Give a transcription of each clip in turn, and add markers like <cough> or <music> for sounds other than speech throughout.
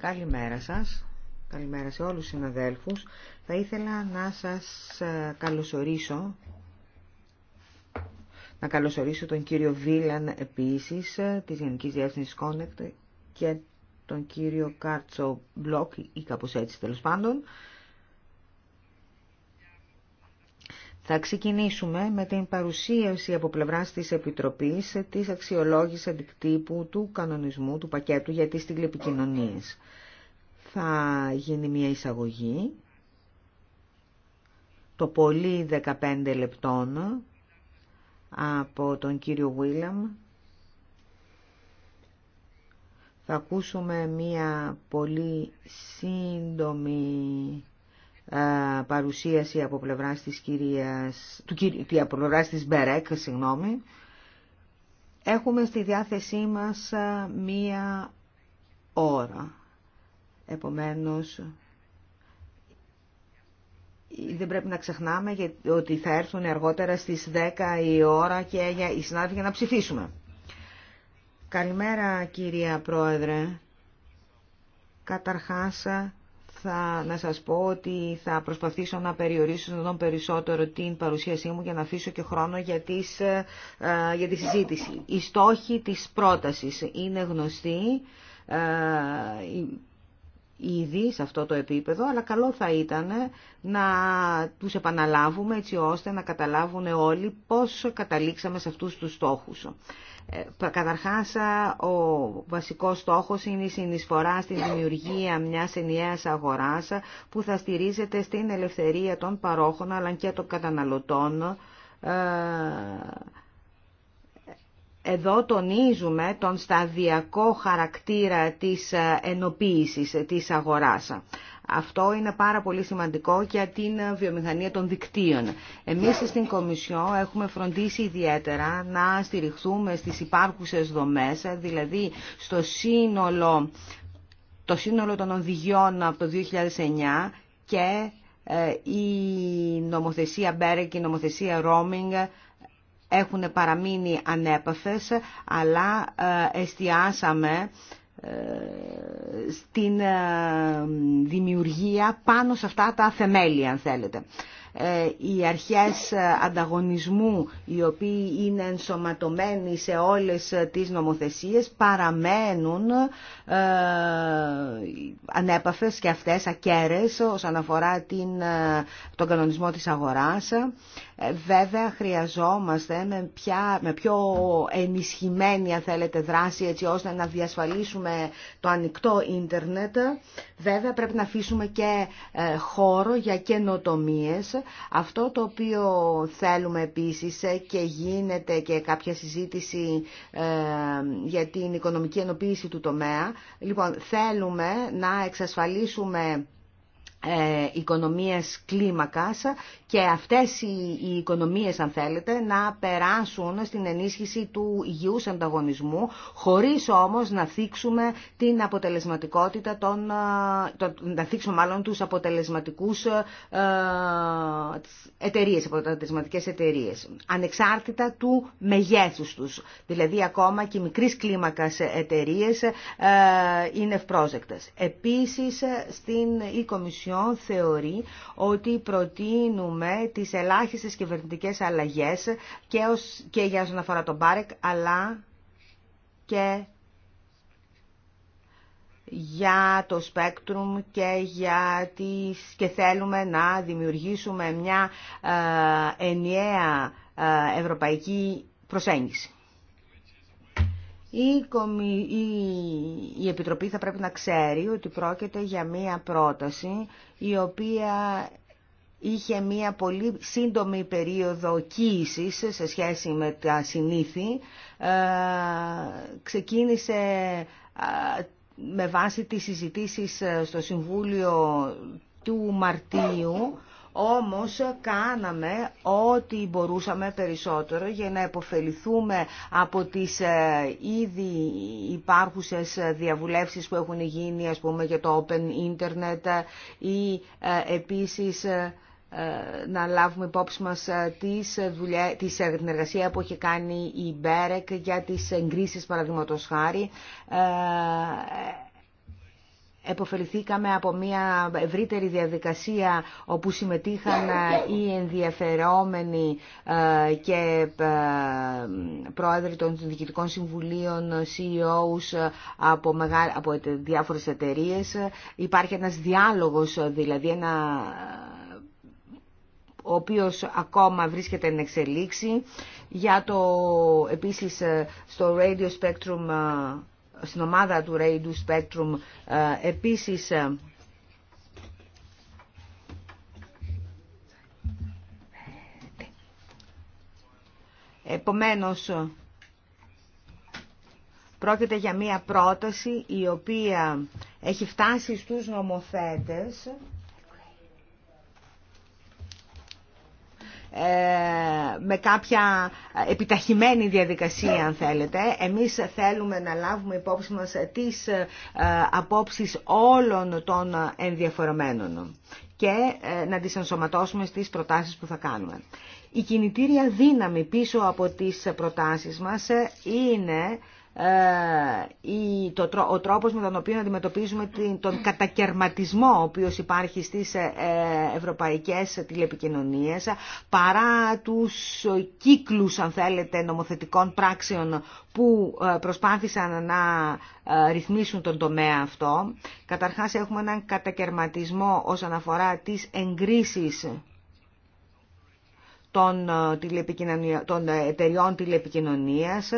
Καλημέρα σας. Καλημέρα σε όλους τους συναδέλφους. Θα ήθελα να σας ε, καλωσορίσω να καλωσορίσω τον κύριο Βίλαν επίσης ε, της Γενικής Διεύθυνσης Connect και τον κύριο Κάρτσο Μπλοκ ή κάπως έτσι τέλος πάντων Θα ξεκινήσουμε με την παρουσίαση από πλευρά της Επιτροπής τη αξιολόγηση αντικτύπου του κανονισμού του πακέτου για τις τηλεπικοινωνίες. Θα γίνει μια εισαγωγή, το πολύ 15 λεπτών, από τον κύριο Βίλαμ. Θα ακούσουμε μια πολύ σύντομη ε, παρουσίαση από πλευράς της κυρίας, του, από πλευράς της Μπερέκ, συγγνώμη, έχουμε στη διάθεσή μας ε, μία ώρα. Επομένως, δεν πρέπει να ξεχνάμε ότι θα έρθουν αργότερα στις 10 η ώρα και οι συνάδελφοι για να ψηφίσουμε. Καλημέρα κυρία Πρόεδρε. Καταρχάς θα, να σας πω ότι θα προσπαθήσω να περιορίσω τον περισσότερο την παρουσίασή μου για να αφήσω και χρόνο για, ε, για τη συζήτηση. Οι στόχοι της πρότασης είναι γνωστοί ε, ήδη σε αυτό το επίπεδο, αλλά καλό θα ήταν να τους επαναλάβουμε έτσι ώστε να καταλάβουν όλοι πώς καταλήξαμε σε αυτούς τους στόχους. Ε, καταρχάς, ο βασικός στόχος είναι η συνεισφορά στη δημιουργία μιας ενιαίας αγοράς που θα στηρίζεται στην ελευθερία των παρόχων αλλά και των καταναλωτών. Ε, εδώ τονίζουμε τον σταδιακό χαρακτήρα της ε, ενοποίησης της αγοράς. Αυτό είναι πάρα πολύ σημαντικό για την βιομηχανία των δικτύων. Εμείς στην Κομισιό έχουμε φροντίσει ιδιαίτερα να στηριχθούμε στις υπάρχουσες δομές, δηλαδή στο σύνολο, το σύνολο των οδηγιών από το 2009 και ε, η νομοθεσία Μπέρε και η νομοθεσία Roaming έχουν παραμείνει ανέπαφες, αλλά ε, εστιάσαμε στην ε, δημιουργία πάνω σε αυτά τα θεμέλια, αν θέλετε. Ε, οι αρχές ανταγωνισμού, οι οποίοι είναι ενσωματωμένοι σε όλες τις νομοθεσίες, παραμένουν ε, ανέπαφες και αυτές ακέρες όσον αφορά την, τον κανονισμό της αγοράς. Ε, βέβαια χρειαζόμαστε με, πια, με πιο ενισχυμένη αν θέλετε δράση έτσι ώστε να διασφαλίσουμε το ανοιχτό ίντερνετ. Βέβαια πρέπει να αφήσουμε και ε, χώρο για καινοτομίες. Αυτό το οποίο θέλουμε επίσης ε, και γίνεται και κάποια συζήτηση για την οικονομική ενοποίηση του τομέα. Λοιπόν, θέλουμε να εξασφαλίσουμε ε, οικονομίες κλίμακας και αυτές οι, οικονομίες αν θέλετε να περάσουν στην ενίσχυση του υγιούς ανταγωνισμού χωρίς όμως να θίξουμε την αποτελεσματικότητα των, ε, να θίξουμε μάλλον τους αποτελεσματικούς ε, εταιρείες, αποτελεσματικές εταιρείες ανεξάρτητα του μεγέθους τους δηλαδή ακόμα και μικρής κλίμακας εταιρείες ε, είναι ευπρόζεκτες επίσης στην e θεωρεί ότι προτείνουμε τις ελάχιστες κυβερνητικές αλλαγές και, και για όσον αφορά τον Μπάρεκ, αλλά και για το Σπέκτρουμ και, για τις... και θέλουμε να δημιουργήσουμε μια ε, ενιαία ε, ευρωπαϊκή προσέγγιση. Η Επιτροπή θα πρέπει να ξέρει ότι πρόκειται για μία πρόταση η οποία είχε μία πολύ σύντομη περίοδο κοίησης σε σχέση με τα συνήθη. Ε, ξεκίνησε με βάση τις συζητήσεις ε, στο Συμβούλιο του Μαρτίου όμως κάναμε ό,τι μπορούσαμε περισσότερο για να υποφεληθούμε από τις ε, ήδη υπάρχουσες διαβουλεύσεις που έχουν γίνει ας πούμε για το Open Internet ή ε, επίσης ε, να λάβουμε υπόψη μας τις δουλειά, τις, την εργασία που έχει κάνει η Μπέρεκ για τις εγκρίσεις παραδείγματος χάρη Εποφεληθήκαμε από μια ευρύτερη διαδικασία όπου συμμετείχαν ε, οι ενδιαφερόμενοι ε, και ε, πρόεδροι των διοικητικών συμβουλίων, CEOs από, μεγάλη, από διάφορες εταιρείες. Υπάρχει ένας διάλογος, δηλαδή ο οποίος ακόμα βρίσκεται εν εξελίξη. Για το, επίσης στο Radio Spectrum στην ομάδα του Radio Spectrum ε, επίσης ε, Επομένως, πρόκειται για μία πρόταση η οποία έχει φτάσει στους νομοθέτες Ε, με κάποια επιταχυμένη διαδικασία αν θέλετε. Εμείς θέλουμε να λάβουμε υπόψη μας τις ε, απόψεις όλων των ενδιαφορεμένων και ε, να τις ενσωματώσουμε στις προτάσεις που θα κάνουμε. Η κινητήρια δύναμη πίσω από τις προτάσεις μας είναι ε, ο τρόπος με τον οποίο αντιμετωπίζουμε τον κατακαιρματισμό ο οποίος υπάρχει στις ε, ε, ευρωπαϊκές τηλεπικοινωνίες παρά τους κύκλους αν θέλετε νομοθετικών πράξεων που προσπάθησαν να ρυθμίσουν τον τομέα αυτό. Καταρχάς έχουμε έναν κατακαιρματισμό όσον αφορά τις εγκρίσεις των εταιριών τηλεπικοινωνίας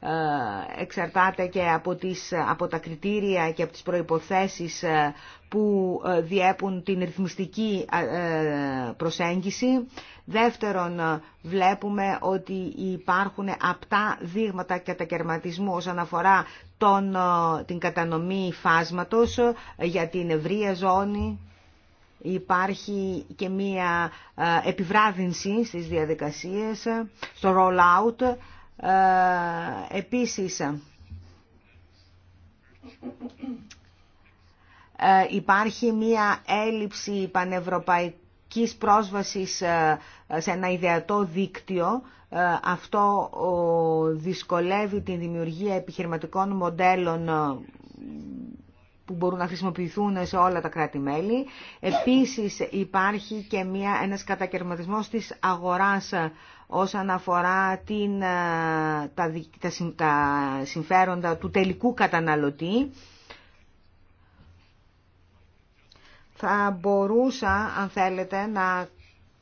ε, εξαρτάται και από, τις, από τα κριτήρια και από τις προϋποθέσεις ε, που ε, διέπουν την ρυθμιστική προσέγγιση. Δεύτερον, βλέπουμε ότι υπάρχουν απτά δείγματα κατακαιρματισμού όσον αφορά τον, την κατανομή φάσματος για την ευρεία ζώνη. Υπάρχει και μία επιβράδυνση στις διαδικασίες, στο roll-out, ε, επίσης, ε, υπάρχει μία έλλειψη πανευρωπαϊκής πρόσβασης ε, σε ένα ιδεατό δίκτυο. Αυτό δυσκολεύει τη δημιουργία επιχειρηματικών μοντέλων που μπορούν να χρησιμοποιηθούν σε όλα τα κράτη-μέλη. Επίσης υπάρχει και μια, ένας κατακαιρματισμός της αγοράς όσον αφορά την, ε, τα, τα συμφέροντα του τελικού καταναλωτή. Θα μπορούσα, αν θέλετε, να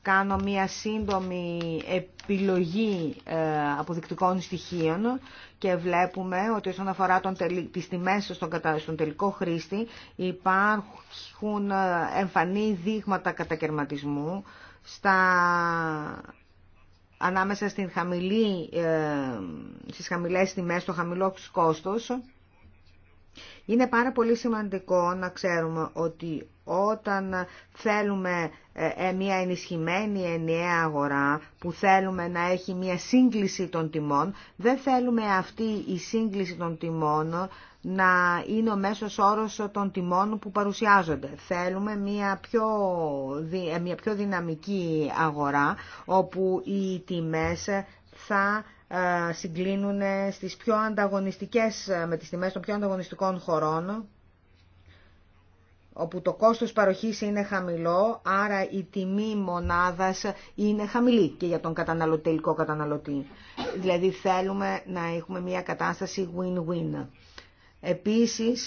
κάνω μία σύντομη επιλογή ε, αποδεικτικών στοιχείων και βλέπουμε ότι όσον αφορά τον, τις τιμές στον, στον τελικό χρήστη υπάρχουν ε, εμφανή δείγματα κατακαιρματισμού στα ανάμεσα στην χαμηλή, ε, στις χαμηλές τιμές, στο χαμηλό κόστος είναι πάρα πολύ σημαντικό να ξέρουμε ότι όταν θέλουμε ε, ε, μια ενισχυμένη ενιαία αγορά που θέλουμε να έχει μια σύγκληση των τιμών, δεν θέλουμε αυτή η σύγκληση των τιμών να είναι ο μέσος όρος των τιμών που παρουσιάζονται. Θέλουμε μια πιο, ε, μια πιο δυναμική αγορά όπου οι τιμές θα συγκλίνουν στις πιο ανταγωνιστικές, με τις τιμές των πιο ανταγωνιστικών χωρών, όπου το κόστος παροχής είναι χαμηλό, άρα η τιμή μονάδας είναι χαμηλή και για τον καταναλωτή, τελικό καταναλωτή. Δηλαδή θέλουμε να έχουμε μια κατάσταση win-win. Επίσης,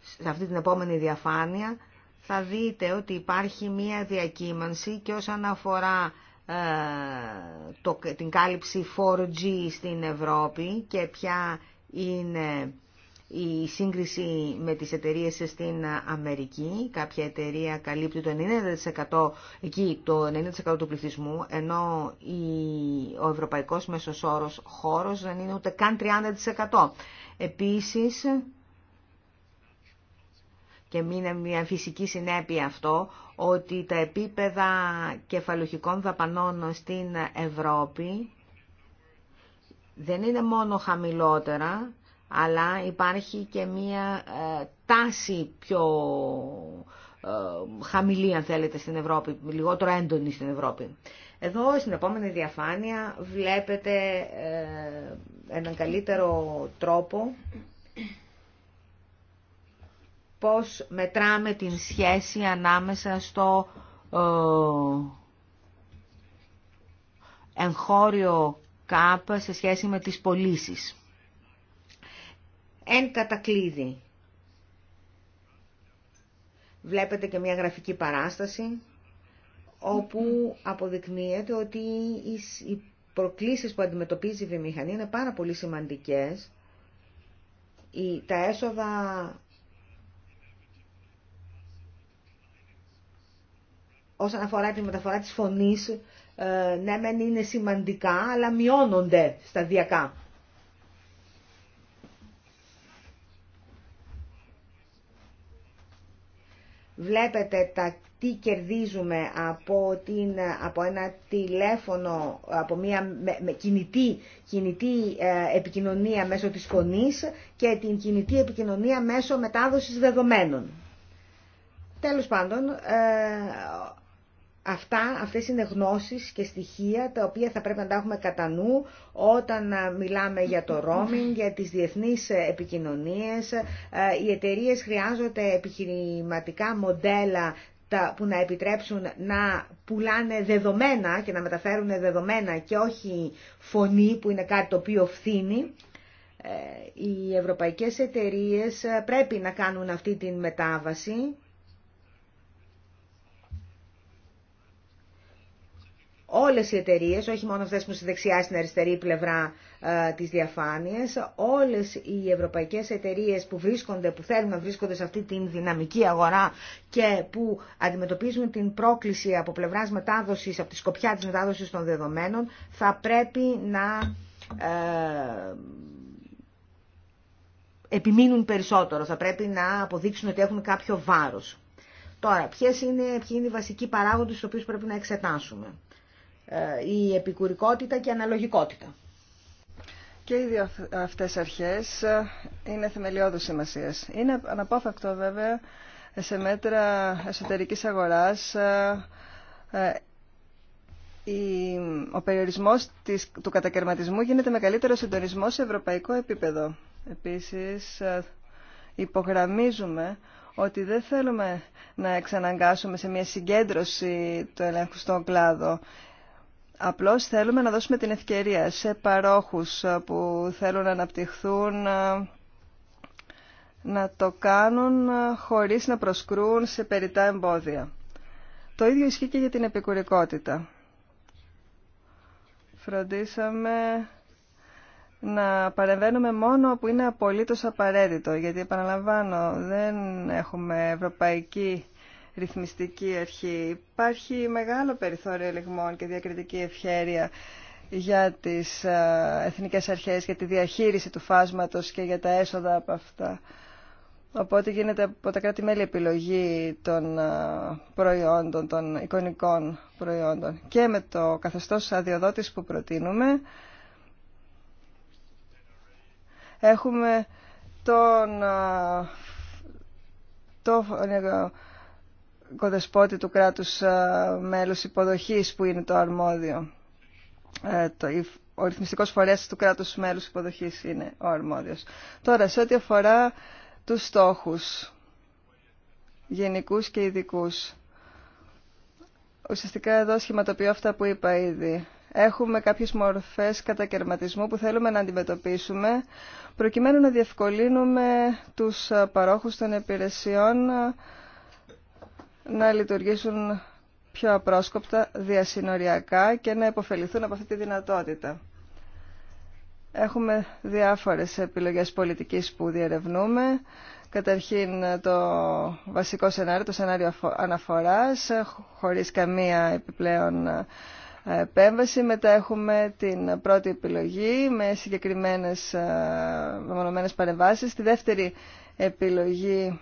σε αυτή την επόμενη διαφάνεια, θα δείτε ότι υπάρχει μια διακύμανση και όσον αφορά ε, το, την κάλυψη 4G στην Ευρώπη και ποια είναι η σύγκριση με τις εταιρείες στην Αμερική. Κάποια εταιρεία καλύπτει το 90% εκεί το 90% του πληθυσμού, ενώ η, ο ευρωπαϊκός όρος χώρος δεν είναι ούτε καν 30%. Επίσης, και είναι μια φυσική συνέπεια αυτό ότι τα επίπεδα κεφαλουχικών δαπανών στην Ευρώπη δεν είναι μόνο χαμηλότερα, αλλά υπάρχει και μια ε, τάση πιο ε, χαμηλή, αν θέλετε, στην Ευρώπη, λιγότερο έντονη στην Ευρώπη. Εδώ στην επόμενη διαφάνεια βλέπετε ε, έναν καλύτερο τρόπο πώς μετράμε την σχέση ανάμεσα στο ε, εγχώριο ΚΑΠ σε σχέση με τις πωλήσει. Εν κατακλείδη. Βλέπετε και μια γραφική παράσταση όπου αποδεικνύεται ότι οι προκλήσεις που αντιμετωπίζει η βιομηχανία είναι πάρα πολύ σημαντικές. Τα έσοδα όσον αφορά τη μεταφορά της φωνής, ε, ναι μεν είναι σημαντικά, αλλά μειώνονται σταδιακά. Βλέπετε τα τι κερδίζουμε από, την, από ένα τηλέφωνο, από μια κινητή, κινητή ε, επικοινωνία μέσω της φωνής και την κινητή επικοινωνία μέσω μετάδοσης δεδομένων. Τέλος πάντων, ε, Αυτά, αυτές είναι γνώσεις και στοιχεία τα οποία θα πρέπει να τα έχουμε κατά νου όταν ε, μιλάμε για το roaming, για τις διεθνείς ε, επικοινωνίες. Ε, οι εταιρείε χρειάζονται επιχειρηματικά μοντέλα που να επιτρέψουν να πουλάνε δεδομένα και να μεταφέρουν δεδομένα και όχι φωνή που είναι κάτι το οποίο φθήνει. Οι ευρωπαϊκές εταιρείε πρέπει να κάνουν αυτή την μετάβαση όλες οι εταιρείε, όχι μόνο αυτές που είναι στη δεξιά στην αριστερή πλευρά ε, της διαφάνειας, όλες οι ευρωπαϊκές εταιρείε που βρίσκονται, που θέλουν να βρίσκονται σε αυτή την δυναμική αγορά και που αντιμετωπίζουν την πρόκληση από πλευράς μετάδοσης, από τη σκοπιά της μετάδοσης των δεδομένων, θα πρέπει να... Ε, επιμείνουν περισσότερο, θα πρέπει να αποδείξουν ότι έχουν κάποιο βάρος. Τώρα, ποιες είναι, ποιοι είναι οι βασικοί παράγοντες στους οποίους πρέπει να εξετάσουμε. Ε, η επικουρικότητα και η αναλογικότητα. Και οι δύο αυτές αρχές ε, είναι θεμελιώδους σημασία. Είναι αναπόφευκτο βέβαια σε μέτρα εσωτερικής αγοράς ε, ο περιορισμός του κατακαιρματισμού γίνεται με καλύτερο συντονισμό σε ευρωπαϊκό επίπεδο. Επίσης υπογραμμίζουμε ότι δεν θέλουμε να εξαναγκάσουμε σε μια συγκέντρωση του ελέγχου κλάδο Απλώς θέλουμε να δώσουμε την ευκαιρία σε παρόχους ε, που θέλουν να αναπτυχθούν ε, να το κάνουν ε, χωρίς να προσκρούν σε περιτά εμπόδια. Το ίδιο ισχύει και για την επικουρικότητα. Φροντίσαμε να παρεμβαίνουμε μόνο που είναι απολύτως απαραίτητο, γιατί επαναλαμβάνω, δεν έχουμε ευρωπαϊκή ρυθμιστική αρχή. Υπάρχει μεγάλο περιθώριο ελεγμών και διακριτική ευχέρεια για τις ε, εθνικές αρχές, για τη διαχείριση του φάσματος και για τα έσοδα από αυτά. Οπότε γίνεται από τα κράτη-μέλη επιλογή των ε, προϊόντων, των εικονικών προϊόντων. Και με το καθεστώς αδειοδότης που προτείνουμε, έχουμε τον, ε, το, κοδεσπότη του κράτους ε, μέλους υποδοχής που είναι το αρμόδιο. Ε, ο ρυθμιστικός φορέας του κράτους μέλους υποδοχής είναι ο αρμόδιος. Τώρα, σε ό,τι αφορά τους στόχους, γενικούς και ειδικούς, ουσιαστικά εδώ σχηματοποιώ αυτά που είπα ήδη. Έχουμε κάποιες μορφές κατακαιρματισμού που θέλουμε να αντιμετωπίσουμε προκειμένου να διευκολύνουμε τους παρόχους των υπηρεσιών να λειτουργήσουν πιο απρόσκοπτα, διασυνοριακά και να υποφεληθούν από αυτή τη δυνατότητα. Έχουμε διάφορες επιλογές πολιτικής που διερευνούμε. Καταρχήν το βασικό σενάριο, το σενάριο αναφοράς, χωρίς καμία επιπλέον ε, επέμβαση. Μετά έχουμε την πρώτη επιλογή με συγκεκριμένες ε, μεμονωμένες παρεμβάσεις. Τη δεύτερη επιλογή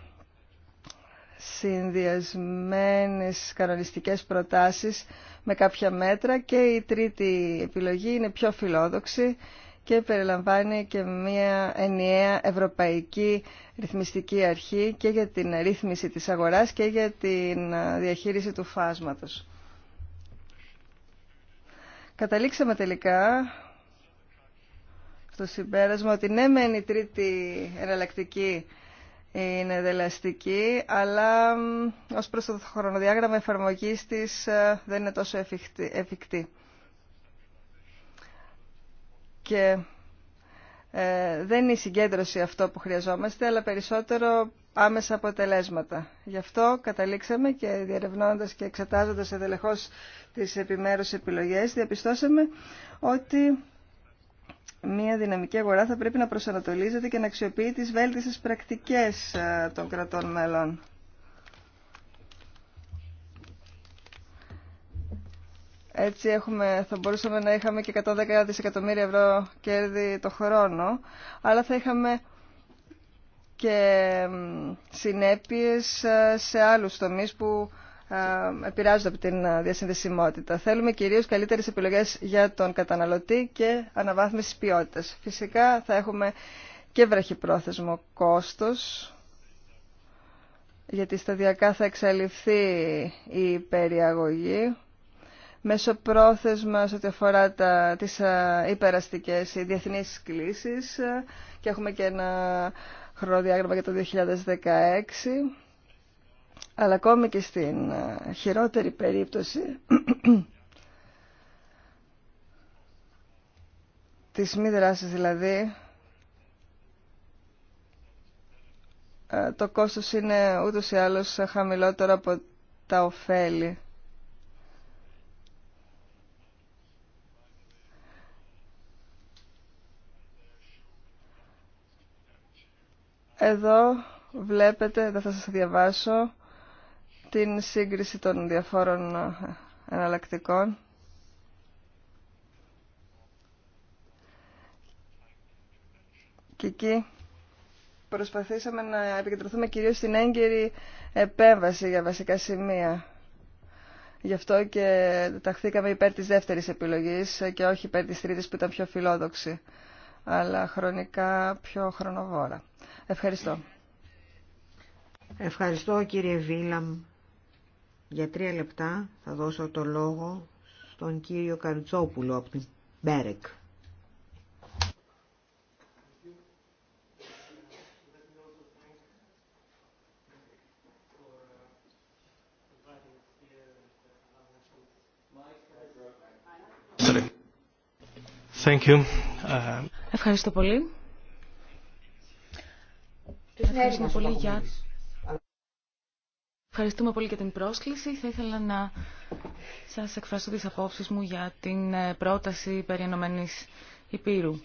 συνδυασμένες κανονιστικέ προτάσεις με κάποια μέτρα και η τρίτη επιλογή είναι πιο φιλόδοξη και περιλαμβάνει και μια ενιαία ευρωπαϊκή ρυθμιστική αρχή και για την ρύθμιση της αγοράς και για την διαχείριση του φάσματος. Καταλήξαμε τελικά στο συμπέρασμα ότι ναι μεν η τρίτη εναλλακτική είναι δελαστική, αλλά ω προ το χρονοδιάγραμμα εφαρμογή της ε, δεν είναι τόσο εφικτή. Και ε, δεν είναι η συγκέντρωση αυτό που χρειαζόμαστε, αλλά περισσότερο άμεσα αποτελέσματα. Γι' αυτό καταλήξαμε και διερευνώντας και εξετάζοντας εδελεχώς τις επιμέρους επιλογές, διαπιστώσαμε ότι μια δυναμική αγορά θα πρέπει να προσανατολίζεται και να αξιοποιεί τις βέλτιστες πρακτικές ε, των κρατών μελών. Έτσι έχουμε, θα μπορούσαμε να είχαμε και 110 δισεκατομμύρια ευρώ κέρδη το χρόνο, αλλά θα είχαμε και συνέπειες ε, σε άλλους τομείς που ε, επηρεάζονται από την ε, διασυνδεσιμότητα. Θέλουμε κυρίως καλύτερες επιλογές για τον καταναλωτή και αναβάθμιση ποιότητας. Φυσικά θα έχουμε και βραχυπρόθεσμο κόστος, γιατί σταδιακά θα εξαλειφθεί η περιαγωγή. Μέσω πρόθεσμα σε ό,τι αφορά τα, τις ε, υπεραστικές διεθνείς κλήσεις και έχουμε και ένα χρονοδιάγραμμα για το 2016 αλλά ακόμη και στην ε, χειρότερη περίπτωση <clears throat> της μη δράσης δηλαδή ε, το κόστος είναι ούτως ή άλλως χαμηλότερο από τα ωφέλη. Εδώ βλέπετε, δεν θα σας διαβάσω, την σύγκριση των διαφόρων ε, εναλλακτικών. Και εκεί προσπαθήσαμε να επικεντρωθούμε κυρίως στην έγκαιρη επέμβαση για βασικά σημεία. Γι' αυτό και ταχθήκαμε υπέρ της δεύτερης επιλογής και όχι υπέρ της τρίτης που ήταν πιο φιλόδοξη, αλλά χρονικά πιο χρονοβόρα. Ευχαριστώ. Ευχαριστώ κύριε Βίλαμ. Για τρία λεπτά θα δώσω το λόγο στον κύριο Καρτσόπουλο από την Μπέρεκ. Thank you. Ευχαριστώ πολύ. Ευχαριστώ πολύ για Ευχαριστούμε πολύ για την πρόσκληση. Θα ήθελα να σας εκφράσω τις απόψεις μου για την ε, πρόταση περί ενωμένης Υπήρου.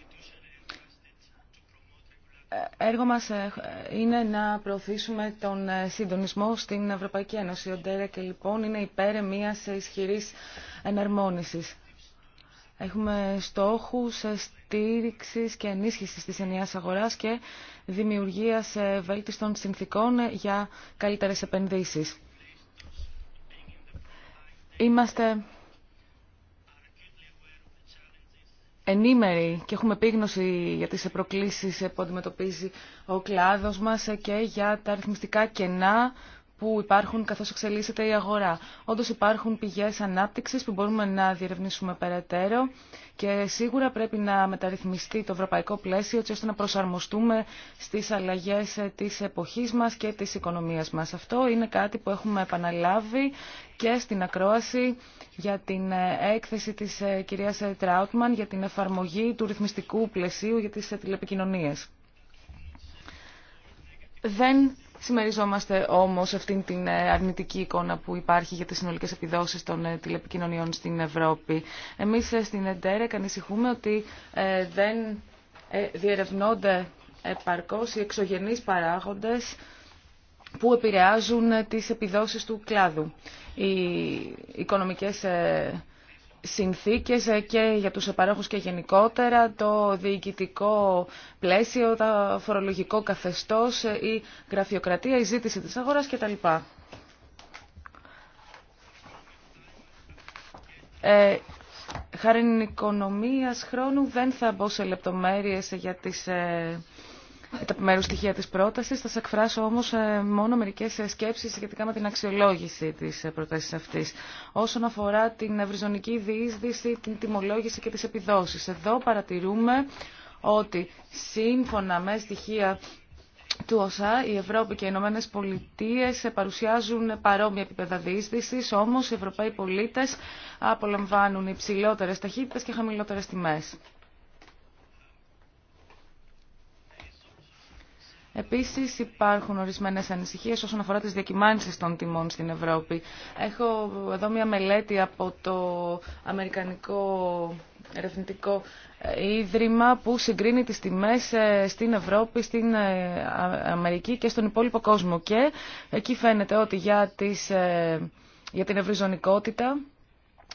Ε, έργο μας ε, είναι να προωθήσουμε τον συντονισμό στην Ευρωπαϊκή Ένωση. Ο Ντέρεκ λοιπόν είναι υπέρ μιας ισχυρής εναρμόνισης. Έχουμε στόχους στήριξης και ενίσχυσης της ενιαίας αγοράς και δημιουργίας ε, βέλτιστων συνθήκων για καλύτερες επενδύσεις. Είμαστε ενήμεροι και έχουμε επίγνωση για τις προκλήσεις που αντιμετωπίζει ο κλάδος μας και για τα αριθμιστικά κενά που υπάρχουν καθώς εξελίσσεται η αγορά. Όντως υπάρχουν πηγές ανάπτυξης που μπορούμε να διερευνήσουμε περαιτέρω και σίγουρα πρέπει να μεταρρυθμιστεί το ευρωπαϊκό πλαίσιο έτσι ώστε να προσαρμοστούμε στις αλλαγές της εποχής μας και της οικονομίας μας. Αυτό είναι κάτι που έχουμε επαναλάβει και στην ακρόαση για την έκθεση της κυρίας Τράουτμαν για την εφαρμογή του ρυθμιστικού πλαισίου για τις τηλεπικοινωνίες. Δεν Συμμεριζόμαστε όμως αυτήν την ε, αρνητική εικόνα που υπάρχει για τις συνολικέ επιδόσεις των ε, τηλεπικοινωνιών στην Ευρώπη. Εμείς ε, στην ΕΝΤΕΡΕΚ ανησυχούμε ότι δεν διερευνώνται επαρκώς οι εξωγενείς παράγοντες που επηρεάζουν τις επιδόσεις του κλάδου. Οι συνθήκες ε, και για τους επαρόχους και γενικότερα, το διοικητικό πλαίσιο, το φορολογικό καθεστώς, ε, η γραφειοκρατία, η ζήτηση της αγοράς κτλ. Ε, χάρη οικονομίας χρόνου δεν θα μπω σε λεπτομέρειες για τις ε, τα επιμέρου στοιχεία τη πρόταση, Θα σα εκφράσω όμως ε, μόνο μερικέ ε, σκέψει σχετικά με την αξιολόγηση της ε, πρότασης αυτή. Όσον αφορά την ευρυζωνική διείσδυση, την τιμολόγηση και τι επιδόσει. Εδώ παρατηρούμε ότι σύμφωνα με στοιχεία του ΩΣΑ, οι Ευρώπη και οι Ηνωμένε Πολιτείε παρουσιάζουν παρόμοια επίπεδα διείσδυση, όμω οι Ευρωπαίοι πολίτε απολαμβάνουν υψηλότερε ταχύτητε και χαμηλότερε τιμέ. Επίσης υπάρχουν ορισμένε ανησυχίε όσον αφορά τις διακυμάνσει των τιμών στην Ευρώπη. Έχω εδώ μια μελέτη από το Αμερικανικό Ερευνητικό ε, Ίδρυμα που συγκρίνει τις τιμές ε, στην Ευρώπη, στην ε, Αμερική και στον υπόλοιπο κόσμο. Και εκεί φαίνεται ότι για, τις, για την ευρυζωνικότητα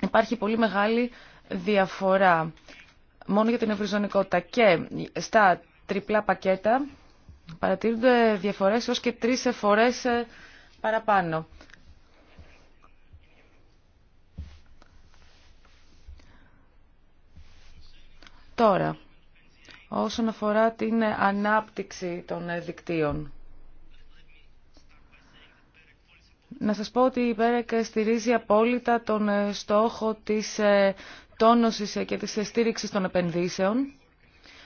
υπάρχει πολύ μεγάλη διαφορά μόνο για την ευρυζωνικότητα και στα τριπλά πακέτα Παρατηρούνται διαφορές ως και τρεις φορές ε, παραπάνω. Τώρα, όσον αφορά την ανάπτυξη των δικτύων. Να σας πω ότι η ΠΕΡΕΚ στηρίζει απόλυτα τον ε, στόχο της ε, τόνωσης και της στήριξης των επενδύσεων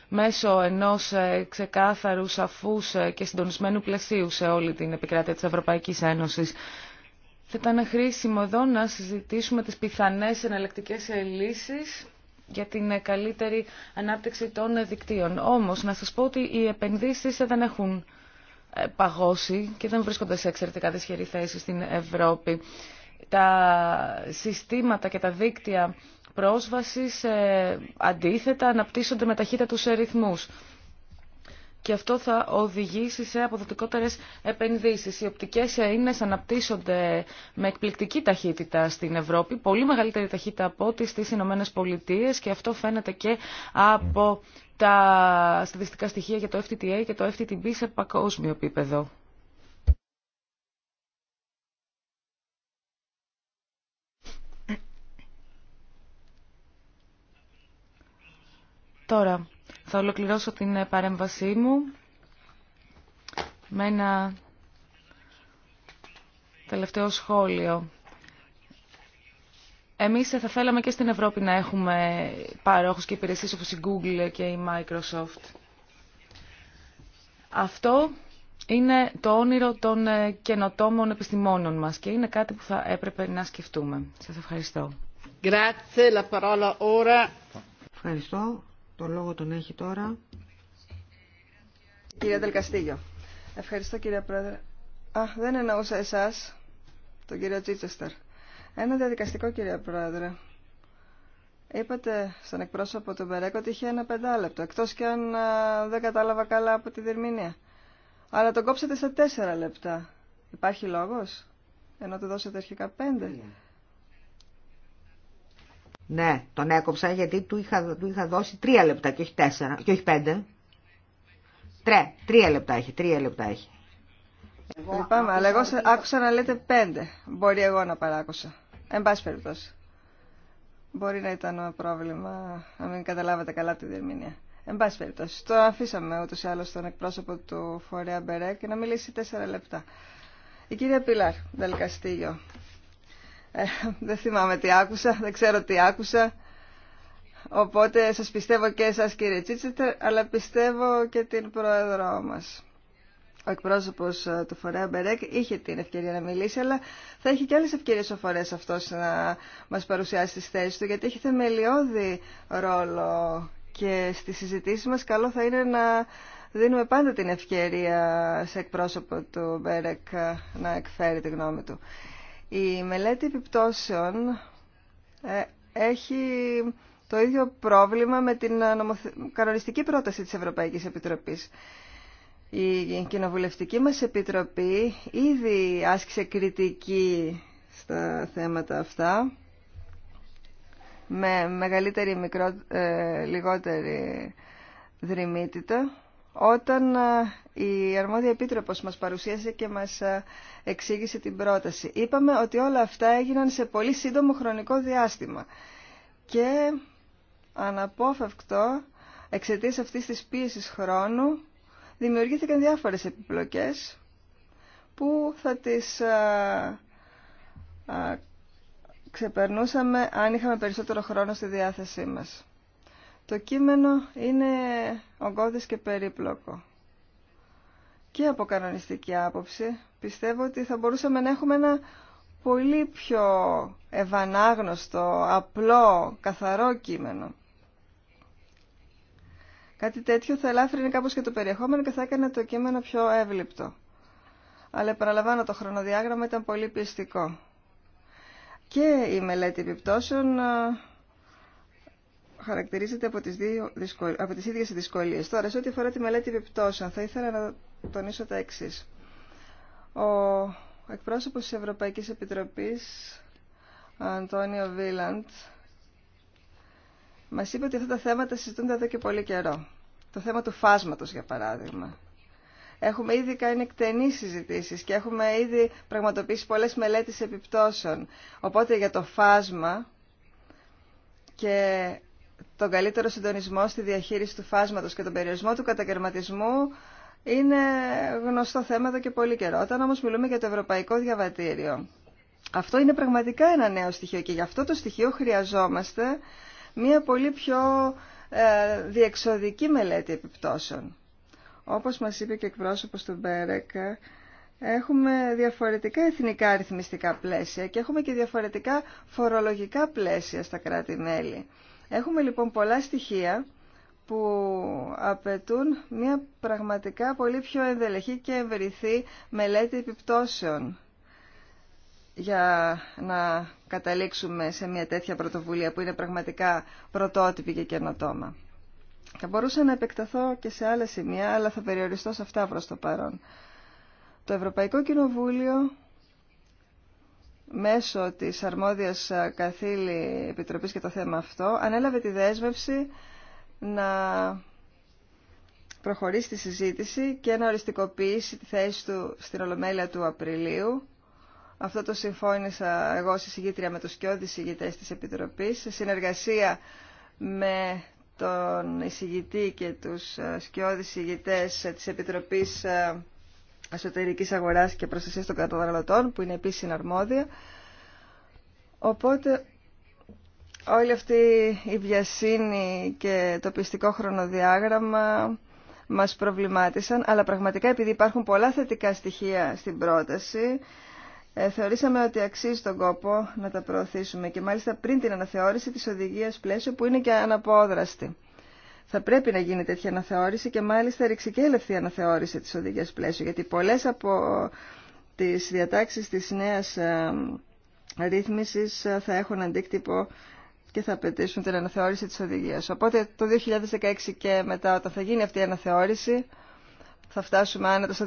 μέσω ενός ε, ξεκάθαρου, σαφούς ε, και συντονισμένου πλαισίου σε όλη την επικράτεια της Ευρωπαϊκής Ένωσης. Θα ήταν χρήσιμο εδώ να συζητήσουμε τις πιθανές εναλλακτικές ε, λύσεις για την καλύτερη ανάπτυξη των δικτύων. Όμως, να σας πω ότι οι επενδύσεις δεν έχουν παγώσει και δεν βρίσκονται σε εξαιρετικά δυσχερή θέση στην Ευρώπη. Τα συστήματα και τα δίκτυα πρόσβασης αντίθετα αναπτύσσονται με ταχύτητα του ρυθμούς. Και αυτό θα οδηγήσει σε αποδοτικότερες επενδύσεις. Οι οπτικές ίνες αναπτύσσονται με εκπληκτική ταχύτητα στην Ευρώπη, πολύ μεγαλύτερη ταχύτητα από ό,τι στις Ηνωμένε Πολιτείε και αυτό φαίνεται και από τα στατιστικά στοιχεία για το FTTA και το FTTB σε παγκόσμιο επίπεδο. Τώρα, θα ολοκληρώσω την ε, παρέμβασή μου με ένα τελευταίο σχόλιο. Εμείς ε, θα θέλαμε και στην Ευρώπη να έχουμε παρόχους και υπηρεσίες όπως η Google και η Microsoft. Αυτό είναι το όνειρο των ε, καινοτόμων επιστημόνων μας και είναι κάτι που θα έπρεπε να σκεφτούμε. Σας ευχαριστώ. Ευχαριστώ. Το λόγο τον έχει τώρα. Κύριε Τελκαστήγιο. Ευχαριστώ κύριε Πρόεδρε. Α, δεν εννοούσα εσάς, τον κύριο Τσίτσεστερ. Ένα διαδικαστικό κύριε Πρόεδρε. Είπατε στον εκπρόσωπο του Μπερέκο ότι είχε ένα πεντάλεπτο, εκτός κι αν δεν κατάλαβα καλά από τη διερμηνία. Αλλά τον κόψατε στα τέσσερα λεπτά. Υπάρχει λόγος, ενώ του δώσατε αρχικά πέντε. Ναι. Ναι, τον έκοψα γιατί του είχα, του είχα δώσει τρία λεπτά και όχι τέσσερα και όχι πέντε. Τρέ, τρία λεπτά έχει, τρία λεπτά έχει. Εγώ Λυπάμαι, αλλά εγώ άκουσα να λέτε πέντε. Μπορεί εγώ να παράκουσα. Εν πάση περιπτώσει. Μπορεί να ήταν πρόβλημα να μην καταλάβατε καλά τη διερμηνία. Εν πάση περιπτώσει. Το αφήσαμε ούτω ή άλλω στον εκπρόσωπο του φορέα Μπερέ και να μιλήσει τέσσερα λεπτά. Η κυρία Πιλάρ, Δελκαστήγιο. Ε, δεν θυμάμαι τι άκουσα, δεν ξέρω τι άκουσα. Οπότε σας πιστεύω και εσάς κύριε Τσίτσετερ, αλλά πιστεύω και την πρόεδρό μας. Ο εκπρόσωπος ε, του Φορέα Μπερέκ είχε την ευκαιρία να μιλήσει, αλλά θα έχει και άλλες ευκαιρίες ο Φορέας αυτός να μας παρουσιάσει τις θέσεις του, γιατί έχει θεμελιώδη ρόλο και στις συζητήσεις μας καλό θα είναι να δίνουμε πάντα την ευκαιρία σε εκπρόσωπο του Μπέρεκ ε, να εκφέρει τη γνώμη του. Η μελέτη επιπτώσεων ε, έχει το ίδιο πρόβλημα με την ε, κανονιστική πρόταση της Ευρωπαϊκής Επιτροπής. Η κοινοβουλευτική μας επιτροπή ήδη άσκησε κριτική στα θέματα αυτά με μεγαλύτερη ή ε, λιγότερη δρυμύτητα όταν ε, η αρμόδια επίτροπος μας παρουσίασε και μας ε, εξήγησε την πρόταση, είπαμε ότι όλα αυτά έγιναν σε πολύ σύντομο χρονικό διάστημα. Και αναπόφευκτο, εξαιτία αυτής της πίεσης χρόνου, δημιουργήθηκαν διάφορες επιπλοκές που θα τις ε, ξεπερνούσαμε αν είχαμε περισσότερο χρόνο στη διάθεσή μας. Το κείμενο είναι ογκώδες και περίπλοκο. Και από κανονιστική άποψη πιστεύω ότι θα μπορούσαμε να έχουμε ένα πολύ πιο ευανάγνωστο, απλό, καθαρό κείμενο. Κάτι τέτοιο θα ελάφρυνε κάπως και το περιεχόμενο και θα έκανε το κείμενο πιο εύληπτο. Αλλά επαναλαμβάνω, το χρονοδιάγραμμα ήταν πολύ πιστικό. Και η μελέτη επιπτώσεων χαρακτηρίζεται από τις, δύο δυσκολ... από τις ίδιες δυσκολίες. Τώρα, σε ό,τι αφορά τη μελέτη επιπτώσεων, θα ήθελα να τονίσω τα εξή. Ο εκπρόσωπος της Ευρωπαϊκής Επιτροπής, Αντώνιο Βίλαντ, μας είπε ότι αυτά τα θέματα συζητούνται εδώ και πολύ καιρό. Το θέμα του φάσματος, για παράδειγμα. Έχουμε ήδη κάνει εκτενείς συζητήσεις και έχουμε ήδη πραγματοποιήσει πολλές μελέτες επιπτώσεων. Οπότε για το φάσμα και τον καλύτερο συντονισμό στη διαχείριση του φάσματος και τον περιορισμό του κατακαιρματισμού είναι γνωστό θέμα εδώ και πολύ καιρό. Όταν όμως μιλούμε για το Ευρωπαϊκό Διαβατήριο, αυτό είναι πραγματικά ένα νέο στοιχείο και γι' αυτό το στοιχείο χρειαζόμαστε μία πολύ πιο ε, διεξοδική μελέτη επιπτώσεων. Όπως μας είπε και εκπρόσωπος του Μπέρεκ, έχουμε διαφορετικά εθνικά αριθμιστικά πλαίσια και έχουμε και διαφορετικά φορολογικά πλαίσια στα κράτη-μέλη. Έχουμε λοιπόν πολλά στοιχεία που απαιτούν μια πραγματικά πολύ πιο ενδελεχή και ευρυθή μελέτη επιπτώσεων για να καταλήξουμε σε μια τέτοια πρωτοβουλία που είναι πραγματικά πρωτότυπη και καινοτόμα. Θα μπορούσα να επεκταθώ και σε άλλα σημεία, αλλά θα περιοριστώ σε αυτά προς το παρόν. Το Ευρωπαϊκό Κοινοβούλιο μέσω της αρμόδιας ε, καθήλη επιτροπής και το θέμα αυτό, ανέλαβε τη δέσμευση να προχωρήσει τη συζήτηση και να οριστικοποιήσει τη θέση του στην Ολομέλεια του Απριλίου. Αυτό το συμφώνησα εγώ ως εισηγήτρια με τους κοιόδης ηγητές της Επιτροπής, σε συνεργασία με τον εισηγητή και τους ε, σκιώδης ηγητές ε, της Επιτροπής εσωτερική αγορά και προστασία των καταναλωτών, που είναι επίση συναρμόδια. Οπότε όλη αυτή η βιασύνη και το πιστικό χρονοδιάγραμμα μας προβλημάτισαν, αλλά πραγματικά επειδή υπάρχουν πολλά θετικά στοιχεία στην πρόταση, ε, θεωρήσαμε ότι αξίζει τον κόπο να τα προωθήσουμε και μάλιστα πριν την αναθεώρηση της οδηγίας πλαίσιο που είναι και αναπόδραστη θα πρέπει να γίνει τέτοια αναθεώρηση και μάλιστα ρηξικέλευτη αναθεώρηση της οδηγίας πλαίσιο, γιατί πολλές από τις διατάξεις της νέας ε, ρύθμισης ε, θα έχουν αντίκτυπο και θα απαιτήσουν την αναθεώρηση της οδηγίας. Οπότε το 2016 και μετά όταν θα γίνει αυτή η αναθεώρηση θα φτάσουμε άνετα στο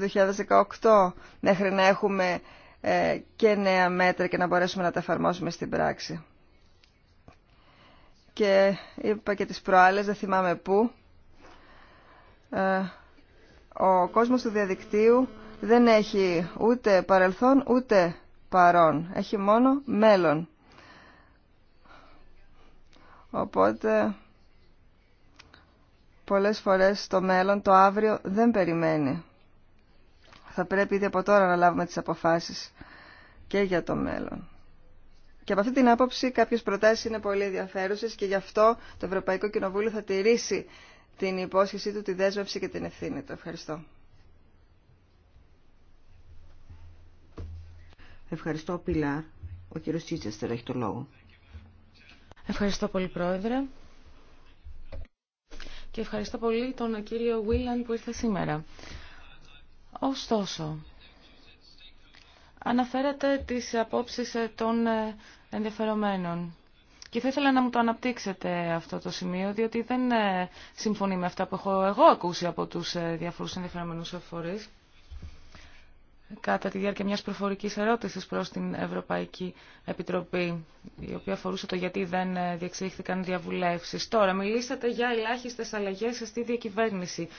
2018 μέχρι να έχουμε ε, και νέα μέτρα και να μπορέσουμε να τα εφαρμόσουμε στην πράξη και είπα και τις προάλλες, δεν θυμάμαι πού, ε, ο κόσμος του διαδικτύου δεν έχει ούτε παρελθόν ούτε παρόν. Έχει μόνο μέλλον. Οπότε πολλές φορές το μέλλον, το αύριο δεν περιμένει. Θα πρέπει ήδη από τώρα να λάβουμε τις αποφάσεις και για το μέλλον. Και από αυτή την άποψη κάποιες προτάσεις είναι πολύ ενδιαφέρουσε και γι' αυτό το Ευρωπαϊκό Κοινοβούλιο θα τηρήσει την υπόσχεσή του, τη δέσμευση και την ευθύνη του. Ευχαριστώ. Ευχαριστώ, Πιλάρ. Ο κύριος Τσίτσεστερ έχει το λόγο. Ευχαριστώ πολύ, Πρόεδρε. Και ευχαριστώ πολύ τον κύριο Βίλαν που ήρθε σήμερα. Ωστόσο, Αναφέρατε τις απόψεις ε, των ε, ενδιαφερομένων. Και θα ήθελα να μου το αναπτύξετε αυτό το σημείο, διότι δεν ε, συμφωνεί με αυτά που έχω εγώ ακούσει από τους διαφορούς ενδιαφερομένους φορείς κατά τη διάρκεια μιας προφορικής ερώτησης προς την Ευρωπαϊκή Επιτροπή, η οποία αφορούσε το γιατί δεν διεξήχθηκαν διαβουλεύσεις. Τώρα, μιλήσατε για ελάχιστες αλλαγές στη διακυβέρνηση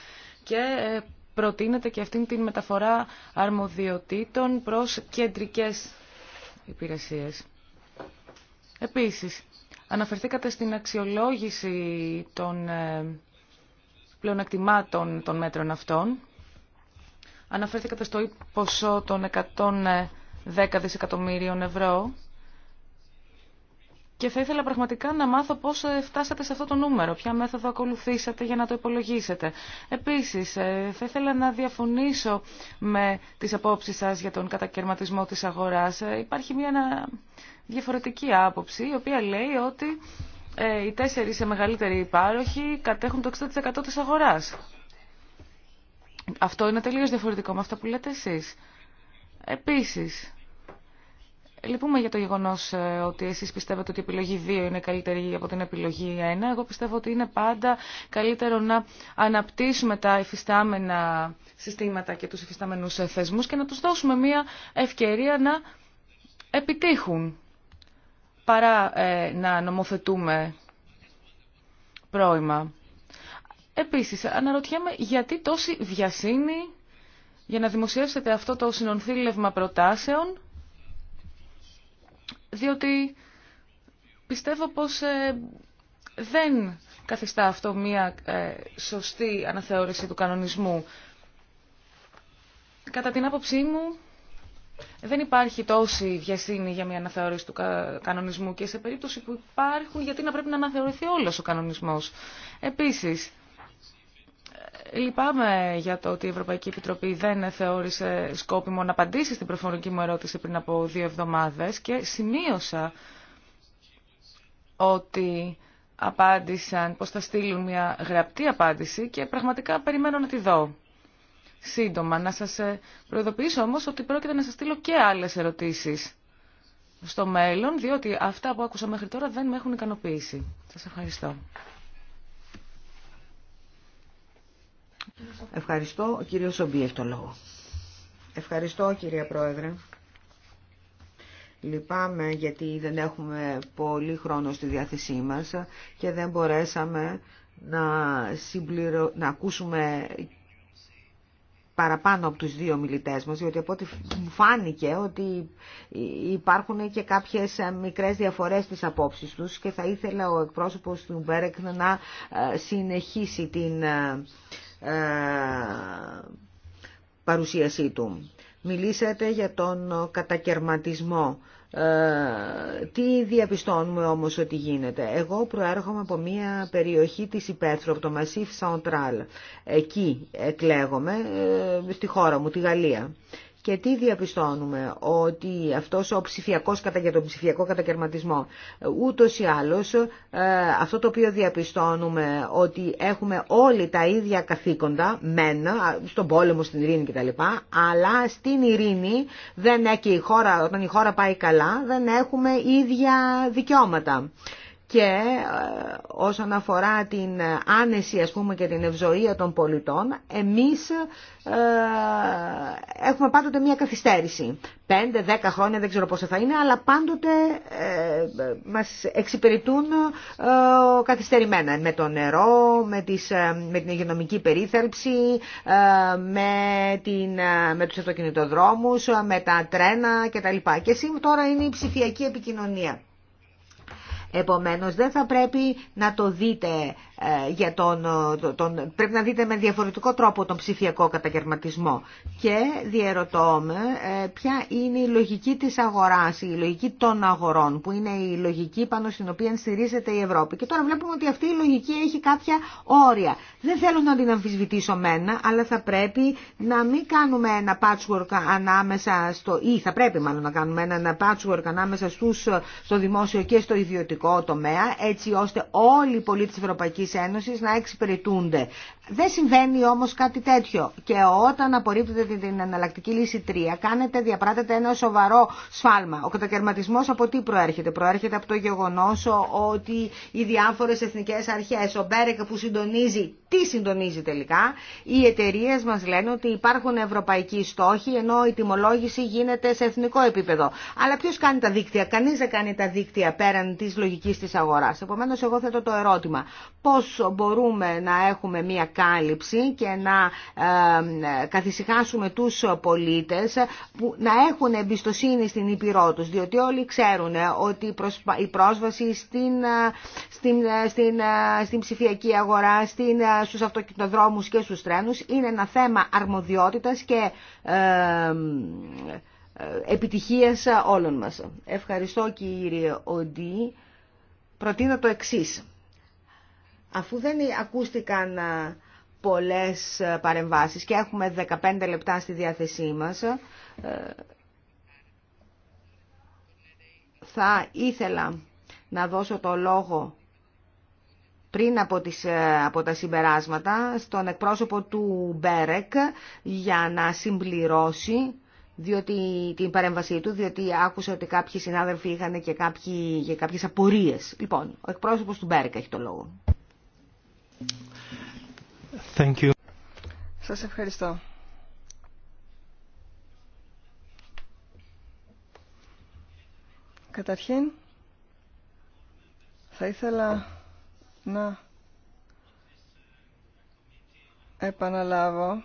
και προτείνεται και αυτήν την μεταφορά αρμοδιοτήτων προς κεντρικές υπηρεσίες. Επίσης, αναφερθήκατε στην αξιολόγηση των ε, πλεονεκτημάτων των μέτρων αυτών. Αναφερθήκατε στο ποσό των 110 δισεκατομμύριων ευρώ και θα ήθελα πραγματικά να μάθω πώς ε, φτάσατε σε αυτό το νούμερο, ποια μέθοδο ακολουθήσατε για να το υπολογίσετε. Επίσης, ε, θα ήθελα να διαφωνήσω με τις απόψεις σας για τον κατακαιρματισμό της αγοράς. Ε, υπάρχει μια διαφορετική άποψη, η οποία λέει ότι οι τέσσερις σε μεγαλύτεροι υπάροχοι κατέχουν το 60% της αγοράς. Αυτό είναι τελείως διαφορετικό με αυτά που λέτε εσείς. Επίσης, Λυπούμε για το γεγονό ε, ότι εσεί πιστεύετε ότι η επιλογή 2 είναι καλύτερη από την επιλογή 1. Εγώ πιστεύω ότι είναι πάντα καλύτερο να αναπτύσσουμε τα υφιστάμενα συστήματα και του υφιστάμενου ε, θεσμού και να του δώσουμε μια ευκαιρία να επιτύχουν παρά ε, να νομοθετούμε πρόημα. Επίσης, αναρωτιέμαι γιατί τόση βιασύνη για να δημοσιεύσετε αυτό το συνονθήλευμα προτάσεων διότι πιστεύω πως ε, δεν καθιστά αυτό μία ε, σωστή αναθεώρηση του κανονισμού. Κατά την άποψή μου, δεν υπάρχει τόση βιασύνη για μια αναθεώρηση του κανονισμού και σε περίπτωση που υπάρχουν, γιατί να πρέπει να αναθεωρηθεί όλος ο κανονισμός. Επίσης, Λυπάμαι για το ότι η Ευρωπαϊκή Επιτροπή δεν θεώρησε σκόπιμο να απαντήσει στην προφορική μου ερώτηση πριν από δύο εβδομάδες και σημείωσα ότι απάντησαν πως θα στείλουν μια γραπτή απάντηση και πραγματικά περιμένω να τη δω. Σύντομα, να σας ε, προειδοποιήσω όμως ότι πρόκειται να σας στείλω και άλλες ερωτήσεις στο μέλλον, διότι αυτά που άκουσα μέχρι τώρα δεν με έχουν ικανοποιήσει. Σας ευχαριστώ. Ευχαριστώ. Ο κύριος Σομπή έχει το λόγο. Ευχαριστώ κυρία Πρόεδρε. Λυπάμαι γιατί δεν έχουμε πολύ χρόνο στη διάθεσή μας και δεν μπορέσαμε να, συμπληρω... να ακούσουμε παραπάνω από τους δύο μιλητές μας, διότι από ό,τι φάνηκε ότι υπάρχουν και κάποιες μικρές διαφορές στις απόψεις τους και θα ήθελα ο εκπρόσωπος του Μπέρεκ να συνεχίσει την ε, παρουσίασή του. Μιλήσατε για τον κατακαιρματισμό. Ε, τι διαπιστώνουμε όμως ότι γίνεται. Εγώ προέρχομαι από μια περιοχή της Υπέθρου, από το Massif Central. Εκεί εκλέγομαι, ε, στη χώρα μου, τη Γαλλία. Και τι διαπιστώνουμε, ότι αυτός ο ψηφιακός για τον ψηφιακό κατακαιρματισμό, ούτως ή άλλως ε, αυτό το οποίο διαπιστώνουμε ότι έχουμε όλοι τα ίδια καθήκοντα, μένα, στον πόλεμο, στην ειρήνη κτλ, αλλά στην ειρήνη δεν έχει η χώρα, όταν η χώρα πάει καλά δεν έχουμε ίδια δικαιώματα και ε, όσον αφορά την άνεση ας και την ευζοία των πολιτών εμείς ε, έχουμε πάντοτε μια καθυστέρηση 5-10 χρόνια δεν ξέρω πόσα θα είναι αλλά πάντοτε ε, μας εξυπηρετούν ε, καθυστερημένα με το νερό, με, την υγειονομική περίθαλψη με, την, με τους αυτοκινητοδρόμους με τα τρένα κτλ. Και σήμερα τώρα είναι η ψηφιακή επικοινωνία Επομένως δεν θα πρέπει να το δείτε ε, για τον, τον, πρέπει να δείτε με διαφορετικό τρόπο τον ψηφιακό καταγερματισμό και διαρωτώ με ε, ποια είναι η λογική της αγοράς, η λογική των αγορών που είναι η λογική πάνω στην οποία στηρίζεται η Ευρώπη και τώρα βλέπουμε ότι αυτή η λογική έχει κάποια όρια. Δεν θέλω να την αμφισβητήσω μένα αλλά θα πρέπει να μην κάνουμε ένα patchwork ανάμεσα στο ή θα πρέπει μάλλον να κάνουμε ένα patchwork ανάμεσα στους, στο δημόσιο και στο ιδιωτικό τομέα έτσι ώστε όλοι οι πολίτες Ευρωπαϊκής Ένωσης να εξυπηρετούνται. Δεν συμβαίνει όμως κάτι τέτοιο και όταν απορρίπτεται την εναλλακτική λύση 3 κάνετε, διαπράτετε ένα σοβαρό σφάλμα. Ο κατακαιρματισμός από τι προέρχεται. Προέρχεται από το γεγονός ότι οι διάφορες εθνικές αρχές, ο Μπέρεκ που συντονίζει, τι συντονίζει τελικά, οι εταιρείε μας λένε ότι υπάρχουν ευρωπαϊκοί στόχοι ενώ η τιμολόγηση γίνεται σε εθνικό επίπεδο. Αλλά ποιο κάνει τα δίκτυα, κανείς δεν κάνει τα δίκτυα πέραν της λογικής της αγοράς. Επομένως εγώ θέτω το ερώτημα, πώς μπορούμε να έχουμε μια κάλυψη και να καθησυχάσουμε τους πολίτες που να έχουν εμπιστοσύνη στην Ήπειρό τους, διότι όλοι ξέρουν ότι η πρόσβαση στην, ε, στην, ε, στην, ε, στην ψηφιακή αγορά, στην, στους αυτοκινητοδρόμους και στους τρένους είναι ένα θέμα αρμοδιότητας και επιτυχίας όλων μας. Ευχαριστώ κύριε Οντί. Προτείνω το εξής. Αφού δεν ακούστηκαν πολλές παρεμβάσεις και έχουμε 15 λεπτά στη διάθεσή μας, θα ήθελα να δώσω το λόγο πριν από, τις, από τα συμπεράσματα στον εκπρόσωπο του Μπέρεκ για να συμπληρώσει διότι, την παρέμβασή του, διότι άκουσα ότι κάποιοι συνάδελφοι είχαν και, κάποιοι, και κάποιες απορίες. Λοιπόν, ο εκπρόσωπος του Μπέρεκ έχει το λόγο. Thank Σας ευχαριστώ. Καταρχήν, θα ήθελα να επαναλάβω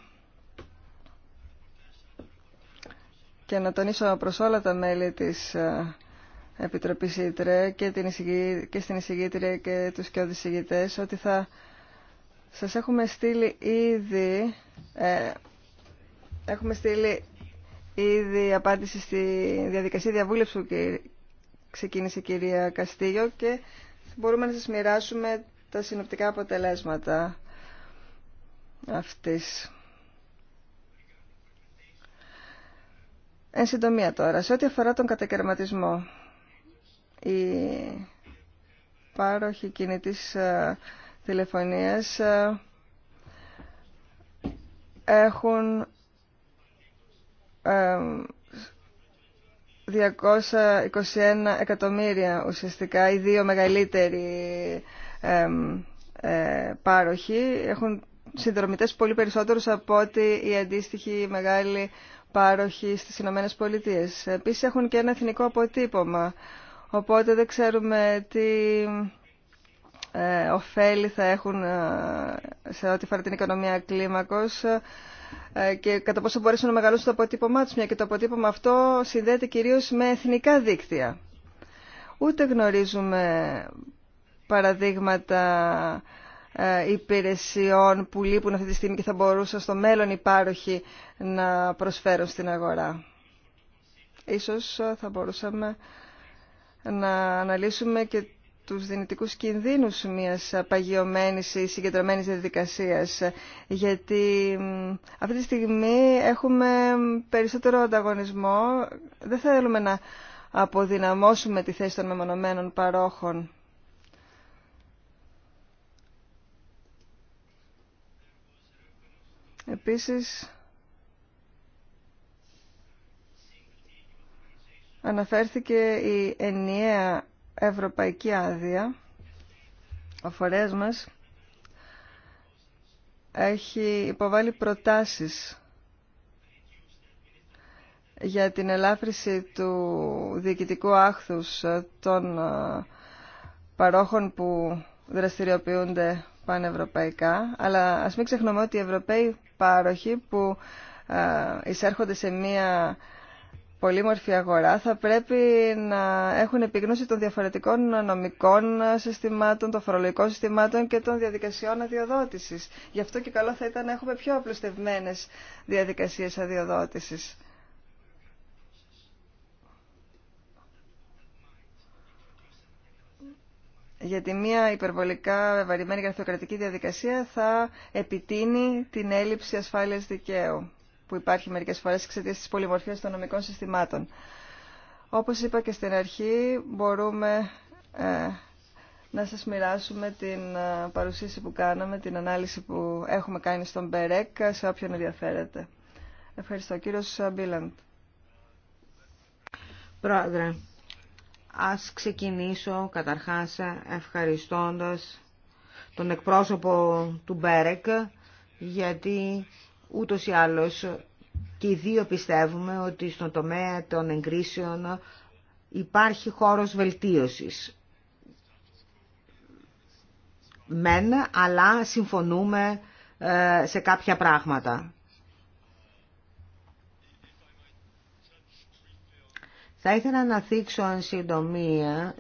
και να τονίσω προς όλα τα μέλη της ε, Επιτροπής ΙΤΡΕ και, την και στην εισηγήτρια και τους και οδησηγητές ότι θα σας έχουμε στείλει ήδη... Ε, έχουμε στείλει ήδη απάντηση στη διαδικασία διαβούλευση που ξεκίνησε η κυρία Καστίγιο και μπορούμε να σας μοιράσουμε τα συνοπτικά αποτελέσματα αυτής. Εν συντομία τώρα, σε ό,τι αφορά τον κατακαιρματισμό, η πάροχη κινητής ε, τηλεφωνίας ε, έχουν 221 ε, εκατομμύρια ουσιαστικά, οι δύο μεγαλύτεροι ε, πάροχοι έχουν συνδρομητές πολύ περισσότερους από ότι οι αντίστοιχοι μεγάλοι πάροχοι στις Ηνωμένες Πολιτείες. Επίσης έχουν και ένα εθνικό αποτύπωμα, οπότε δεν ξέρουμε τι ε, ωφέλη θα έχουν ε, σε ό,τι φορά την οικονομία κλίμακος ε, και κατά πόσο μπορέσουν να μεγαλώσουν το αποτύπωμά τους, μια και το αποτύπωμα αυτό συνδέεται κυρίως με εθνικά δίκτυα. Ούτε γνωρίζουμε παραδείγματα υπηρεσιών που λείπουν αυτή τη στιγμή και θα μπορούσαν στο μέλλον οι πάροχοι να προσφέρουν στην αγορά. Ίσως θα μπορούσαμε να αναλύσουμε και τους δυνητικούς κινδύνους μιας παγιωμένης ή συγκεντρωμένης διαδικασίας, γιατί αυτή τη στιγμή έχουμε περισσότερο ανταγωνισμό. Δεν θέλουμε να αποδυναμώσουμε τη θέση των μεμονωμένων παρόχων. Επίσης, αναφέρθηκε η ενιαία ευρωπαϊκή άδεια, ο φορέας μας έχει υποβάλει προτάσεις για την ελάφρυση του διοικητικού άχθους των ε, παρόχων που δραστηριοποιούνται πανευρωπαϊκά, αλλά ας μην ξεχνούμε ότι οι Ευρωπαίοι πάροχοι που ε, εισέρχονται σε μία μορφή αγορά θα πρέπει να έχουν επίγνωση των διαφορετικών νομικών συστημάτων, των φορολογικών συστημάτων και των διαδικασιών αδειοδότησης. Γι' αυτό και καλό θα ήταν να έχουμε πιο απλουστευμένες διαδικασίες αδειοδότησης. γιατί μια υπερβολικά βαρημένη γραφειοκρατική διαδικασία θα επιτείνει την έλλειψη ασφάλειας δικαίου που υπάρχει μερικέ φορέ εξαιτία τη πολυμορφία των νομικών συστημάτων. Όπω είπα και στην αρχή, μπορούμε ε, να σα μοιράσουμε την ε, παρουσίαση που κάναμε, την ανάλυση που έχουμε κάνει στον Μπερέκ, σε όποιον ενδιαφέρεται. Ευχαριστώ. Κύριος Μπίλαντ. Πρόεδρε, ας ξεκινήσω καταρχάς ευχαριστώντας τον εκπρόσωπο του Μπέρεκ, γιατί Ούτως ή άλλως και οι δύο πιστεύουμε ότι στον τομέα των εγκρίσεων υπάρχει χώρος βελτίωσης. Μεν, αλλά συμφωνούμε ε, σε κάποια πράγματα. Θα ήθελα να θίξω εν συντομία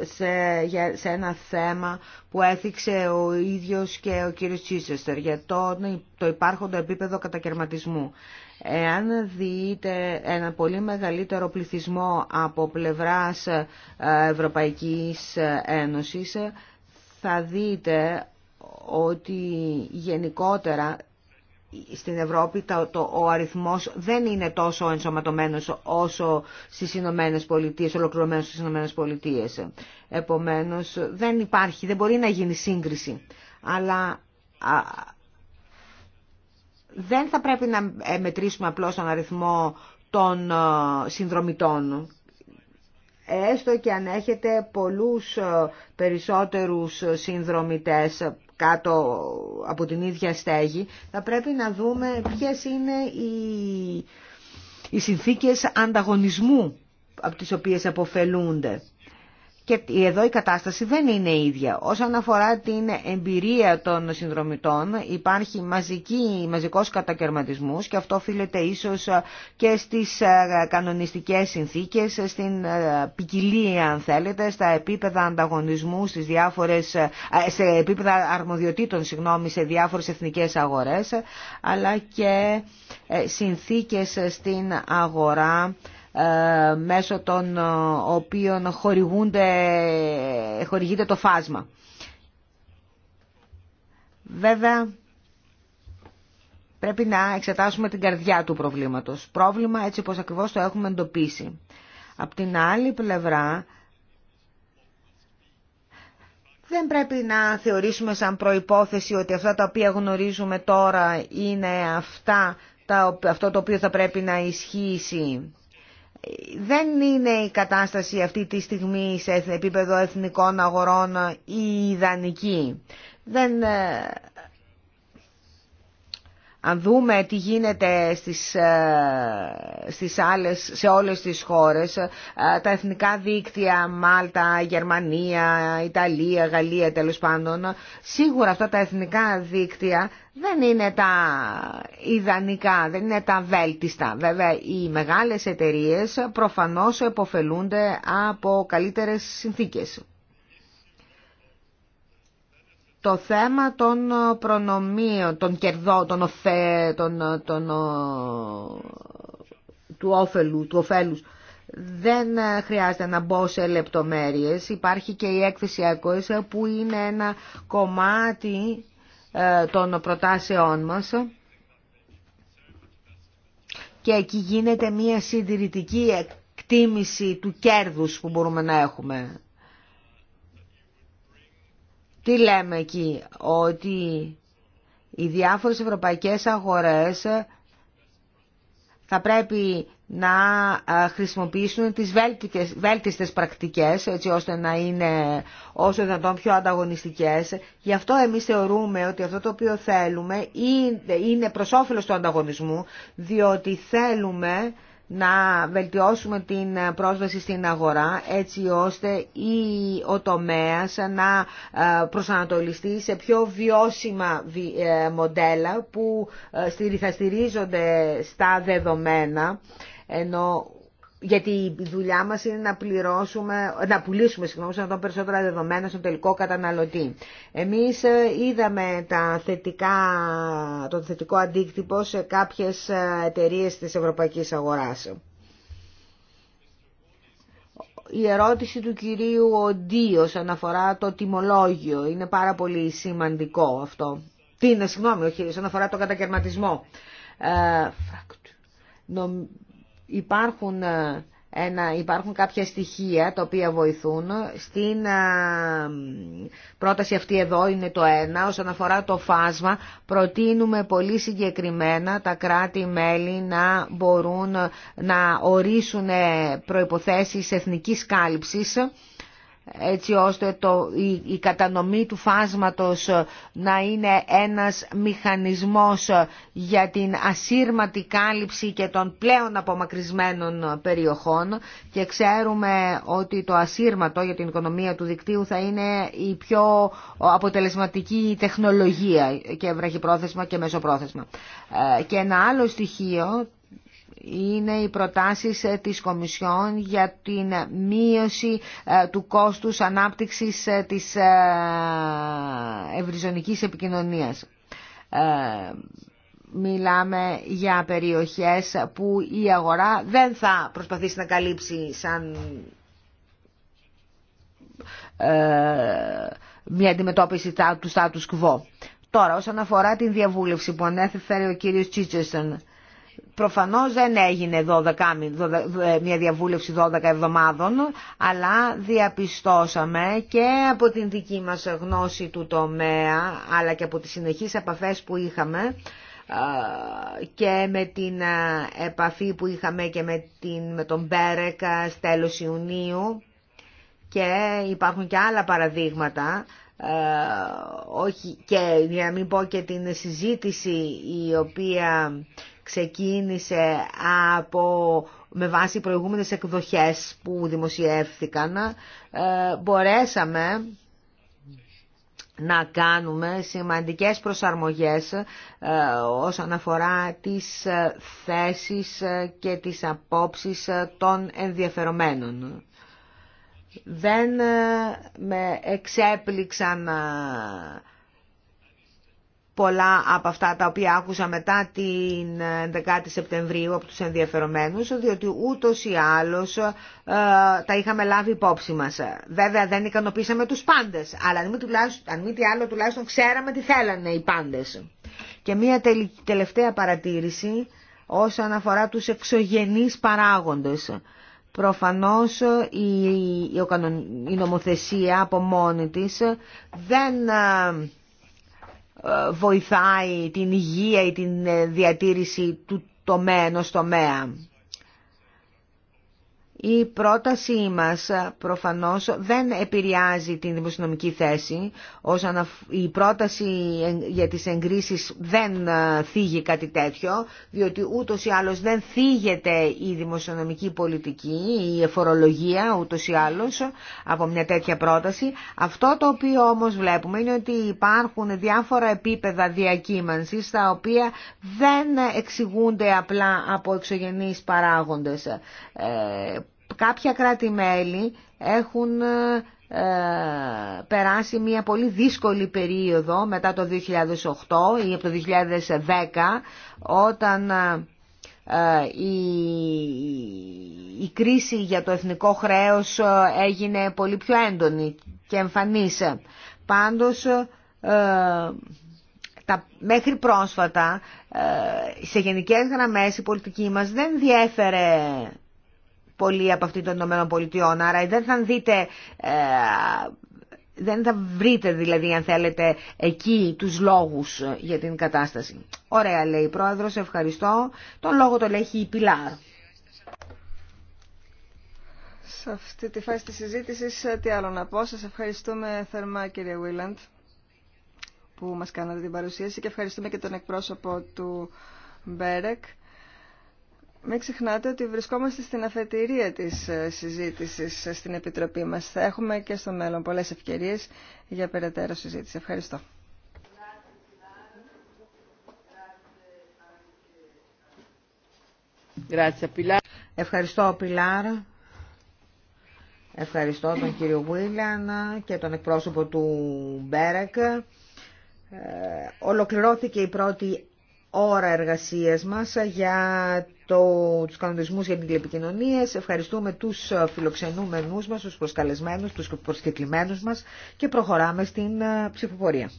ε, σε, σε ένα θέμα που έθιξε ο ίδιος και ο κύριος Τσίσεστερ για το, το υπάρχοντο επίπεδο κατακαιρματισμού. Εάν δείτε ένα πολύ μεγαλύτερο πληθυσμό από πλευράς ε, Ευρωπαϊκής Ένωσης, θα δείτε ότι γενικότερα στην Ευρώπη το, ο αριθμός δεν είναι τόσο ενσωματωμένος όσο στις Ηνωμένε Πολιτείες, ολοκληρωμένος στις Ηνωμένε Πολιτείες. Επομένως δεν υπάρχει, δεν μπορεί να γίνει σύγκριση. Αλλά δεν θα πρέπει να ε, μετρήσουμε απλώς τον αριθμό των ε, συνδρομητών. Έστω και αν έχετε πολλούς ε, περισσότερους συνδρομητές κάτω από την ίδια στέγη, θα πρέπει να δούμε ποιες είναι οι, οι συνθήκες ανταγωνισμού από τις οποίες αποφελούνται. Και εδώ η κατάσταση δεν είναι ίδια. Όσον αφορά την εμπειρία των συνδρομητών υπάρχει μαζική, μαζικός κατακαιρματισμός και αυτό οφείλεται ίσως ε, και στις ε, κανονιστικές συνθήκες, ε, στην ποικιλία αν θέλετε, στα επίπεδα ανταγωνισμού, στις διάφορες, σε επίπεδα αρμοδιοτήτων συγγνώμη, σε διάφορες εθνικές αγορές, αλλά και συνθήκες στην αγορά ε, μέσω των ε, οποίων χορηγείται το φάσμα. Βέβαια, πρέπει να εξετάσουμε την καρδιά του προβλήματος. Πρόβλημα έτσι όπως ακριβώς το έχουμε εντοπίσει. Απ' την άλλη πλευρά, δεν πρέπει να θεωρήσουμε σαν προϋπόθεση ότι αυτά τα οποία γνωρίζουμε τώρα είναι αυτά, τα αυτό το οποίο θα πρέπει να ισχύσει δεν είναι η κατάσταση αυτή τη στιγμή σε επίπεδο εθνικών αγορών η ιδανική. Δεν ε, αν δούμε τι γίνεται στις, ε, στις άλλες, σε όλες τις χώρες, ε, τα εθνικά δίκτυα, Μάλτα, Γερμανία, Ιταλία, Γαλλία τέλος πάντων, σίγουρα αυτά τα εθνικά δίκτυα δεν είναι τα ιδανικά, δεν είναι τα βέλτιστα. Βέβαια, οι μεγάλες εταιρείες προφανώς εποφελούνται από καλύτερες συνθήκες το θέμα των ε, προνομίων, των κερδών, των, οφέ, ε, ε, του όφελου, του ωφέλους. Δεν χρειάζεται να μπω σε λεπτομέρειες. Υπάρχει και η έκθεση ΑΚΟΕΣ που είναι ένα κομμάτι των προτάσεών μας και εκεί γίνεται μια συντηρητική εκτίμηση του κέρδους που μπορούμε να έχουμε. Τι λέμε εκεί, ότι οι διάφορες ευρωπαϊκές αγορές θα πρέπει να ε, χρησιμοποιήσουν τις βέλτιστες, βέλτιστες πρακτικές, έτσι ώστε να είναι όσο δυνατόν πιο ανταγωνιστικές. Γι' αυτό εμείς θεωρούμε ότι αυτό το οποίο θέλουμε είναι προς όφελος του ανταγωνισμού, διότι θέλουμε να βελτιώσουμε την πρόσβαση στην αγορά έτσι ώστε η, ο τομέας να ε, προσανατολιστεί σε πιο βιώσιμα ε, μοντέλα που ε, θα στηρίζονται στα δεδομένα ενώ γιατί η δουλειά μας είναι να, πληρώσουμε, να πουλήσουμε συγγνώμη, σαν περισσότερα δεδομένα στον τελικό καταναλωτή. Εμείς ε, είδαμε τα θετικά, το θετικό αντίκτυπο σε κάποιες ε, εταιρείε τη Ευρωπαϊκή Αγορά. Η ερώτηση του κυρίου Οντίο αναφορά το τιμολόγιο είναι πάρα πολύ σημαντικό αυτό. Τι είναι, συγγνώμη, όχι, αφορά το κατακαιρματισμό. Ε, υπάρχουν, ε, ένα, υπάρχουν κάποια στοιχεία τα οποία βοηθούν. Στην ε, πρόταση αυτή εδώ είναι το ένα. Όσον αφορά το φάσμα, προτείνουμε πολύ συγκεκριμένα τα κράτη-μέλη να μπορούν να ορίσουν ε, προϋποθέσεις εθνικής κάλυψης έτσι ώστε το, η, η κατανομή του φάσματος να είναι ένας μηχανισμός για την ασύρματη κάλυψη και των πλέον απομακρυσμένων περιοχών και ξέρουμε ότι το ασύρματο για την οικονομία του δικτύου θα είναι η πιο αποτελεσματική τεχνολογία και βραχυπρόθεσμα και μεσοπρόθεσμα. Ε, και ένα άλλο στοιχείο είναι οι προτάσεις ε, της Κομισιόν για την μείωση ε, του κόστους ανάπτυξης ε, της ευρυζωνικής επικοινωνίας. Μιλάμε για περιοχές που η αγορά δεν θα προσπαθήσει να καλύψει σαν μια αντιμετώπιση του status quo. Τώρα, όσον αφορά την διαβούλευση που ανέφερε ο κύριος Τσίτσεσεν, Προφανώς δεν έγινε 12, ε, μια διαβούλευση 12 εβδομάδων, αλλά διαπιστώσαμε και από την δική μας γνώση του τομέα, αλλά και από τις συνεχείς επαφές που είχαμε, και με την επαφή που είχαμε και με, τον Μπέρεκα στέλος Ιουνίου και υπάρχουν και άλλα παραδείγματα όχι, και για να μην πω και την συζήτηση η οποία ξεκίνησε από, με βάση προηγούμενες εκδοχές που δημοσιεύθηκαν, ε, μπορέσαμε να κάνουμε σημαντικές προσαρμογές ε, όσον αφορά τις ε, θέσεις και τις απόψεις των ενδιαφερομένων. Δεν με εξέπληξαν πολλά από αυτά τα οποία άκουσα μετά την 11η ε, Σεπτεμβρίου από τους ενδιαφερομένους, διότι ούτως ή άλλως ε, τα είχαμε λάβει υπόψη μας. Βέβαια δεν ικανοποίησαμε τους πάντες, αλλά αν μη, τι άλλο τουλάχιστον ξέραμε τι θέλανε οι πάντες. Και μία τελευταία παρατήρηση όσον αφορά τους εξωγενείς παράγοντες. Προφανώς η, η, η νομοθεσία από μόνη της δεν ε, βοηθάει την υγεία ή την ε, διατήρηση του τομέα ενός τομέα. Η πρότασή μας ε, προφανώς δεν επηρεάζει την δημοσιονομική θέση, όσον η πρόταση ε, για τις εγκρίσεις δεν ε, θίγει κάτι τέτοιο, διότι ούτως ή άλλως δεν θίγεται η δημοσιονομική πολιτική, η εφορολογία ούτως ή άλλως από μια τέτοια πρόταση. Αυτό το οποίο όμως βλέπουμε είναι ότι υπάρχουν διάφορα επίπεδα διακύμανσης, τα οποία δεν εξηγούνται απλά από εξωγενείς παράγοντες κάποια κράτη-μέλη έχουν ε, ε, περάσει μια πολύ δύσκολη περίοδο μετά το 2008 ή από το 2010 όταν ε, η κρίση για το εθνικό χρέος έγινε πολύ πιο έντονη και εμφανής. Πάντως τα, μέχρι πρόσφατα σε γενικές γραμμές η πολιτική μας δεν διέφερε πολύ από αυτή των Ηνωμένων Πολιτειών. Άρα δεν θα δείτε, ε, δεν θα βρείτε δηλαδή αν θέλετε εκεί τους λόγους για την κατάσταση. Ωραία λέει η Πρόεδρος, ευχαριστώ. Τον λόγο τον έχει η Πιλάρ. Σε αυτή τη φάση της συζήτησης ε, τι άλλο να πω. Σας ευχαριστούμε θερμά κύριε Βίλαντ που μας κάνατε την παρουσίαση και ευχαριστούμε και τον εκπρόσωπο του Μπέρεκ μην ξεχνάτε ότι βρισκόμαστε στην αφετηρία της ε, συζήτησης ε, στην Επιτροπή μας. Θα έχουμε και στο μέλλον πολλές ευκαιρίες για περαιτέρω συζήτηση. Ευχαριστώ. Ευχαριστώ, Πιλάρ. Ευχαριστώ τον κύριο Βουίλιαν και τον εκπρόσωπο του Μπέρεκ. Ε, ολοκληρώθηκε η πρώτη ώρα εργασίας μας για το, τους κανονισμούς για την τηλεπικοινωνία. Ευχαριστούμε τους φιλοξενούμενους μας, τους προσκαλεσμένους, τους προσκεκλημένους μας και προχωράμε στην ε, ψηφοφορία.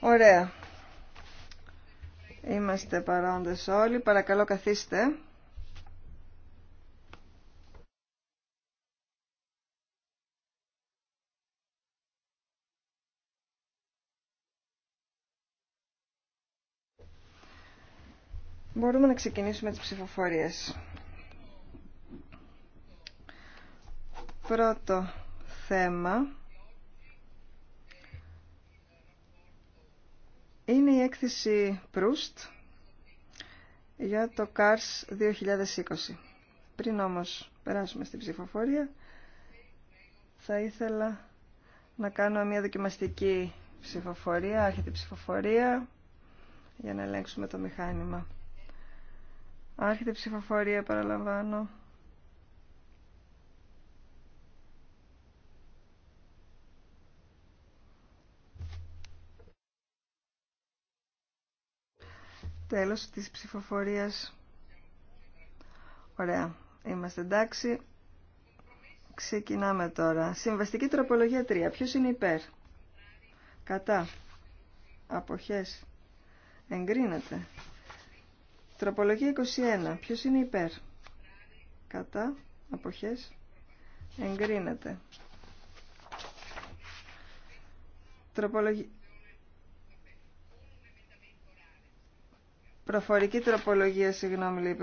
Ωραία. Είμαστε παρόντες όλοι. Παρακαλώ καθίστε. Μπορούμε να ξεκινήσουμε τις ψηφοφορίες. Πρώτο θέμα είναι η έκθεση Proust για το CARS 2020. Πριν όμως περάσουμε στην ψηφοφορία, θα ήθελα να κάνω μια δοκιμαστική ψηφοφορία, άρχεται ψηφοφορία, για να ελέγξουμε το μηχάνημα. Άρχεται ψηφοφορία, παραλαμβάνω. Τέλος της ψηφοφορίας. Ωραία. Είμαστε εντάξει. Ξεκινάμε τώρα. Συμβαστική τροπολογία 3. Ποιος είναι υπέρ. Κατά. Αποχές. Εγκρίνεται. Τροπολογία 21. Ποιος είναι υπέρ. Κατά. Αποχές. Εγκρίνεται. Τροπολογία... Προφορική τροπολογία, συγγνώμη λέει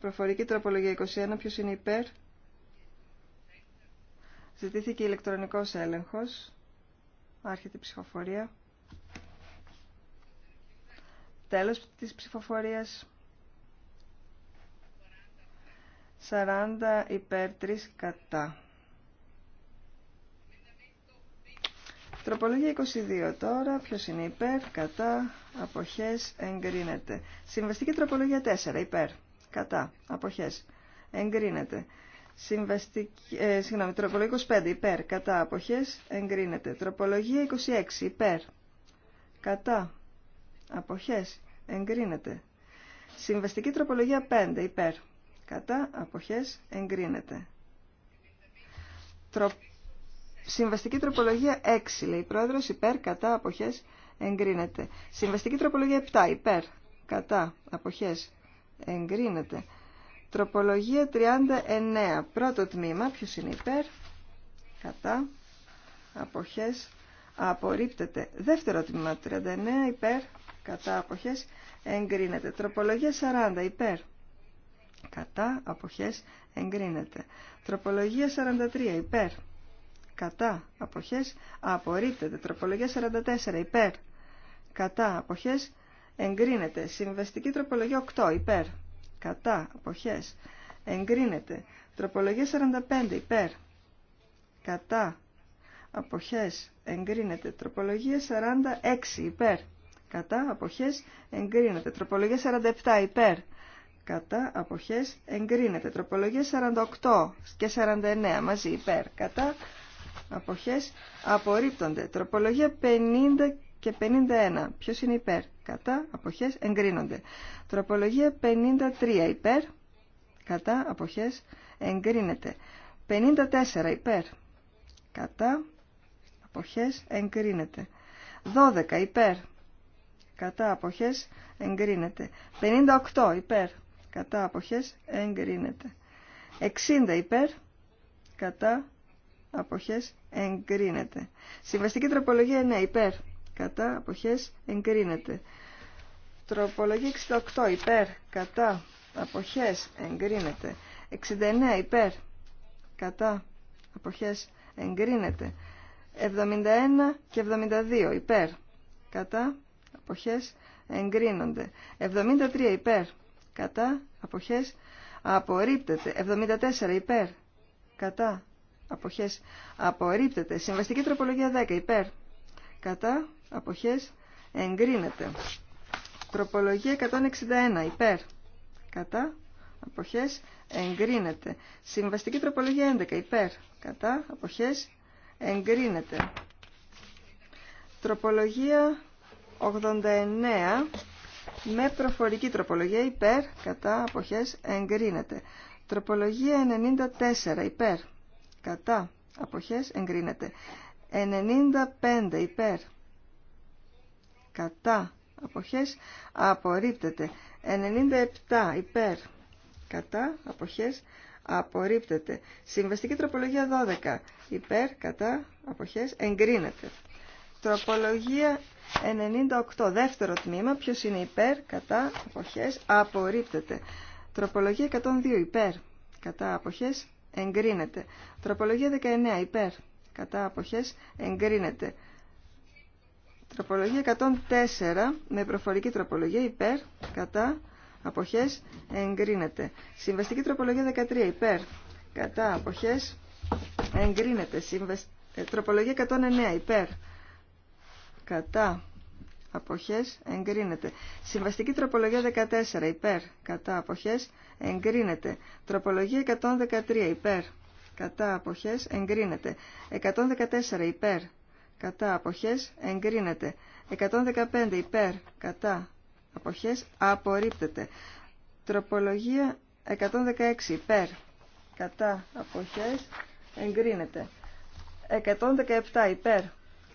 Προφορική τροπολογία 21, ποιο είναι υπέρ. Ζητήθηκε ηλεκτρονικός έλεγχος. Άρχεται η ψηφοφορία. Τέλος της ψηφοφορίας. 40 υπέρ 3 κατά. Τροπολογία 22 τώρα. Ποιος είναι υπέρ, κατά, αποχές, εγκρίνεται. Συμβαστική τροπολογία 4. Υπέρ, κατά, αποχές, εγκρίνεται. Συμβαστική, ε, τροπολογία 25. Υπέρ, κατά, αποχές, εγκρίνεται. Τροπολογία 26. Υπέρ, κατά, αποχές, εγκρίνεται. Συμβαστική τροπολογία 5. Υπέρ, κατά, αποχές, εγκρίνεται. Συμβαστική τροπολογία 6, λέει πρόεδρο υπέρ, κατά, αποχέ, εγκρίνεται. Συμβαστική τροπολογία 7, υπέρ, κατά, απόχέ. εγκρίνεται. Τροπολογία 39, πρώτο τμήμα, Ποιο είναι υπέρ, κατά, αποχέ, απορρίπτεται. Δεύτερο τμήμα, 39, υπέρ, κατά, απόχέ εγκρίνεται. Τροπολογία 40, υπέρ, κατά, απόχέ, εγκρίνεται. Τροπολογία 43, υπέρ, κατά αποχές απορρίπτεται. Τροπολογία 44 υπέρ κατά αποχές εγκρίνεται. Συμβαστική τροπολογία 8 υπέρ κατά αποχές εγκρίνεται. Τροπολογία 45 υπέρ κατά αποχές εγκρίνεται. Τροπολογία 46 υπέρ κατά αποχές εγκρίνεται. Τροπολογία 47 υπέρ κατά αποχές εγκρίνεται. Τροπολογία 48 και 49 μαζί υπέρ κατά αποχές απορρίπτονται. Τροπολογία 50 και 51. Ποιος είναι υπέρ. Κατά αποχές εγκρίνονται. Τροπολογία 53 υπέρ. Κατά αποχές εγκρίνεται. 54 υπέρ. Κατά αποχές εγκρίνεται. 12 υπέρ. Κατά αποχές εγκρίνεται. 58 υπέρ. Κατά αποχές εγκρίνεται. 60 υπέρ. Κατά αποχές εγκρίνεται. Συμβαστική τροπολογία 9 υπέρ, κατά αποχές εγκρίνεται. Τροπολογία 68 υπέρ, κατά αποχές εγκρίνεται. 69 υπέρ, κατά αποχές εγκρίνεται. 71 και 72 υπέρ, κατά αποχές εγκρίνονται. 73 υπέρ, κατά αποχές απορρίπτεται. 74 υπέρ, κατά αποχές απορρίπτεται. Συμβαστική τροπολογία 10 υπέρ κατά αποχές εγκρίνεται. Τροπολογία 161 υπέρ κατά αποχές εγκρίνεται. Συμβαστική τροπολογία 11 υπέρ κατά αποχές εγκρίνεται. Τροπολογία 89 με προφορική τροπολογία υπέρ κατά αποχές εγκρίνεται. Τροπολογία 94 υπέρ κατά, αποχές, εγκρίνεται. 95 υπέρ, κατά, αποχές, απορρίπτεται. 97 υπέρ, κατά, αποχές, απορρίπτεται. Συμβαστική τροπολογία 12 υπέρ, κατά, αποχές, εγκρίνεται. Τροπολογία 98, δεύτερο τμήμα, ποιος είναι υπέρ, κατά, αποχές, απορρίπτεται. Τροπολογία 102, υπέρ, κατά, αποχές, εγκρίνεται. Τροπολογία 19 υπέρ κατά αποχές εγκρίνεται. Τροπολογία 104 με προφορική τροπολογία υπέρ κατά αποχές εγκρίνεται. Συμβαστική τροπολογία 13 υπέρ κατά αποχές εγκρίνεται. Συμβασ... Ε, τροπολογία 109 υπέρ κατά αποχές εγκρίνεται. Συμβαστική τροπολογία 14 υπέρ κατά αποχές εγκρίνεται. Τροπολογία 113 υπέρ κατά αποχές εγκρίνεται. 114 υπέρ κατά αποχές εγκρίνεται. 115 υπέρ κατά αποχές απορρίπτεται. Τροπολογία 116 υπέρ κατά αποχές εγκρίνεται. 117 υπέρ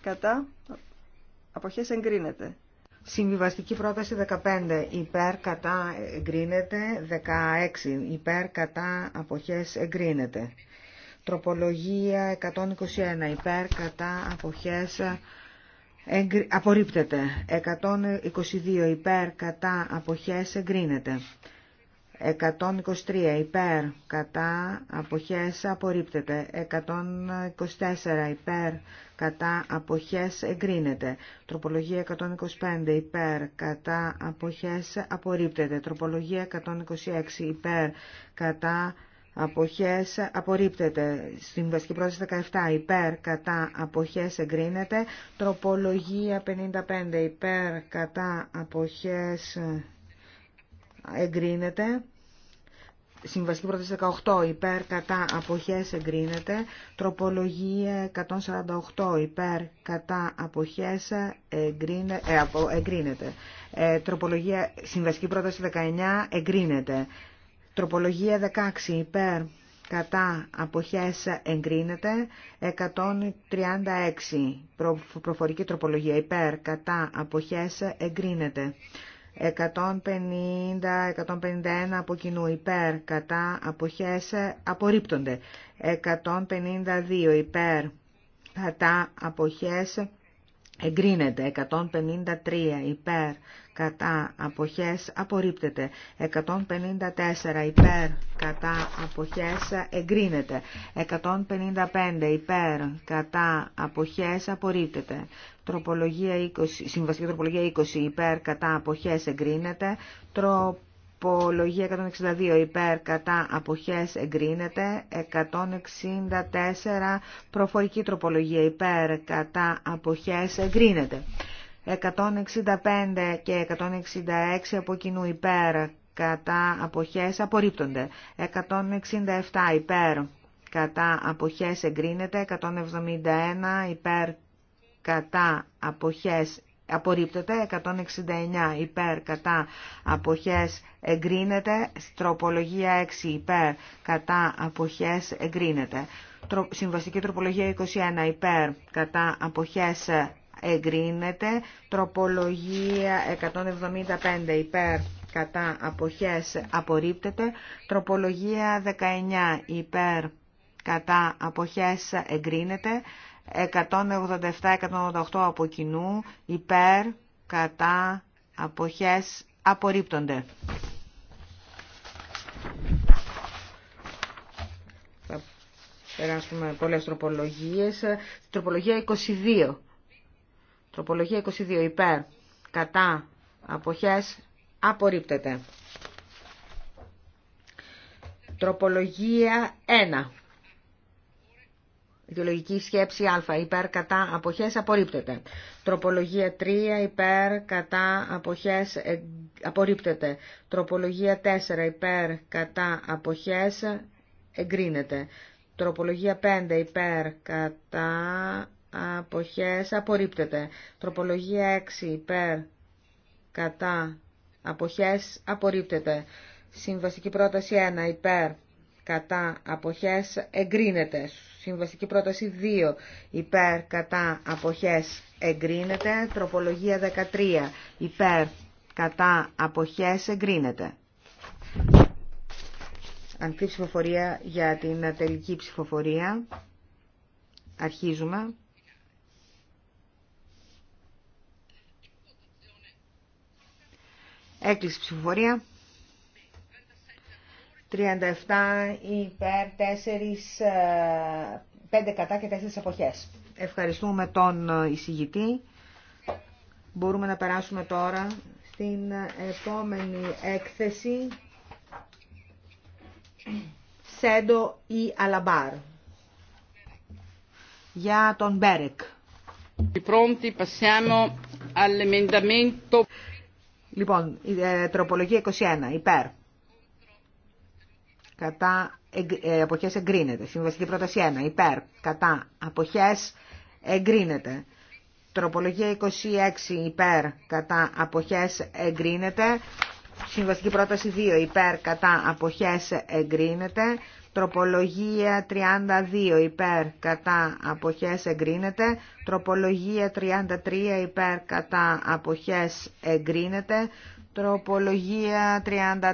κατά αποχές εγκρίνεται. Συμβιβαστική πρόταση 15 υπέρ κατά εγκρίνεται, 16 υπέρ κατά αποχές εγκρίνεται. Τροπολογία 121 υπέρ κατά αποχές εγκρι... απορρίπτεται, 122 υπέρ κατά αποχές εγκρίνεται. 123 υπέρ κατά αποχές απορρίπτεται 124 υπέρ κατά αποχές εγκρίνεται τροπολογία 125 υπέρ κατά αποχές απορρίπτεται τροπολογία 126 υπέρ κατά Αποχές απορρίπτεται. Στην βασική πρόταση 17 υπέρ κατά αποχές εγκρίνεται. Τροπολογία 55 υπέρ κατά αποχές εγκρίνεται. Συμβαστική πρόταση 18 υπέρ κατά αποχές εγκρίνεται. Τροπολογία 148 ε, ε, υπέρ κατά αποχές εγκρίνεται. Ε, τροπολογία συμβασική πρόταση 19 εγκρίνεται. Τροπολογία 16 υπέρ κατά αποχές εγκρίνεται 136 προφορική τροπολογία υπέρ κατά αποχές εγκρίνεται 150-151 από κοινού υπέρ, κατά, αποχές, ε, απορρίπτονται. 152 υπέρ, κατά, αποχές, εγκρίνεται. 153 υπέρ, κατά αποχές απορρίπτεται. 154 υπέρ κατά αποχές εγκρίνεται. 155 υπέρ κατά αποχές απορρίπτεται. Τροπολογία 20, συμβασική τροπολογία 20 υπέρ κατά αποχές εγκρίνεται. Τροπολογία Απολογία 162 υπέρ κατά αποχές εγκρίνεται, 164 προφορική τροπολογία υπέρ κατά αποχές εγκρίνεται. 165 και 166 από κοινού υπέρ κατά αποχές απορρίπτονται. 167 υπέρ κατά αποχές εγκρίνεται. 171 υπέρ κατά αποχές απορρίπτεται. 169 υπέρ κατά αποχές εγκρίνεται. Τροπολογία 6 υπέρ κατά αποχές εγκρίνεται. Συμβαστική τροπολογία 21 υπέρ κατά αποχές εγκρίνεται. Τροπολογία 175 υπέρ κατά αποχές απορρίπτεται. Τροπολογία 19 υπέρ κατά αποχές εγκρίνεται. 187-188 από κοινού υπέρ κατά αποχές απορρίπτονται. Θα περάσουμε πολλές τροπολογίες. Τροπολογία 22. Τροπολογία 22 υπέρ κατά αποχές απορρίπτεται. Τροπολογία 1. Ιδεολογική σκέψη α υπέρ κατά αποχές απορρίπτεται. Τροπολογία 3 υπέρ κατά αποχές ε, απορρίπτεται. Τροπολογία 4 υπέρ κατά αποχές εγκρίνεται. Τροπολογία 5 υπέρ κατά αποχές απορρίπτεται. Τροπολογία 6 υπέρ κατά αποχές απορρίπτεται. Συμβαστική πρόταση 1 υπέρ κατά αποχές εγκρίνεται. Συμβαστική πρόταση 2 υπέρ κατά αποχές εγκρίνεται. Τροπολογία 13 υπέρ κατά αποχές εγκρίνεται. Ανοιχτή ψηφοφορία για την τελική ψηφοφορία. Αρχίζουμε. Έκλεισε ψηφοφορία. 37 υπέρ 4, 5 ε, κατά και 4 αποχές. Ευχαριστούμε τον ε, εισηγητή. Μπορούμε να περάσουμε τώρα στην επόμενη έκθεση. Σέντο ή Αλαμπάρ. Για τον Μπέρεκ. Λοιπόν, ε, τροπολογία 21, ε, υπέρ. Κατά αποχές εγκρίνεται. Συμβαστική πρόταση 1, υπέρ. Κατά αποχές εγκρίνεται. Τροπολογία 26, υπέρ. Κατά αποχές εγκρίνεται. Συμβαστική πρόταση 2, υπέρ. Κατά αποχές εγκρίνεται. Τροπολογία 32 υπέρ κατά αποχές εγκρίνεται. Τροπολογία 33 υπέρ κατά αποχές εγκρίνεται. Τροπολογία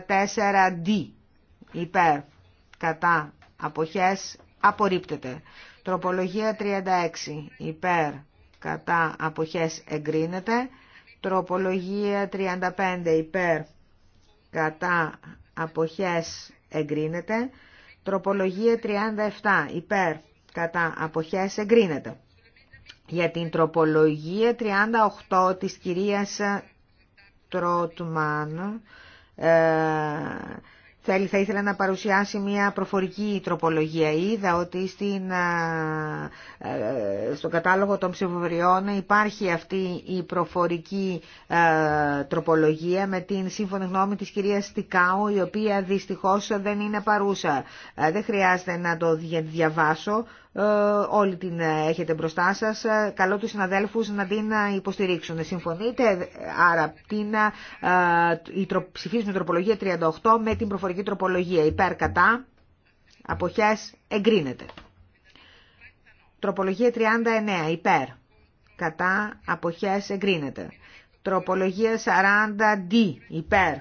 34 D υπέρ κατά αποχές απορρίπτεται. Τροπολογία 36 υπέρ κατά αποχές εγκρίνεται. Τροπολογία 35 υπέρ κατά αποχές εγκρίνεται. Τροπολογία 37 υπέρ κατά αποχές εγκρίνεται. Για την τροπολογία 38 της κυρίας Τρότμαν ε, θα ήθελα να παρουσιάσει μια προφορική τροπολογία. Είδα ότι στην, ε, στο κατάλογο των ψηφοφοριών υπάρχει αυτή η προφορική ε, τροπολογία με την σύμφωνη γνώμη της κυρίας Στικάου, η οποία δυστυχώς δεν είναι παρούσα. Ε, δεν χρειάζεται να το διαβάσω. Ε, όλοι την έχετε μπροστά σας. Ε, καλό τους συναδέλφους να την ε, υποστηρίξουν. Συμφωνείτε, άρα την, ψηφίζουμε τροπολογία 38 με την προφορική τροπολογία. Υπέρ κατά, αποχές εγκρίνεται. Τροπολογία 39, υπέρ, κατά, αποχές εγκρίνεται. Τροπολογία 40, D, υπέρ,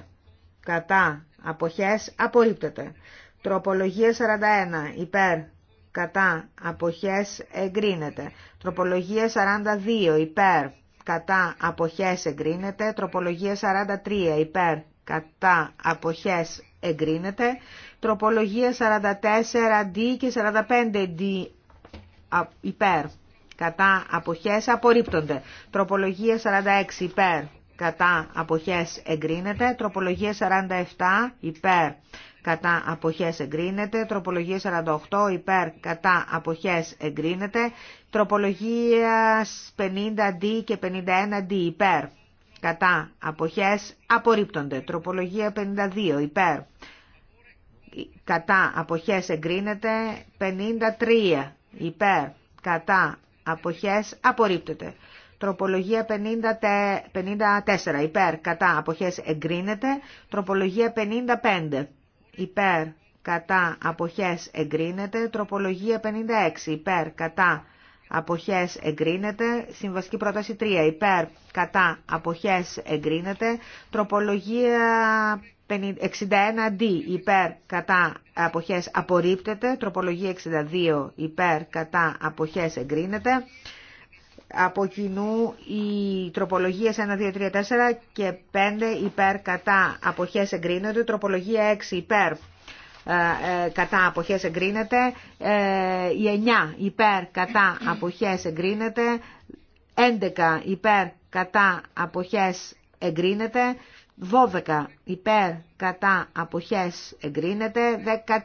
κατά, αποχές απορρίπτεται. Τροπολογία 41, υπέρ, κατά αποχές εγκρίνεται. Τροπολογία 42 υπέρ κατά αποχές εγκρίνεται. Τροπολογία 43 υπέρ κατά αποχές εγκρίνεται. Τροπολογία 44D και 45D υπέρ κατά αποχές απορρίπτονται. Τροπολογία 46 υπέρ κατά αποχές εγκρίνεται. Τροπολογία 47 υπέρ κατά αποχές εγκρίνεται, τροπολογία 48 υπέρ κατά αποχές εγκρίνεται, τροπολογία 50D και 51D υπέρ κατά αποχές απορρίπτονται, τροπολογία 52 υπέρ κατά αποχές εγκρίνεται, 53 υπέρ κατά αποχές απορρίπτεται. Τροπολογία 54 υπέρ κατά αποχές εγκρίνεται. Τροπολογία 55 υπέρ κατά αποχές εγκρίνεται, τροπολογία 56 υπέρ κατά αποχές εγκρίνεται, συμβαστική πρόταση 3 υπέρ κατά αποχές εγκρίνεται, τροπολογία 61D υπέρ κατά αποχές απορρίπτεται, τροπολογία 62 υπέρ κατά αποχές εγκρίνεται, από κοινού οι τροπολογίε 1, 2, 3, 4 και 5 υπέρ κατά αποχές εγκρίνονται, τροπολογία 6 ε, ε, ε, υπέρ κατά αποχές εγκρίνεται, η 9 υπέρ κατά αποχές εγκρίνεται, 11 υπέρ κατά αποχές εγκρίνεται, 12 υπέρ κατά αποχές εγκρίνεται, 13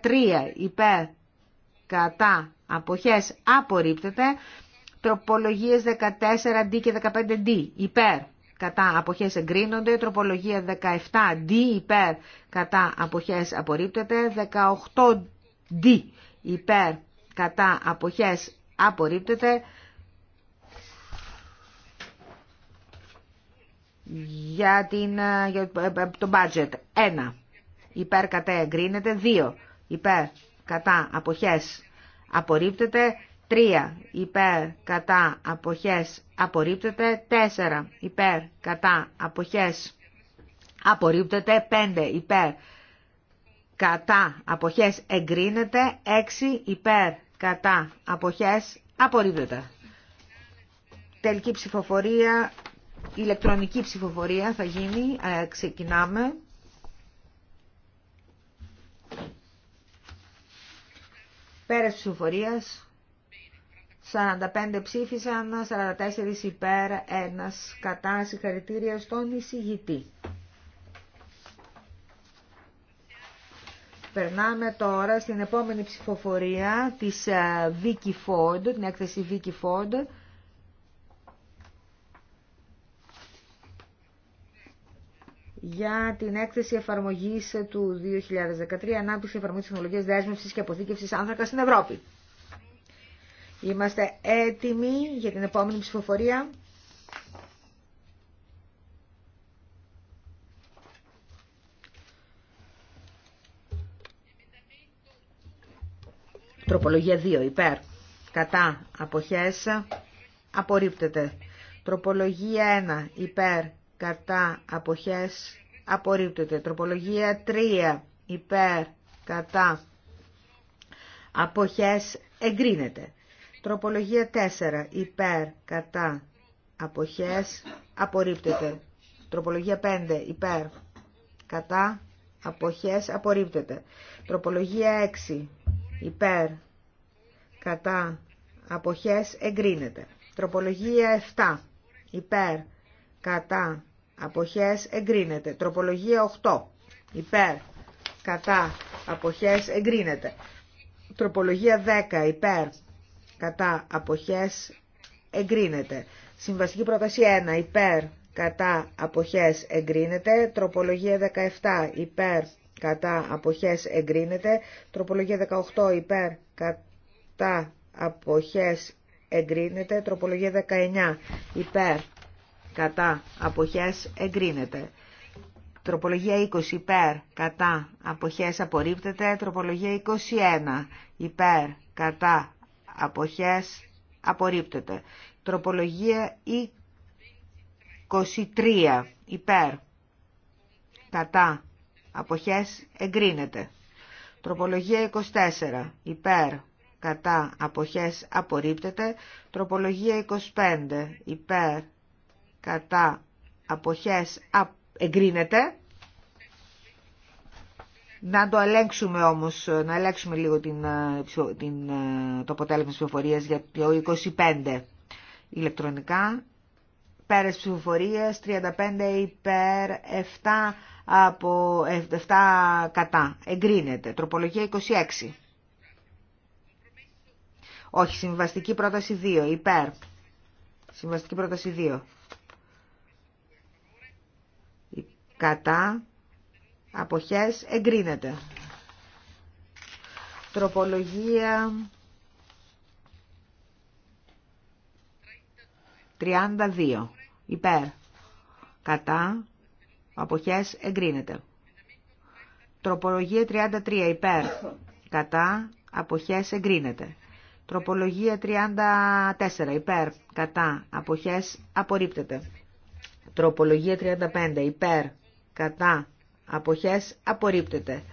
υπέρ κατά αποχές απορρίπτεται, τροπολογίες 14D και 15D υπέρ κατά αποχές εγκρίνονται, τροπολογία 17D υπέρ κατά αποχές απορρίπτεται, 18D υπέρ κατά αποχές απορρίπτεται, για, την, ε, για ε, ε, το budget 1 υπέρ κατά εγκρίνεται, 2 υπέρ κατά αποχές απορρίπτεται, 3 υπέρ κατά αποχές απορρίπτεται, 4 υπέρ κατά αποχές απορρίπτεται, 5 υπέρ κατά αποχές εγκρίνεται, 6 υπέρ κατά αποχές απορρίπτεται. Τελική ψηφοφορία, ηλεκτρονική ψηφοφορία θα γίνει, ε, ξεκινάμε. Πέρας ψηφοφορίας. 45 ψήφισαν, 44 υπέρ, 1 κατά συγχαρητήρια στον εισηγητή. Περνάμε τώρα στην επόμενη ψηφοφορία της ε, Vicky Ford, την έκθεση Vicky Ford. για την έκθεση εφαρμογής του 2013 ανάπτυξη εφαρμογής τεχνολογίας δέσμευσης και αποθήκευσης άνθρακα στην Ευρώπη. Είμαστε έτοιμοι για την επόμενη ψηφοφορία. Τροπολογία 2. Υπέρ. Κατά. Αποχές. Απορρίπτεται. Τροπολογία 1. Υπέρ. Κατά. Αποχές. Απορρίπτεται. Τροπολογία 3. Υπέρ. Κατά. Αποχές. Εγκρίνεται. Τροπολογία 4. Υπέρ, κατά, αποχές, απορρίπτεται. Τροπολογία 5. Υπέρ, κατά, αποχές, απορρίπτεται. Τροπολογία 6. Υπέρ, κατά, αποχές, εγκρίνεται. Τροπολογία 7. Υπέρ, κατά, αποχές, εγκρίνεται. Τροπολογία 8. Υπέρ, κατά, αποχές, εγκρίνεται. Τροπολογία 10. Υπέρ, κατά αποχές εγκρίνεται. Συμβαστική πρόταση 1 υπέρ κατά αποχές εγκρίνεται. Τροπολογία 17 υπέρ κατά αποχές εγκρίνεται. Τροπολογία 18 υπέρ κατά αποχές εγκρίνεται. Τροπολογία 19 υπέρ κατά αποχές εγκρίνεται. Τροπολογία 20 υπέρ κατά αποχές απορρίπτεται. Τροπολογία 21 υπέρ κατά αποχές απορρίπτεται. Τροπολογία 23 υπέρ κατά αποχές εγκρίνεται. Τροπολογία 24 υπέρ κατά αποχές απορρίπτεται. Τροπολογία 25 υπέρ κατά αποχές εγκρίνεται. Να το ελέγξουμε όμως, να ελέγξουμε λίγο την, ε, την, ε, το αποτέλεσμα της ψηφοφορίας για το 25 ηλεκτρονικά. Πέρες ψηφοφορίας 35 υπέρ 7 από 7 κατά. Εγκρίνεται. Τροπολογία 26. Όχι, συμβαστική πρόταση 2, υπέρ. Συμβαστική πρόταση 2. Κατά, αποχές εγκρίνεται. Τροπολογία 32. Υπέρ. Κατά. Αποχές εγκρίνεται. Τροπολογία 33. Υπέρ. Κατά. Αποχές εγκρίνεται. Τροπολογία 34. Υπέρ. Κατά. Αποχές απορρίπτεται. Τροπολογία 35. Υπέρ. Κατά αποχές απορρίπτεται.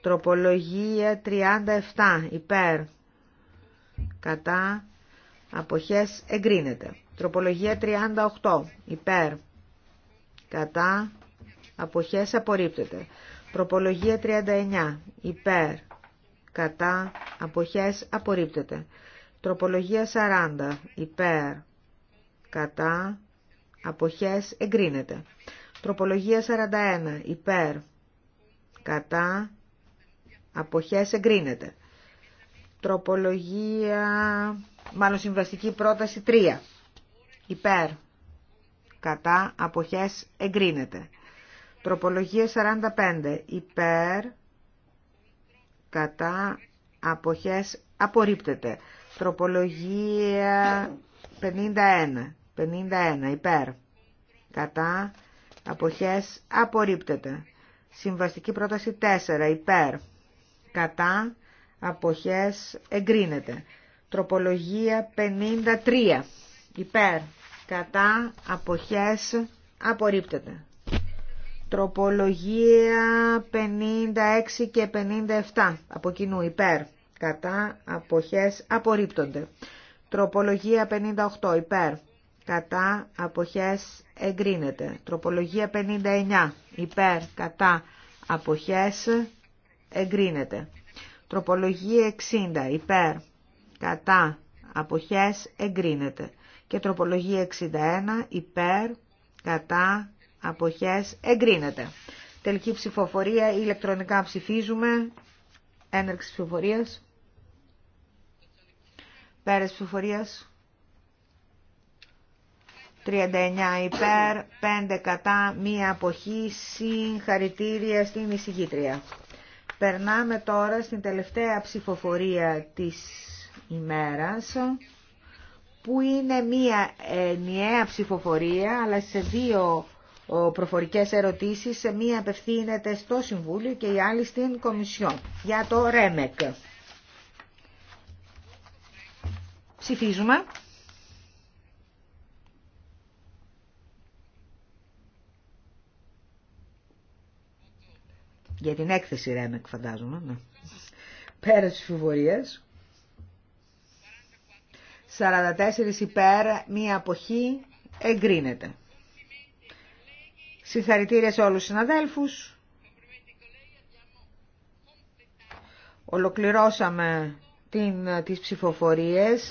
Τροπολογία 37 υπέρ κατά αποχές εγκρίνεται. Τροπολογία 38 υπέρ κατά αποχές απορρίπτεται. Τροπολογία 39 υπέρ κατά αποχές απορρίπτεται. Τροπολογία 40 υπέρ κατά αποχές εγκρίνεται. Τροπολογία 41. Υπέρ. Κατά. Αποχές εγκρίνεται. Τροπολογία, μάλλον συμβαστική πρόταση 3. Υπέρ. Κατά. Αποχές εγκρίνεται. Τροπολογία 45. Υπέρ. Κατά. Αποχές απορρίπτεται. Τροπολογία 51. 51. Υπέρ. Κατά αποχές απορρίπτεται. Συμβαστική πρόταση 4 υπέρ κατά αποχές εγκρίνεται. Τροπολογία 53 υπέρ κατά αποχές απορρίπτεται. Τροπολογία 56 και 57 από κοινού υπέρ κατά αποχές απορρίπτονται. Τροπολογία 58 υπέρ κατά αποχές εγκρίνεται. Τροπολογία 59 υπέρ κατά αποχές εγκρίνεται. Τροπολογία 60 υπέρ κατά αποχές εγκρίνεται. Και τροπολογία 61 υπέρ κατά αποχές εγκρίνεται. Τελική ψηφοφορία, ηλεκτρονικά ψηφίζουμε, έναρξη ψηφοφορίας, πέρας ψηφοφορίας. 39 υπέρ, 5 κατά, μία αποχή, συγχαρητήρια στην εισηγήτρια. Περνάμε τώρα στην τελευταία ψηφοφορία της ημέρας, που είναι μία ενιαία ψηφοφορία, αλλά σε δύο προφορικές ερωτήσεις, μία απευθύνεται στο Συμβούλιο και η άλλη στην Κομισιόν, για το ΡΕΜΕΚ. Ψηφίζουμε. Για την έκθεση Ρέμεκ φαντάζομαι. Ναι. Πέρα τη φιβορίας. 44 υπέρ, μία αποχή, εγκρίνεται. Συγχαρητήρια σε όλους τους συναδέλφους. Ολοκληρώσαμε την, τις ψηφοφορίες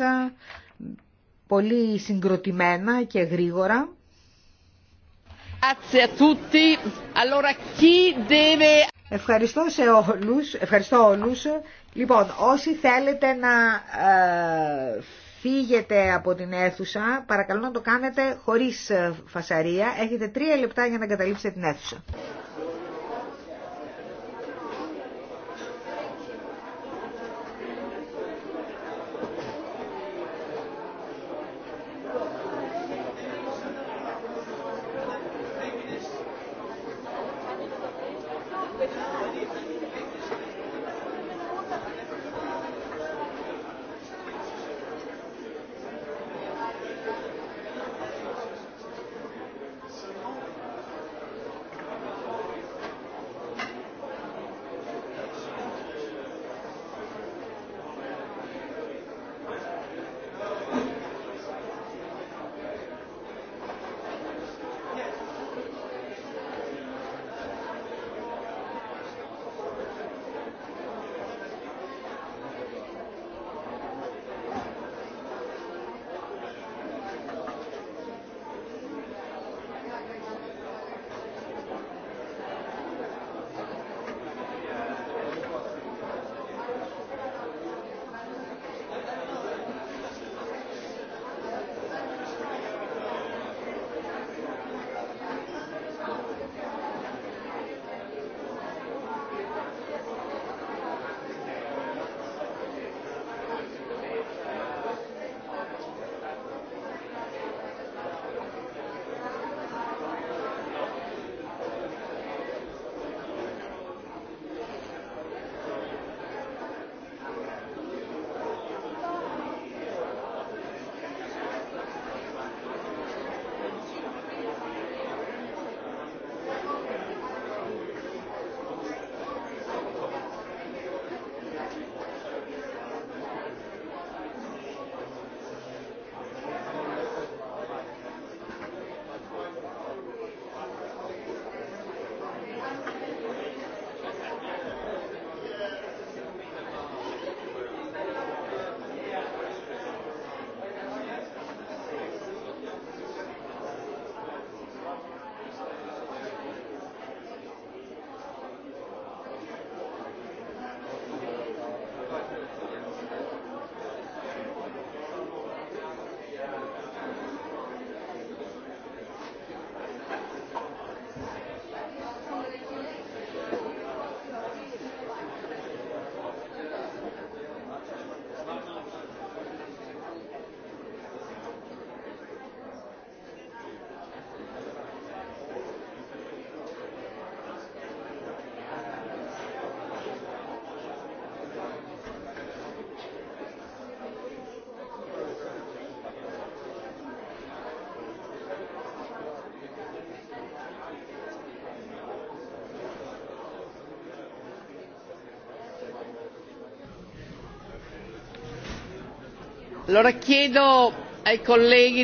πολύ συγκροτημένα και γρήγορα. Grazie a tutti. Allora chi deve Ευχαριστώ σε όλους, ευχαριστώ όλους. Λοιπόν, όσοι θέλετε να ε, φύγετε από την αίθουσα, παρακαλώ να το κάνετε χωρίς ε, φασαρία. Έχετε τρία λεπτά για να καταλήψετε την αίθουσα.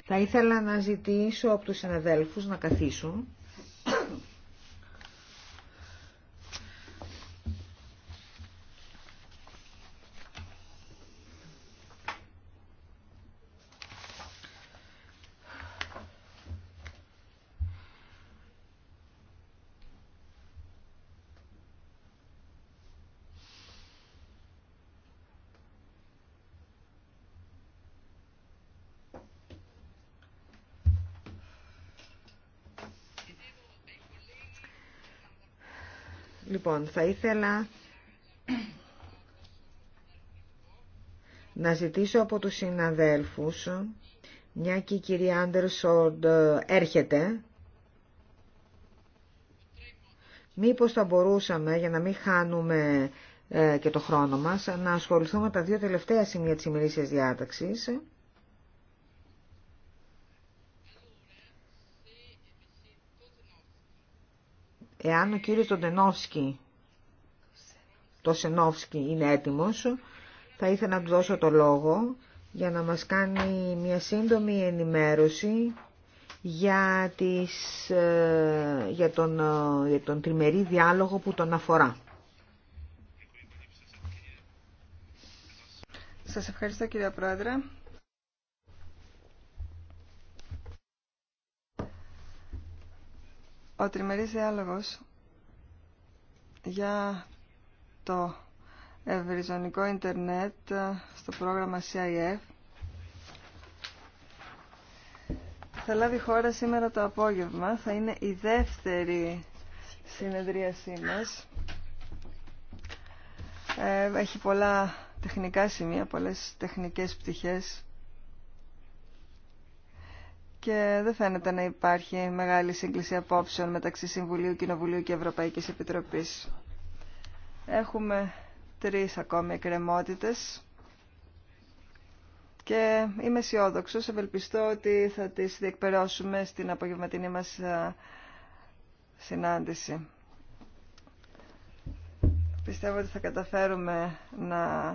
Θα ήθελα να ζητήσω από τους συναδέλφους να καθίσουν. Λοιπόν, θα ήθελα να ζητήσω από τους συναδέλφους, μια και η κυρία Άντερσον ε, έρχεται, μήπως θα μπορούσαμε, για να μην χάνουμε ε, και το χρόνο μας, να ασχοληθούμε τα δύο τελευταία σημεία της ημερήσιας διάταξης. Εάν ο κύριος Τοντενόφσκι, το Σενόφσκι είναι έτοιμος, θα ήθελα να του δώσω το λόγο για να μας κάνει μια σύντομη ενημέρωση για, τις, ε, για, τον, ε, για τον τριμερή διάλογο που τον αφορά. Σας ευχαριστώ κύριε Πρόεδρε. Ο τριμερής διάλογος για το ευρυζωνικό ίντερνετ στο πρόγραμμα CIF θα λάβει χώρα σήμερα το απόγευμα. Θα είναι η δεύτερη συνεδρίασή μας. Ε, έχει πολλά τεχνικά σημεία, πολλές τεχνικές πτυχές και δεν φαίνεται να υπάρχει μεγάλη σύγκληση απόψεων μεταξύ Συμβουλίου, Κοινοβουλίου και Ευρωπαϊκής Επιτροπής. Έχουμε τρεις ακόμη εκκρεμότητε και είμαι αισιόδοξο. Ευελπιστώ ότι θα τις διεκπαιρώσουμε στην απογευματινή μας συνάντηση. Πιστεύω ότι θα καταφέρουμε να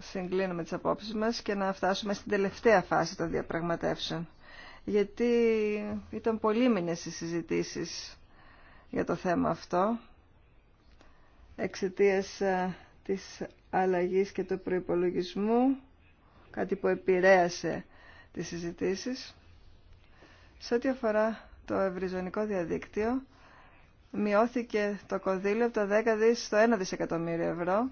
συγκλίνουμε τις απόψεις μας και να φτάσουμε στην τελευταία φάση των διαπραγματεύσεων. Γιατί ήταν μήνες οι συζητήσεις για το θέμα αυτό Εξαιτία ε, της αλλαγής και του προϋπολογισμού, κάτι που επηρέασε τις συζητήσεις. Σε ό,τι αφορά το ευρυζωνικό διαδίκτυο, μειώθηκε το κονδύλιο από τα 10 δις στο 1 δισεκατομμύριο ευρώ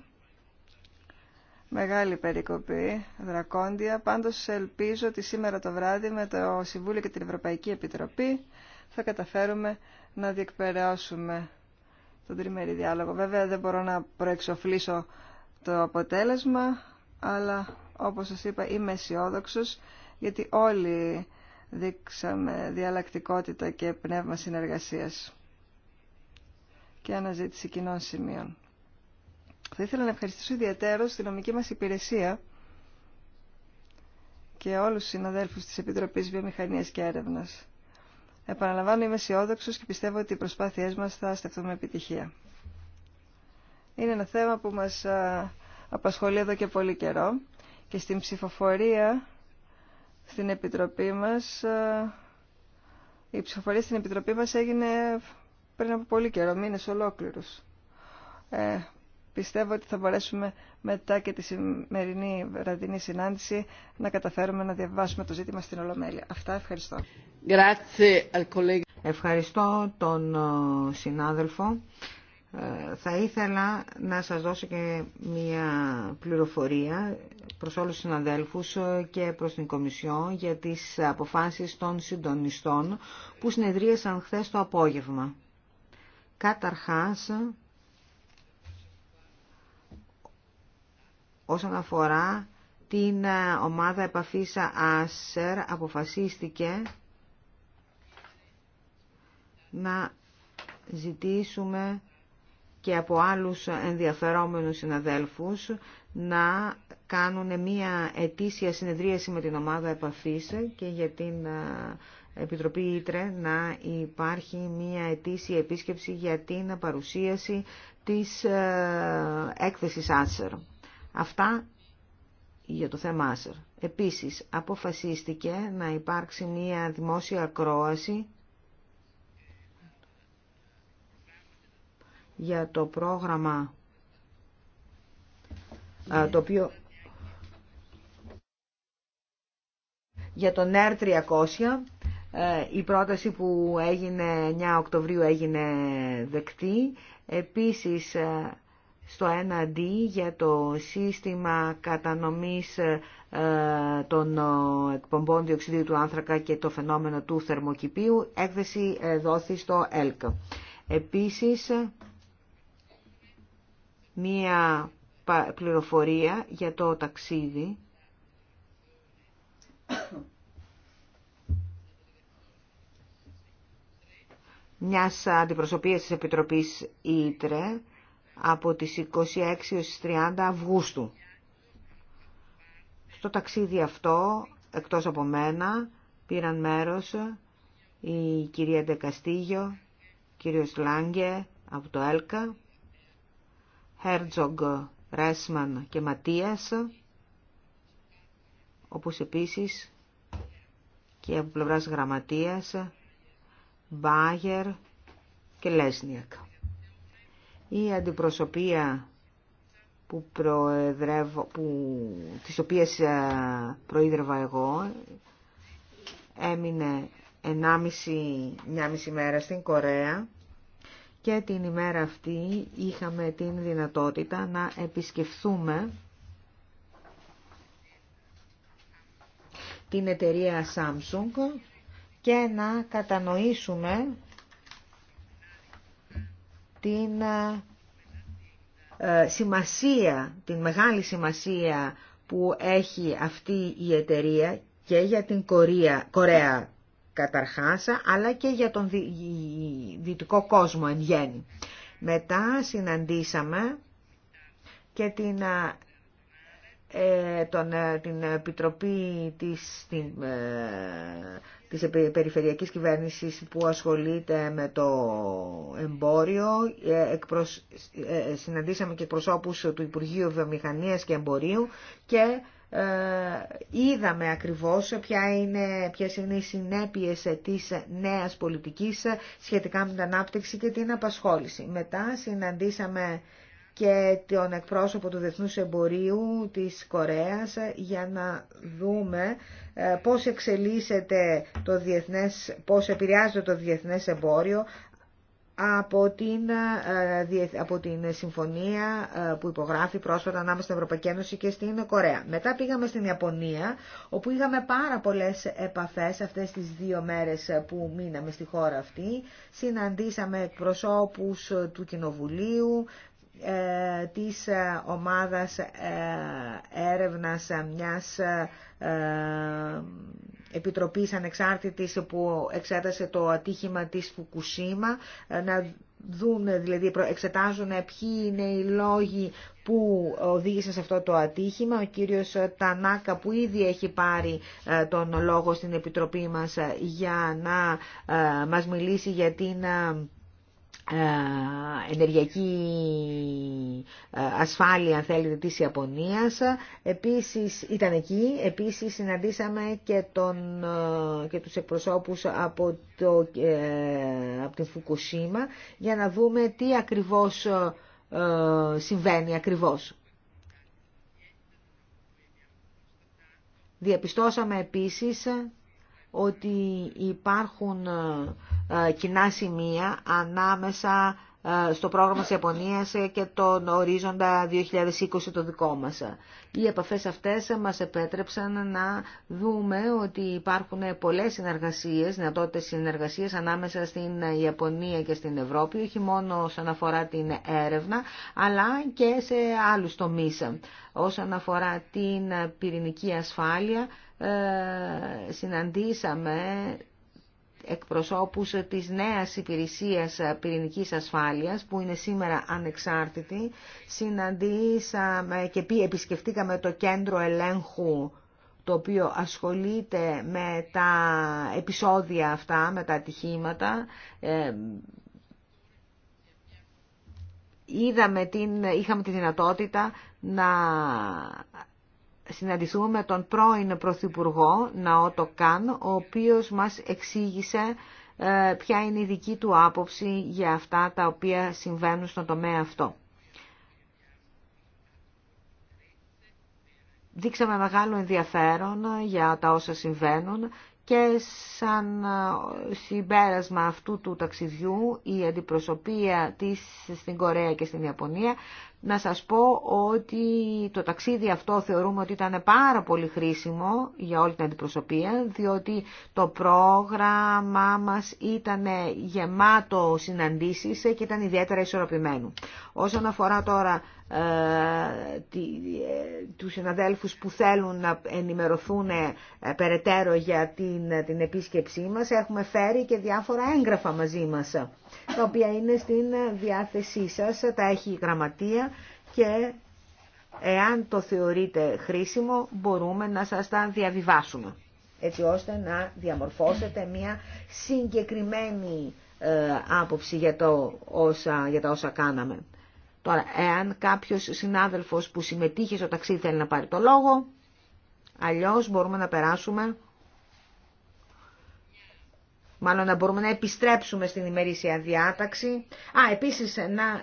Μεγάλη περικοπή, δρακόντια. Πάντως ελπίζω ότι σήμερα το βράδυ με το Συμβούλιο και την Ευρωπαϊκή Επιτροπή θα καταφέρουμε να διεκπαιρεώσουμε τον τριμερή διάλογο. Βέβαια δεν μπορώ να προεξοφλήσω το αποτέλεσμα, αλλά όπως σας είπα είμαι αισιόδοξο γιατί όλοι δείξαμε διαλλακτικότητα και πνεύμα συνεργασίας και αναζήτηση κοινών σημείων. Θα ήθελα να ευχαριστήσω ιδιαίτερα στη νομική μας υπηρεσία και όλους τους συναδέλφους της Επιτροπής Βιομηχανίας και Έρευνας. Επαναλαμβάνω, είμαι αισιόδοξο και πιστεύω ότι οι προσπάθειές μας θα στεφθούν με επιτυχία. Είναι ένα θέμα που μας απασχολεί εδώ και πολύ καιρό και στην ψηφοφορία στην Επιτροπή μας η ψηφοφορία στην Επιτροπή μας έγινε πριν από πολύ καιρό, μήνες ολόκληρους. Ε, πιστεύω ότι θα μπορέσουμε μετά και τη σημερινή βραδινή συνάντηση να καταφέρουμε να διαβάσουμε το ζήτημα στην Ολομέλεια. Αυτά ευχαριστώ. Ευχαριστώ τον ε, συνάδελφο. Ε, θα ήθελα να σας δώσω και μια πληροφορία προς όλους τους συναδέλφους ε, και προς την Κομισιό για τις αποφάσεις των συντονιστών που συνεδρίασαν χθες το απόγευμα. Καταρχάς, όσον αφορά την ε, ομάδα επαφής ΑΣΕΡ ε, αποφασίστηκε να ζητήσουμε και από άλλους ενδιαφερόμενους συναδέλφους να κάνουν μια ετήσια συνεδρίαση με την ομάδα επαφής και για την ε, Επιτροπή Ήτρε να υπάρχει μια ετήσια επίσκεψη για την παρουσίαση της έκθεσης ΑΣΕΡ. Αυτά για το θέμα Άσερ. Επίσης, αποφασίστηκε να υπάρξει μία δημόσια ακρόαση για το πρόγραμμα το οποίο για τον ΕΡ 300 ε, η πρόταση που έγινε 9 Οκτωβρίου έγινε δεκτή επίσης ε, στο 1D για το σύστημα κατανομής ε, των ε, εκπομπών διοξιδίου του άνθρακα και το φαινόμενο του θερμοκηπίου. Έκθεση ε, δόθη στο ΕΛΚ. Επίσης, μία πληροφορία για το ταξίδι. μιας αντιπροσωπείας της Επιτροπής Ήτρε από τις 26 έως 30 Αυγούστου. Στο ταξίδι αυτό, εκτός από μένα, πήραν μέρος η κυρία Ντεκαστίγιο, κύριος Λάγκε από το ΕΛΚΑ, Χέρτζογκ, Ρέσμαν και Ματίας, όπως επίσης και από πλευράς γραμματείας, Μπάγερ και Λέσνιακ. Η αντιπροσωπεία που προεδρεύω, που, της οποίας ε, προείδρευα εγώ έμεινε 1,5 μέρα στην Κορέα και την ημέρα αυτή είχαμε την δυνατότητα να επισκεφθούμε την εταιρεία Samsung και να κατανοήσουμε την ε, ε, σημασία, την μεγάλη σημασία που έχει αυτή η εταιρεία και για την Κορία, Κορέα καταρχάς, αλλά και για τον δυτικό κόσμο εν γέννη. Μετά συναντήσαμε και την ε, ε, τον, ε, την Επιτροπή της, την, ε, της Περιφερειακής Κυβέρνησης που ασχολείται με το εμπόριο. Εκπροσ, συναντήσαμε και προσώπους του Υπουργείου Βιομηχανίας και Εμπορίου και ε, είδαμε ακριβώς ποια είναι, ποιες είναι οι συνέπειες της νέας πολιτικής σχετικά με την ανάπτυξη και την απασχόληση. Μετά συναντήσαμε και τον εκπρόσωπο του Διεθνούς Εμπορίου της Κορέας για να δούμε ε, πώς εξελίσσεται το διεθνές, πώς επηρεάζεται το διεθνές εμπόριο από την, ε, από την συμφωνία ε, που υπογράφει πρόσφατα ανάμεσα στην Ευρωπαϊκή Ένωση και στην Κορέα. Μετά πήγαμε στην Ιαπωνία, όπου είχαμε πάρα πολλές επαφές αυτές τις δύο μέρες που μείναμε στη χώρα αυτή. Συναντήσαμε εκπροσώπους του Κοινοβουλίου, ε, της ε, ομάδας ε, έρευνας μιας επιτροπής ανεξάρτητης που εξέτασε το ατύχημα της Φουκουσίμα να δουν, δηλαδή εξετάζουν ποιοι είναι οι λόγοι που οδήγησαν σε αυτό το ατύχημα. Ο κύριος Τανάκα που ήδη έχει πάρει τον λόγο στην Επιτροπή μας για να μας μιλήσει για την ε, ενεργειακή ε, ασφάλεια, αν θέλετε, της Ιαπωνίας. Επίσης, ήταν εκεί. Επίσης, συναντήσαμε και, τον, ε, και τους εκπροσώπους από, το, από την Φουκουσίμα για να δούμε τι ακριβώς συμβαίνει ακριβώς. Διαπιστώσαμε επίσης ότι υπάρχουν ε, κοινά σημεία ανάμεσα ε, στο πρόγραμμα της Ιαπωνίας και τον ορίζοντα 2020 το δικό μας. Οι επαφές αυτές μας επέτρεψαν να δούμε ότι υπάρχουν πολλές συνεργασίες, δυνατότητες συνεργασίες ανάμεσα στην Ιαπωνία και στην Ευρώπη, όχι μόνο όσον αφορά την έρευνα, αλλά και σε άλλους τομείς. Όσον αφορά την πυρηνική ασφάλεια, ε, συναντήσαμε εκπροσώπους της νέας υπηρεσίας πυρηνικής ασφάλειας που είναι σήμερα ανεξάρτητη. Συναντήσαμε και επισκεφτήκαμε το κέντρο ελέγχου το οποίο ασχολείται με τα επεισόδια αυτά, με τα ατυχήματα. Ε, είδαμε την, είχαμε τη δυνατότητα να συναντηθούμε με τον πρώην Πρωθυπουργό Ναότο Καν, ο οποίος μας εξήγησε ε, ποια είναι η δική του άποψη για αυτά τα οποία συμβαίνουν στον τομέα αυτό. Δείξαμε μεγάλο ενδιαφέρον ε, για τα όσα συμβαίνουν και σαν ε, συμπέρασμα αυτού του ταξιδιού η αντιπροσωπεία της στην Κορέα και στην Ιαπωνία να σας πω ότι το ταξίδι αυτό θεωρούμε ότι ήταν πάρα πολύ χρήσιμο για όλη την αντιπροσωπεία, διότι το πρόγραμμά μας ήταν γεμάτο συναντήσεις και ήταν ιδιαίτερα ισορροπημένο. Όσον αφορά τώρα ε, τη, ε, τους συναδέλφους που θέλουν να ενημερωθούν ε, περαιτέρω για την, την επίσκεψή μας, έχουμε φέρει και διάφορα έγγραφα μαζί μας τα οποία είναι στην διάθεσή σας, τα έχει η γραμματεία και εάν το θεωρείτε χρήσιμο μπορούμε να σας τα διαβιβάσουμε έτσι ώστε να διαμορφώσετε μια συγκεκριμένη ε, άποψη για, το όσα, για τα όσα κάναμε. Τώρα, εάν κάποιος συνάδελφος που συμμετείχε στο ταξίδι θέλει να πάρει το λόγο, αλλιώς μπορούμε να περάσουμε μάλλον να μπορούμε να επιστρέψουμε στην ημερήσια διάταξη. Α, επίσης να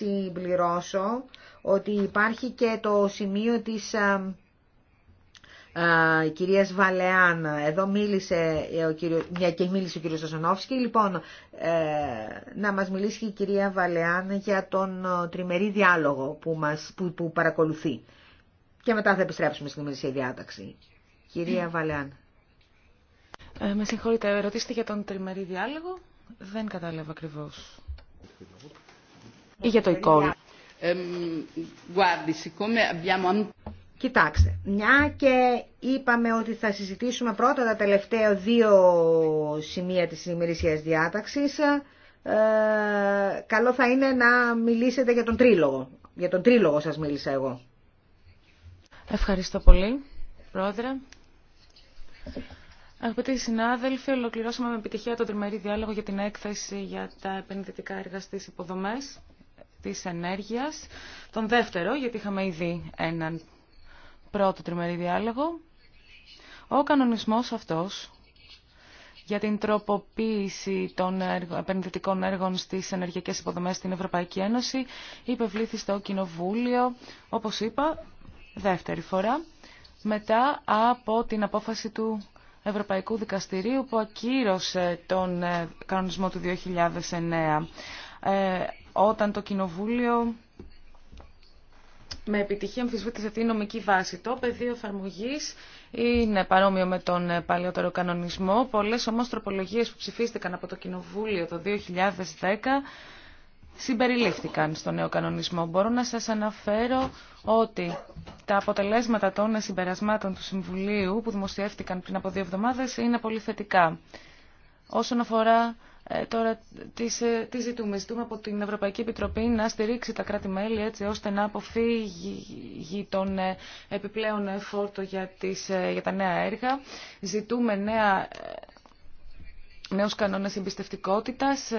συμπληρώσω ότι υπάρχει και το σημείο της α, κυρίας Βαλεάν, εδώ μίλησε ε, ο κύριο, μια και μίλησε ο κύριος Σασονόφσκι, λοιπόν, ε, να μας μιλήσει η κυρία Βαλεάν για τον ε, τριμερή διάλογο που, μας, που, που παρακολουθεί. Και μετά θα επιστρέψουμε στην ημερησία διάταξη. Κυρία Βαλεάν. Ε, με συγχωρείτε, ρωτήστε για τον τριμερή διάλογο. Δεν κατάλαβα ακριβώ. Ή για το εικόλ. Κοιτάξτε, μια και είπαμε ότι θα συζητήσουμε πρώτα τα τελευταία δύο σημεία της ημερησίας διάταξης, ε, καλό θα είναι να μιλήσετε για τον τρίλογο. Για τον τρίλογο σας μίλησα εγώ. Ευχαριστώ πολύ, Πρόεδρε. Αγαπητοί συνάδελφοι, ολοκληρώσαμε με επιτυχία τον τριμερή διάλογο για την έκθεση για τα επενδυτικά έργα στι υποδομέ τη ενέργεια. Τον δεύτερο, γιατί είχαμε ήδη έναν πρώτο τριμερή διάλογο. Ο κανονισμός αυτός για την τροποποίηση των επενδυτικών έργων στις ενεργειακές υποδομές στην Ευρωπαϊκή Ένωση υπευλήθη στο Κοινοβούλιο, όπως είπα, δεύτερη φορά, μετά από την απόφαση του Ευρωπαϊκού Δικαστηρίου που ακύρωσε τον ε, κανονισμό του 2009 ε, όταν το Κοινοβούλιο με επιτυχία αμφισβήτησε την νομική βάση. Το πεδίο εφαρμογή είναι παρόμοιο με τον ε, παλαιότερο κανονισμό. Πολλές όμως τροπολογίες που ψηφίστηκαν από το Κοινοβούλιο το 2010 συμπεριλήφθηκαν στο νέο κανονισμό. Μπορώ να σας αναφέρω ότι τα αποτελέσματα των συμπερασμάτων του Συμβουλίου που δημοσιεύτηκαν πριν από δύο εβδομάδες είναι πολύ θετικά. Όσον αφορά ε, τώρα ε, τι ζητούμε. Ζητούμε από την Ευρωπαϊκή Επιτροπή να στηρίξει τα κράτη-μέλη έτσι ώστε να αποφύγει τον επιπλέον φόρτο για, ε, για τα νέα έργα. Ζητούμε νέα, νέους κανόνες εμπιστευτικότητας,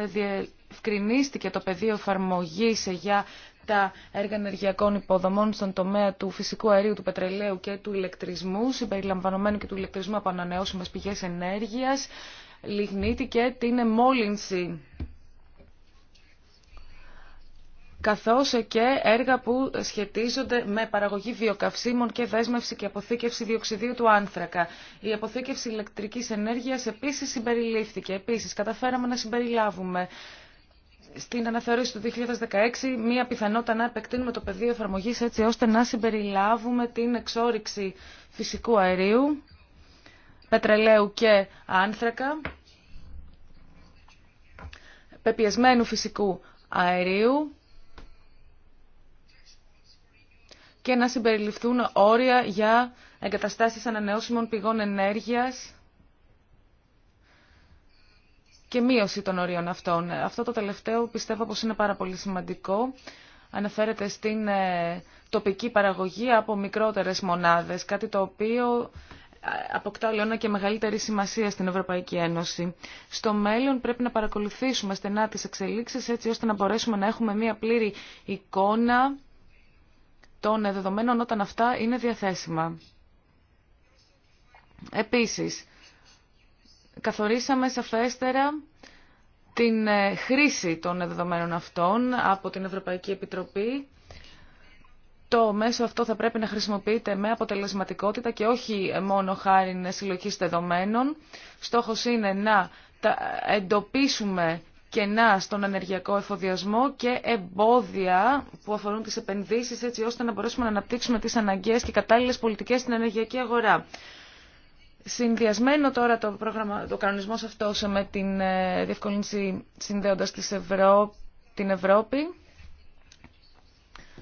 Ευκρινίστηκε το πεδίο εφαρμογή για τα έργα ενεργειακών υποδομών στον τομέα του φυσικού αερίου, του πετρελαίου και του ηλεκτρισμού, συμπεριλαμβανομένου και του ηλεκτρισμού από ανανεώσιμε πηγέ ενέργεια, λιγνίτη και την εμόλυνση καθώς και έργα που σχετίζονται με παραγωγή βιοκαυσίμων και δέσμευση και αποθήκευση διοξιδίου του άνθρακα. Η αποθήκευση ηλεκτρικής ενέργειας επίσης συμπεριλήφθηκε. Επίσης, καταφέραμε να συμπεριλάβουμε στην αναθεώρηση του 2016 μία πιθανότητα να επεκτείνουμε το πεδίο εφαρμογής έτσι ώστε να συμπεριλάβουμε την εξόριξη φυσικού αερίου, πετρελαίου και άνθρακα, πεπιεσμένου φυσικού αερίου και να συμπεριληφθούν όρια για εγκαταστάσεις ανανεώσιμων πηγών ενέργειας και μείωση των ορίων αυτών. Αυτό το τελευταίο πιστεύω πως είναι πάρα πολύ σημαντικό. Αναφέρεται στην ε, τοπική παραγωγή από μικρότερες μονάδες, κάτι το οποίο ε, αποκτά λιώνα και μεγαλύτερη σημασία στην Ευρωπαϊκή Ένωση. Στο μέλλον πρέπει να παρακολουθήσουμε στενά τις εξελίξεις έτσι ώστε να μπορέσουμε να έχουμε μια πλήρη εικόνα των δεδομένων όταν αυτά είναι διαθέσιμα. Επίσης, καθορίσαμε σαφέστερα την ε, χρήση των δεδομένων αυτών από την Ευρωπαϊκή Επιτροπή. Το μέσο αυτό θα πρέπει να χρησιμοποιείται με αποτελεσματικότητα και όχι μόνο χάρη συλλογή δεδομένων. Στόχος είναι να εντοπίσουμε κενά στον ενεργειακό εφοδιασμό και εμπόδια που αφορούν τις επενδύσεις έτσι ώστε να μπορέσουμε να αναπτύξουμε τις αναγκαίες και κατάλληλες πολιτικές στην ενεργειακή αγορά. Συνδυασμένο τώρα το, πρόγραμμα, το κανονισμός αυτός με την ε, διευκολύνση συνδέοντας Ευρώ, την Ευρώπη,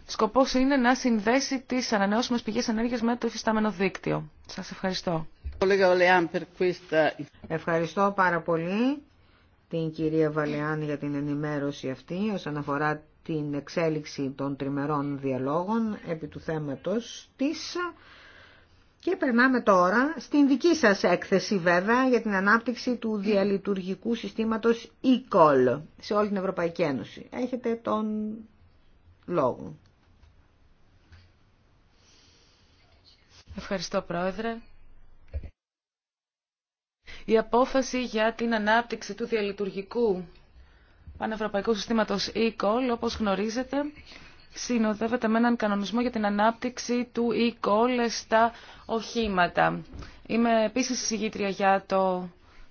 σκοπός είναι να συνδέσει τις ανανεώσιμες πηγές ενέργειας με το υφιστάμενο δίκτυο. Σας ευχαριστώ. Ευχαριστώ πάρα πολύ την κυρία Βαλεάν για την ενημέρωση αυτή όσον αφορά την εξέλιξη των τριμερών διαλόγων επί του θέματος της και περνάμε τώρα στην δική σας έκθεση βέβαια για την ανάπτυξη του διαλειτουργικού συστήματος e σε όλη την Ευρωπαϊκή Ένωση. Έχετε τον λόγο. Ευχαριστώ Πρόεδρε. Η απόφαση για την ανάπτυξη του διαλειτουργικού πανευρωπαϊκού συστήματος e-call, όπως γνωρίζετε, συνοδεύεται με έναν κανονισμό για την ανάπτυξη του e-call στα οχήματα. Είμαι επίσης συγγήτρια για,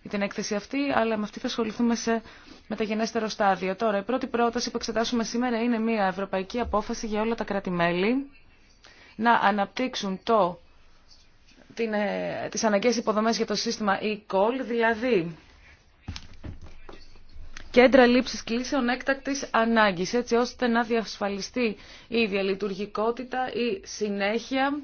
για την έκθεση αυτή, αλλά με αυτή θα ασχοληθούμε σε μεταγενέστερο στάδιο. Τώρα, η πρώτη πρόταση που εξετάσουμε σήμερα είναι μια ευρωπαϊκή απόφαση για όλα τα κράτη-μέλη να αναπτύξουν το, την, ε, τις αναγκαίες υποδομές για το σύστημα e-call, δηλαδή κέντρα λήψη κλήσεων έκτακτη ανάγκη, έτσι ώστε να διασφαλιστεί η διαλειτουργικότητα, η συνέχεια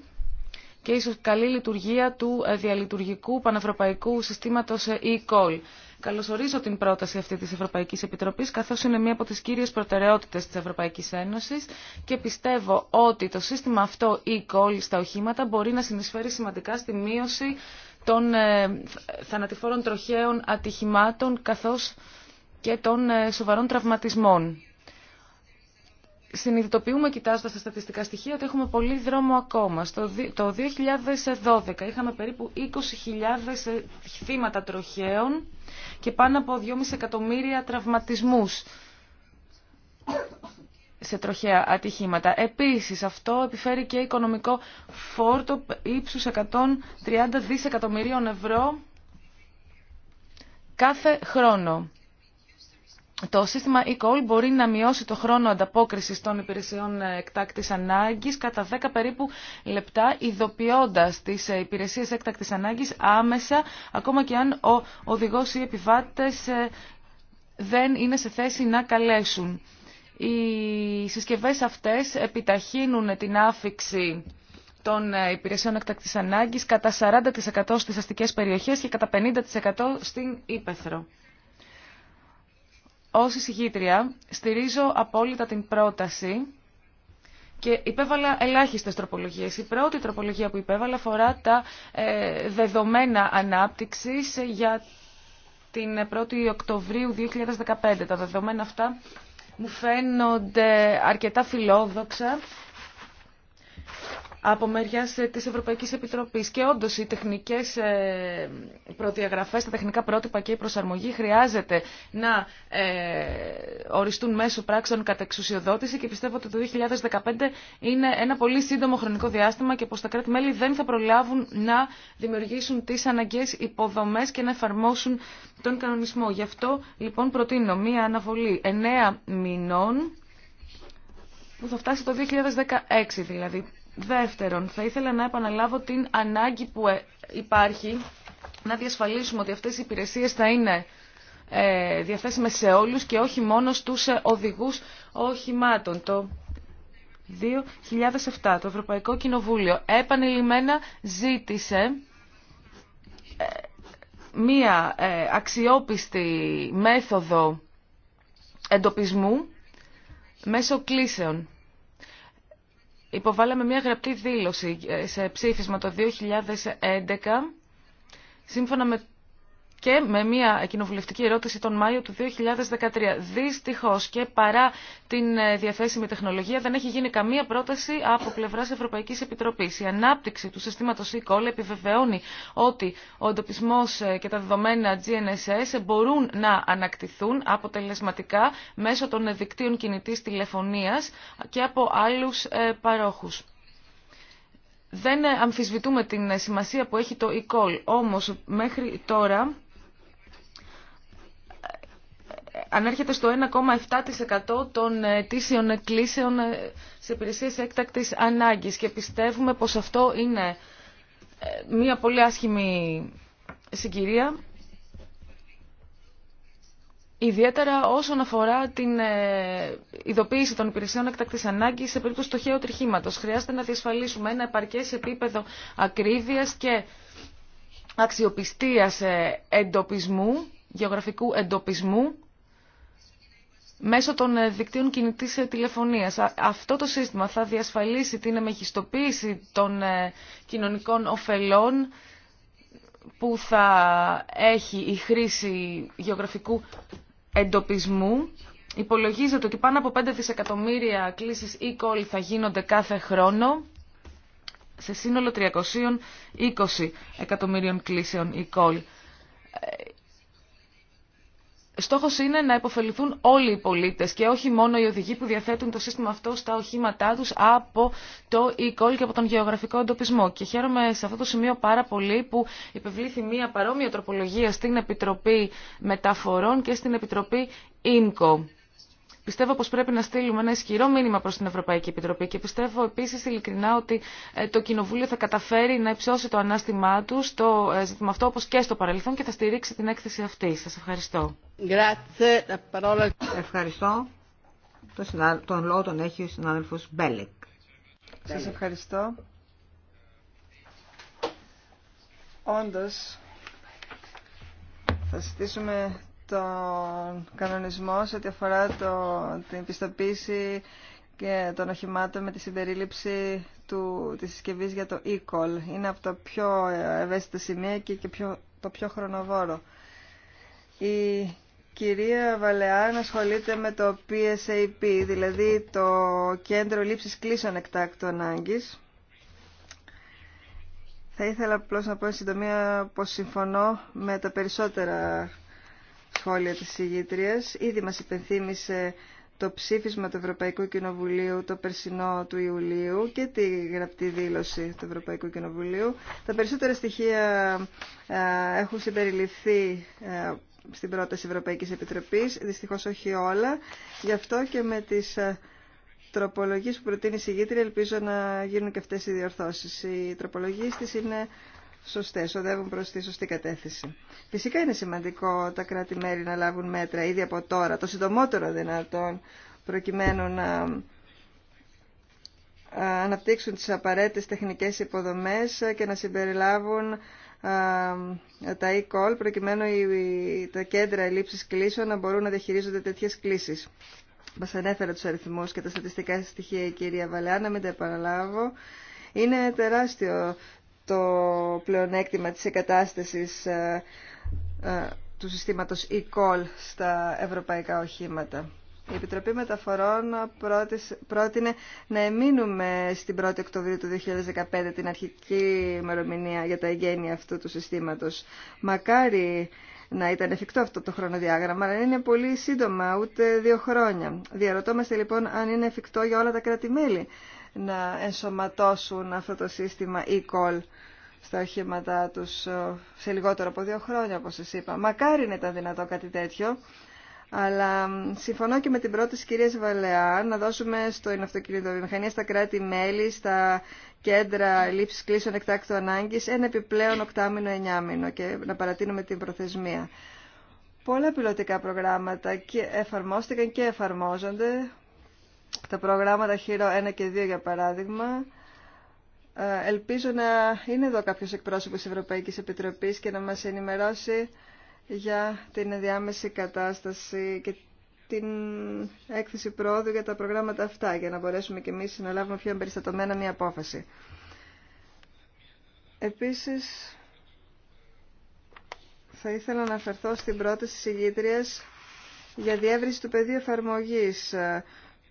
και ίσω καλή λειτουργία του ε, διαλειτουργικού πανευρωπαϊκού συστήματος ε, e-call. Καλωσορίζω την πρόταση αυτή της Ευρωπαϊκής Επιτροπής, καθώς είναι μία από τις κύριες προτεραιότητες της Ευρωπαϊκής Ένωσης και πιστεύω ότι το σύστημα αυτό e-call στα οχήματα μπορεί να συνεισφέρει σημαντικά στη μείωση των ε, θανατηφόρων τροχαίων ατυχημάτων, καθώς και των ε, σοβαρών τραυματισμών. Συνειδητοποιούμε κοιτάζοντας τα στατιστικά στοιχεία ότι έχουμε πολύ δρόμο ακόμα. το 2012 είχαμε περίπου 20.000 ε, θύματα τροχαίων και πάνω από 2,5 εκατομμύρια τραυματισμούς σε τροχαία ατυχήματα. Επίσης αυτό επιφέρει και οικονομικό φόρτο ύψους 130 δισεκατομμυρίων ευρώ κάθε χρόνο το σύστημα e-call μπορεί να μειώσει το χρόνο ανταπόκρισης των υπηρεσιών ε, εκτάκτης ανάγκης κατά 10 περίπου λεπτά, ειδοποιώντας τις ε, υπηρεσίες εκτάκτης ανάγκης άμεσα, ακόμα και αν ο οδηγός ή οι επιβάτες ε, δεν είναι σε θέση να καλέσουν. Οι συσκευές αυτές επιταχύνουν την άφηξη των υπηρεσιών εκτακτής ανάγκης κατά 40% στις αστικές περιοχές και κατά 50% στην Ήπεθρο ως εισηγήτρια στηρίζω απόλυτα την πρόταση και υπέβαλα ελάχιστες τροπολογίες. Η πρώτη τροπολογία που υπέβαλα αφορά τα ε, δεδομένα ανάπτυξης για την 1η Οκτωβρίου 2015. Τα δεδομένα αυτά μου φαίνονται αρκετά φιλόδοξα από μεριά ε, τη Ευρωπαϊκή Επιτροπή. Και όντω οι τεχνικέ ε, προδιαγραφές, τα τεχνικά πρότυπα και η προσαρμογή χρειάζεται να ε, οριστούν μέσω πράξεων κατά εξουσιοδότηση και πιστεύω ότι το 2015 είναι ένα πολύ σύντομο χρονικό διάστημα και πω τα κράτη-μέλη δεν θα προλάβουν να δημιουργήσουν τι αναγκαίε υποδομέ και να εφαρμόσουν τον κανονισμό. Γι' αυτό λοιπόν προτείνω μία αναβολή 9 μηνών που θα φτάσει το 2016 δηλαδή. Δεύτερον, θα ήθελα να επαναλάβω την ανάγκη που ε, υπάρχει να διασφαλίσουμε ότι αυτές οι υπηρεσίες θα είναι ε, διαθέσιμες σε όλους και όχι μόνο στους ε, οδηγούς οχημάτων. Το 2007 το Ευρωπαϊκό Κοινοβούλιο επανειλημμένα ζήτησε μία αξιόπιστη μέθοδο εντοπισμού μέσω κλήσεων υποβάλαμε μια γραπτή δήλωση ε, σε ψήφισμα το 2011, σύμφωνα με και με μια κοινοβουλευτική ερώτηση τον Μάιο του 2013. δυστυχώ και παρά την ε, διαθέσιμη τεχνολογία δεν έχει γίνει καμία πρόταση από πλευρά Ευρωπαϊκής Επιτροπής. Η ανάπτυξη του συστήματος e-call επιβεβαιώνει ότι ο εντοπισμό ε, και τα δεδομένα GNSS μπορούν να ανακτηθούν αποτελεσματικά μέσω των δικτύων κινητή τηλεφωνία και από άλλου ε, παρόχου. Δεν αμφισβητούμε την σημασία που έχει το e-call, όμως μέχρι τώρα ανέρχεται στο 1,7% των αιτήσεων κλήσεων ε, σε υπηρεσίε έκτακτη ανάγκη. και πιστεύουμε πως αυτό είναι ε, μια πολύ άσχημη συγκυρία ιδιαίτερα όσον αφορά την ε, ειδοποίηση των υπηρεσιών έκτακτης ανάγκης σε περίπτωση τοχαίου τριχήματος. Χρειάζεται να διασφαλίσουμε ένα επαρκές επίπεδο ακρίβειας και αξιοπιστίας εντοπισμού, γεωγραφικού εντοπισμού μέσω των ε, δικτύων κινητής ε, τηλεφωνίας. Αυτό το σύστημα θα διασφαλίσει την εμεχιστοποίηση των ε, κοινωνικών ωφελών που θα έχει η χρήση γεωγραφικού εντοπισμού. Υπολογίζεται ότι πάνω από 5 δισεκατομμύρια κλήσεις e-call θα γίνονται κάθε χρόνο σε σύνολο 320 εκατομμύριων κλήσεων e-call. Στόχο είναι να υποφεληθούν όλοι οι πολίτες και όχι μόνο οι οδηγοί που διαθέτουν το σύστημα αυτό στα οχήματά τους από το e-call και από τον γεωγραφικό εντοπισμό. Και χαίρομαι σε αυτό το σημείο πάρα πολύ που υπευλήθη μία παρόμοια τροπολογία στην Επιτροπή Μεταφορών και στην Επιτροπή ΙΝΚΟ πιστεύω πως πρέπει να στείλουμε ένα ισχυρό μήνυμα προς την Ευρωπαϊκή Επιτροπή και πιστεύω επίσης ειλικρινά ότι ε, το Κοινοβούλιο θα καταφέρει να υψώσει το ανάστημά του στο ε, ζήτημα αυτό όπως και στο παρελθόν και θα στηρίξει την έκθεση αυτή. Σας ευχαριστώ. Ευχαριστώ. Τον λόγο τον έχει ο συνάδελφος Μπέλεκ. Σας ευχαριστώ. Όντως, θα συζητήσουμε τον κανονισμό σε ό,τι αφορά το, την πιστοποίηση και των οχημάτων με τη συμπερίληψη του, της συσκευής για το e-call. Είναι από τα πιο ευαίσθητα σημεία και, και πιο, το πιο χρονοβόρο. Η κυρία Βαλεάν ασχολείται με το PSAP, δηλαδή το Κέντρο Λήψης Κλήσεων Εκτάκτου Ανάγκης. Θα ήθελα απλώ να πω συντομία πως συμφωνώ με τα περισσότερα σχόλια της ηγήτριας. Ήδη μας υπενθύμησε το ψήφισμα του Ευρωπαϊκού Κοινοβουλίου το περσινό του Ιουλίου και τη γραπτή δήλωση του Ευρωπαϊκού Κοινοβουλίου. Τα περισσότερα στοιχεία ε, έχουν συμπεριληφθεί ε, στην πρόταση Ευρωπαϊκής Επιτροπής, δυστυχώς όχι όλα. Γι' αυτό και με τις ε, τροπολογίες που προτείνει η Συγήτρια ελπίζω να γίνουν και αυτές οι διορθώσεις. Οι τροπολογίες της είναι Σωστέ οδεύουν προ τη σωστή κατεύθυνση. Φυσικά είναι σημαντικό τα κράτη-μέρη να λάβουν μέτρα ήδη από τώρα, το συντομότερο δυνατόν, προκειμένου να ε, αναπτύξουν τις απαραίτητες τεχνικές υποδομές και να συμπεριλάβουν ε, τα e-call προκειμένου τα κέντρα λήψη κλήσεων να μπορούν να διαχειρίζονται τέτοιες κλήσεις. Μας ανέφερα τους αριθμούς και τα στατιστικά στοιχεία η κυρία Βαλεάνα, μην τα επαναλάβω. Είναι τεράστιο το πλεονέκτημα της εγκατάστασης ε, ε, του συστήματος e-call στα ευρωπαϊκά οχήματα. Η Επιτροπή Μεταφορών πρότεινε να εμείνουμε στην 1η Οκτωβρίου του 2015 την αρχική ημερομηνία για τα εγγένεια αυτού του συστήματος. Μακάρι να ήταν εφικτό αυτό το χρονοδιάγραμμα, αλλά είναι πολύ σύντομα, ούτε δύο χρόνια. Διαρωτόμαστε λοιπόν αν είναι εφικτό για όλα τα κράτη-μέλη να ενσωματώσουν αυτό το σύστημα e-call στα οχήματά τους ε, σε λιγότερο από δύο χρόνια, όπως σας είπα. Μακάρι να ήταν δυνατό κάτι τέτοιο, αλλά συμφωνώ και με την πρώτη κυρία Βαλεά να δώσουμε στο Εναυτοκινητοβιομηχανία, στα κράτη-μέλη, στα κέντρα λήψης κλήσεων εκτάκτου ανάγκης, ένα επιπλέον οκτάμινο εννιάμινο και να παρατείνουμε την προθεσμία. Πολλά πιλωτικά προγράμματα και εφαρμόστηκαν και εφαρμόζονται τα προγράμματα χείρο 1 και 2 για παράδειγμα. Ε, ελπίζω να είναι εδώ κάποιος εκπρόσωπος της Ευρωπαϊκής Επιτροπής και να μας ενημερώσει για την διάμεση κατάσταση και την έκθεση πρόοδου για τα προγράμματα αυτά, για να μπορέσουμε και εμείς να λάβουμε πιο εμπεριστατωμένα μια απόφαση. Επίσης, θα ήθελα να αναφερθώ στην πρόταση της για διεύρυνση του πεδίου εφαρμογής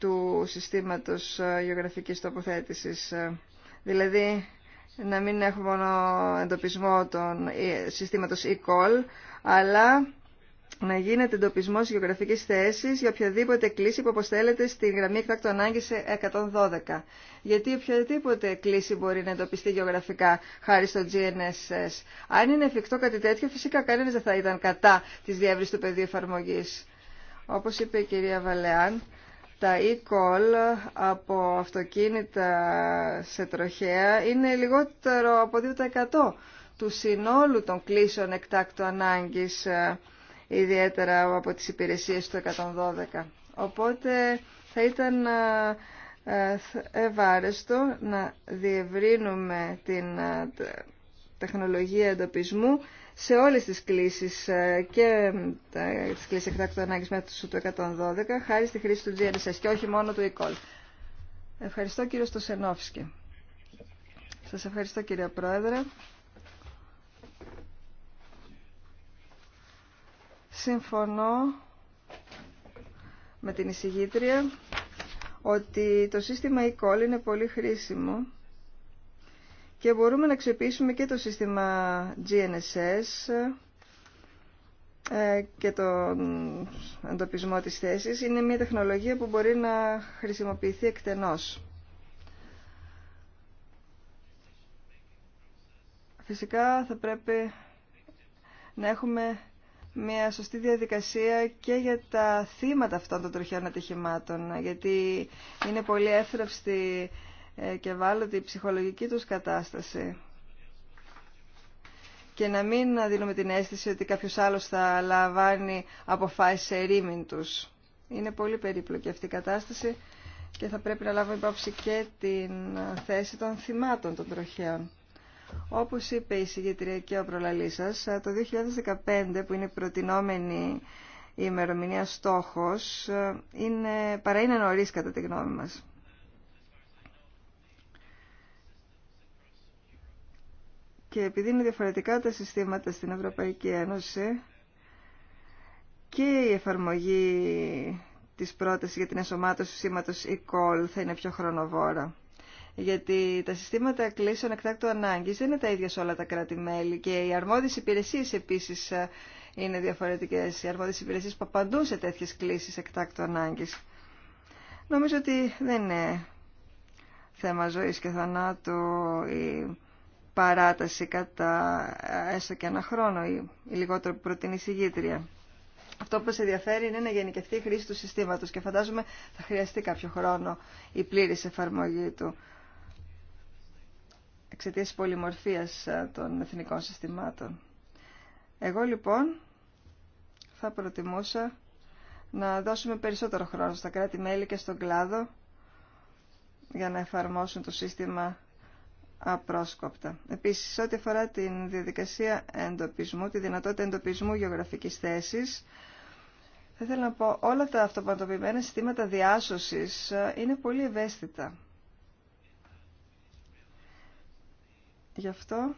του συστήματος ε, γεωγραφικής τοποθέτησης. Ε, δηλαδή, να μην έχουμε μόνο εντοπισμό των ε, συστήματος e-call, αλλά να γίνεται εντοπισμό γεωγραφική θέση για οποιαδήποτε κλίση που αποστέλλεται στη γραμμή εκτάκτου ανάγκη 112. Γιατί οποιαδήποτε κλίση μπορεί να εντοπιστεί γεωγραφικά χάρη στο GNSS. Αν είναι εφικτό κάτι τέτοιο, φυσικά κανένα δεν θα ήταν κατά τη διεύρυνση του πεδίου εφαρμογή. Όπω είπε η κυρία Βαλεάν, τα e-call από αυτοκίνητα σε τροχέα είναι λιγότερο από 2% του συνόλου των κλήσεων εκτάκτου ανάγκης, ε, ιδιαίτερα από τις υπηρεσίες του 112. Οπότε θα ήταν ε, ε, ευάρεστο να διευρύνουμε την τεχνολογία εντοπισμού σε όλες τις κλήσεις ε, και ε, τις κλήσεις εκτάκτου ανάγκης μέτρου του 112 χάρη στη χρήση του GNSS και όχι μόνο του e-call. Ευχαριστώ κύριο Στοσενόφσκι. Σας ευχαριστώ κύριε Πρόεδρε. Συμφωνώ με την εισηγήτρια ότι το σύστημα είναι πολύ χρήσιμο και μπορούμε να αξιοποιήσουμε και το σύστημα GNSS ε, και τον εντοπισμό της θέσης. Είναι μια τεχνολογία που μπορεί να χρησιμοποιηθεί εκτενώς. Φυσικά θα πρέπει να έχουμε μια σωστή διαδικασία και για τα θύματα αυτών των τροχιών ατυχημάτων, γιατί είναι πολύ εύθραυστη ε, και βάλω τη ψυχολογική τους κατάσταση και να μην δίνουμε την αίσθηση ότι κάποιος άλλος θα λαμβάνει αποφάσεις ερήμην τους. Είναι πολύ περίπλοκη αυτή η κατάσταση και θα πρέπει να λάβουμε υπόψη και την θέση των θυμάτων των τροχαίων. Όπως είπε η συγγετρία και ο προλαλής ε, το 2015 που είναι η προτινόμενη η ημερομηνία στόχος ε, είναι, παρά είναι νωρίς κατά τη γνώμη μας. Και επειδή είναι διαφορετικά τα συστήματα στην Ευρωπαϊκή Ένωση και η εφαρμογή της πρότασης για την ενσωμάτωση του σήματος e-call θα είναι πιο χρονοβόρα. Γιατί τα συστήματα κλήσεων εκτάκτου ανάγκη δεν είναι τα ίδια σε όλα τα κράτη-μέλη και οι αρμόδιε υπηρεσίε επίση ε, είναι διαφορετικέ. Οι αρμόδιε υπηρεσίε που απαντούν σε τέτοιε κλήσει εκτάκτου ανάγκη. Νομίζω ότι δεν είναι θέμα ζωή και θανάτου η παράταση κατά ε, έστω και ένα χρόνο ή, λιγότερο που προτείνει η συγγήτρια. Αυτό που σε ενδιαφέρει είναι να γενικευτεί η χρήση του συστήματος και φαντάζομαι θα χρειαστεί κάποιο χρόνο η πλήρης εφαρμογή του εξαιτίας της πολυμορφίας ε, των εθνικών συστημάτων. Εγώ λοιπόν θα προτιμούσα να δώσουμε περισσότερο χρόνο στα κράτη-μέλη και στον κλάδο για να εφαρμόσουν το σύστημα απρόσκοπτα. Επίσης, ό,τι αφορά την διαδικασία εντοπισμού, τη δυνατότητα εντοπισμού γεωγραφικής θέσης, θα ήθελα να πω, όλα τα αυτοπαντοποιημένα συστήματα διάσωσης ε, είναι πολύ ευαίσθητα. Γι' αυτό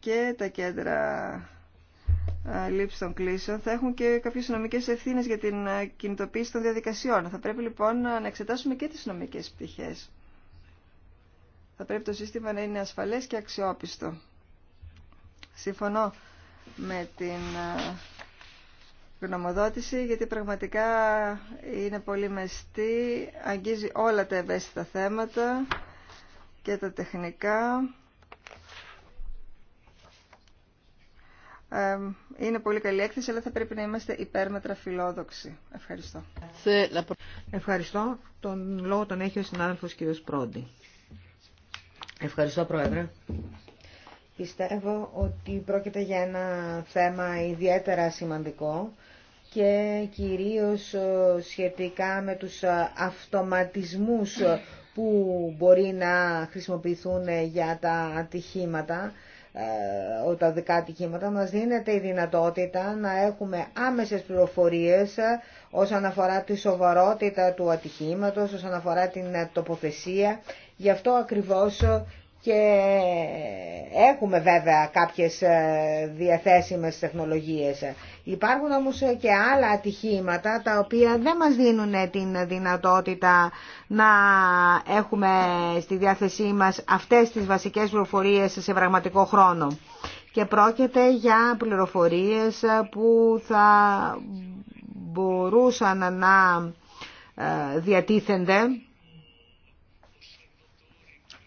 και τα κέντρα ε, λήψη των κλήσεων θα έχουν και κάποιε νομικές ευθύνε για την ε, κινητοποίηση των διαδικασιών. Θα πρέπει λοιπόν να εξετάσουμε και τις νομικές πτυχές. Θα πρέπει το σύστημα να είναι ασφαλές και αξιόπιστο. Συμφωνώ με την ε, γνωμοδότηση γιατί πραγματικά είναι πολύ μεστή, αγγίζει όλα τα ευαίσθητα θέματα και τα τεχνικά είναι πολύ καλή έκθεση, αλλά θα πρέπει να είμαστε υπέρμετρα φιλόδοξοι. Ευχαριστώ. Ευχαριστώ. Τον λόγο τον έχει ο συνάδελφος κ. Πρόντι. Ευχαριστώ, Πρόεδρε. Πιστεύω ότι πρόκειται για ένα θέμα ιδιαίτερα σημαντικό και κυρίως ε, σχετικά με τους ε, αυτοματισμούς που μπορεί να χρησιμοποιηθούν ε, για τα ατυχήματα ε, τα δικά ατυχήματα μας δίνεται η δυνατότητα να έχουμε άμεσες πληροφορίες ε, όσον αφορά τη σοβαρότητα του ατυχήματος, όσον αφορά την ε, τοποθεσία. Γι' αυτό ακριβώς και έχουμε βέβαια κάποιες ε, διαθέσιμες τεχνολογίες. Υπάρχουν όμως και άλλα ατυχήματα τα οποία δεν μας δίνουν την δυνατότητα να έχουμε στη διάθεσή μας αυτές τις βασικές πληροφορίες σε πραγματικό χρόνο. Και πρόκειται για πληροφορίες που θα μπορούσαν να ε, διατίθενται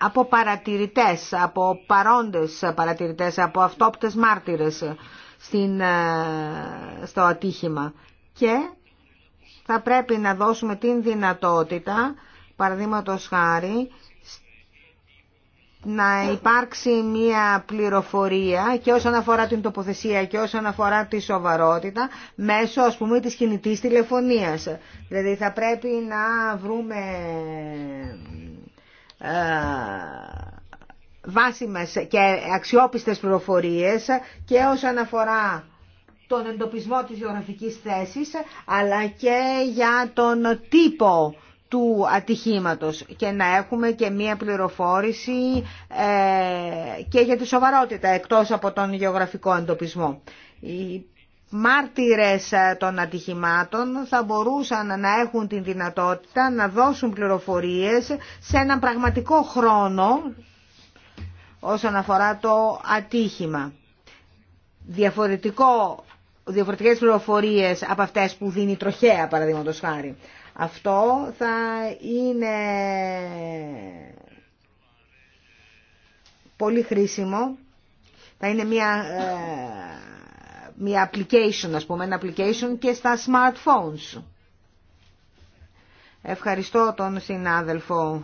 από παρατηρητές, από παρόντες παρατηρητές, από αυτόπτες μάρτυρες στην, ε, στο ατύχημα. Και θα πρέπει να δώσουμε την δυνατότητα, παραδείγματο χάρη, να υπάρξει μία πληροφορία και όσον αφορά την τοποθεσία και όσον αφορά τη σοβαρότητα μέσω ας πούμε της κινητής τηλεφωνίας. Δηλαδή θα πρέπει να βρούμε ε, βάσιμες και αξιόπιστες πληροφορίες και όσον αφορά τον εντοπισμό της γεωγραφικής θέσης αλλά και για τον τύπο του ατυχήματος και να έχουμε και μία πληροφόρηση ε, και για τη σοβαρότητα εκτός από τον γεωγραφικό εντοπισμό μάρτυρες ε, των ατυχημάτων θα μπορούσαν να έχουν την δυνατότητα να δώσουν πληροφορίες σε έναν πραγματικό χρόνο όσον αφορά το ατύχημα. Διαφορετικό, διαφορετικές πληροφορίες από αυτές που δίνει η τροχέα παραδείγματος χάρη. Αυτό θα είναι πολύ χρήσιμο. Θα είναι μια ε, μια application, ας πούμε, ένα application και στα smartphones. Ευχαριστώ τον συνάδελφο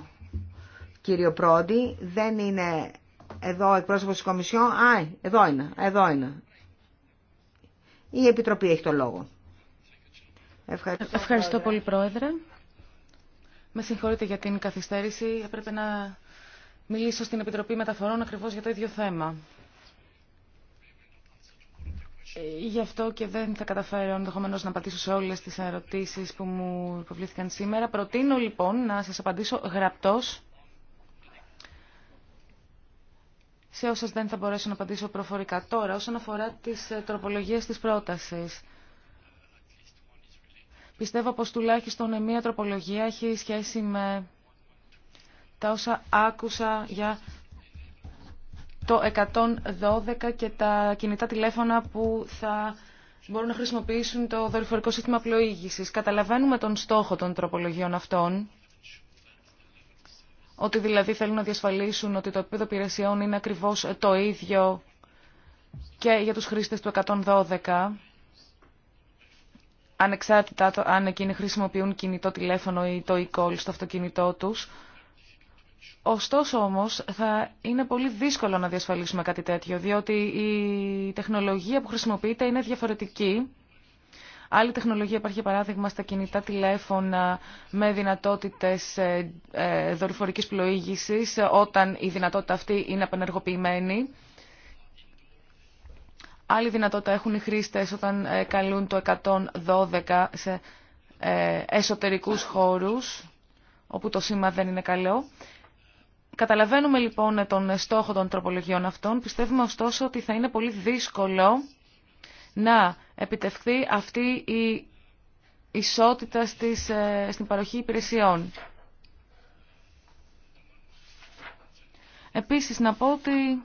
κύριο Πρόντι. Δεν είναι εδώ εκπρόσωπος της Κομισιόν. Α, εδώ είναι, εδώ είναι. Η Επιτροπή έχει το λόγο. Ευχαριστώ, Ευχαριστώ πολύ, Πρόεδρε. Με συγχωρείτε για την καθυστέρηση. Έπρεπε να μιλήσω στην Επιτροπή Μεταφορών ακριβώς για το ίδιο θέμα. Ε, γι' αυτό και δεν θα καταφέρω ενδεχομένω να απαντήσω σε όλε τι ερωτήσει που μου υποβλήθηκαν σήμερα. Προτείνω λοιπόν να σα απαντήσω γραπτό, σε όσε δεν θα μπορέσω να απαντήσω προφορικά. Τώρα, όσον αφορά τι ε, τροπολογίε τη πρόταση. Πιστεύω πως τουλάχιστον μία τροπολογία έχει σχέση με τα όσα άκουσα για το 112 και τα κινητά τηλέφωνα που θα μπορούν να χρησιμοποιήσουν το δορυφορικό σύστημα πλοήγησης. Καταλαβαίνουμε τον στόχο των τροπολογιών αυτών, ότι δηλαδή θέλουν να διασφαλίσουν ότι το επίπεδο υπηρεσιών είναι ακριβώς το ίδιο και για τους χρήστες του 112, ανεξάρτητα αν εκείνοι χρησιμοποιούν κινητό τηλέφωνο ή το e-call στο αυτοκίνητό τους. Ωστόσο όμως θα είναι πολύ δύσκολο να διασφαλίσουμε κάτι τέτοιο, διότι η τεχνολογία που χρησιμοποιείται είναι διαφορετική. Άλλη τεχνολογία υπάρχει παράδειγμα στα κινητά τηλέφωνα με δυνατότητες ε, ε, δορυφορικής πλοήγησης όταν η δυνατότητα αυτή είναι απενεργοποιημένη. Άλλη δυνατότητα έχουν οι χρήστες όταν ε, καλούν το 112 σε εσωτερικούς χώρους όπου το σήμα δεν είναι καλό. Καταλαβαίνουμε λοιπόν τον στόχο των τροπολογιών αυτών. Πιστεύουμε ωστόσο ότι θα είναι πολύ δύσκολο να επιτευχθεί αυτή η ισότητα στις, ε, στην παροχή υπηρεσιών. Επίσης να πω ότι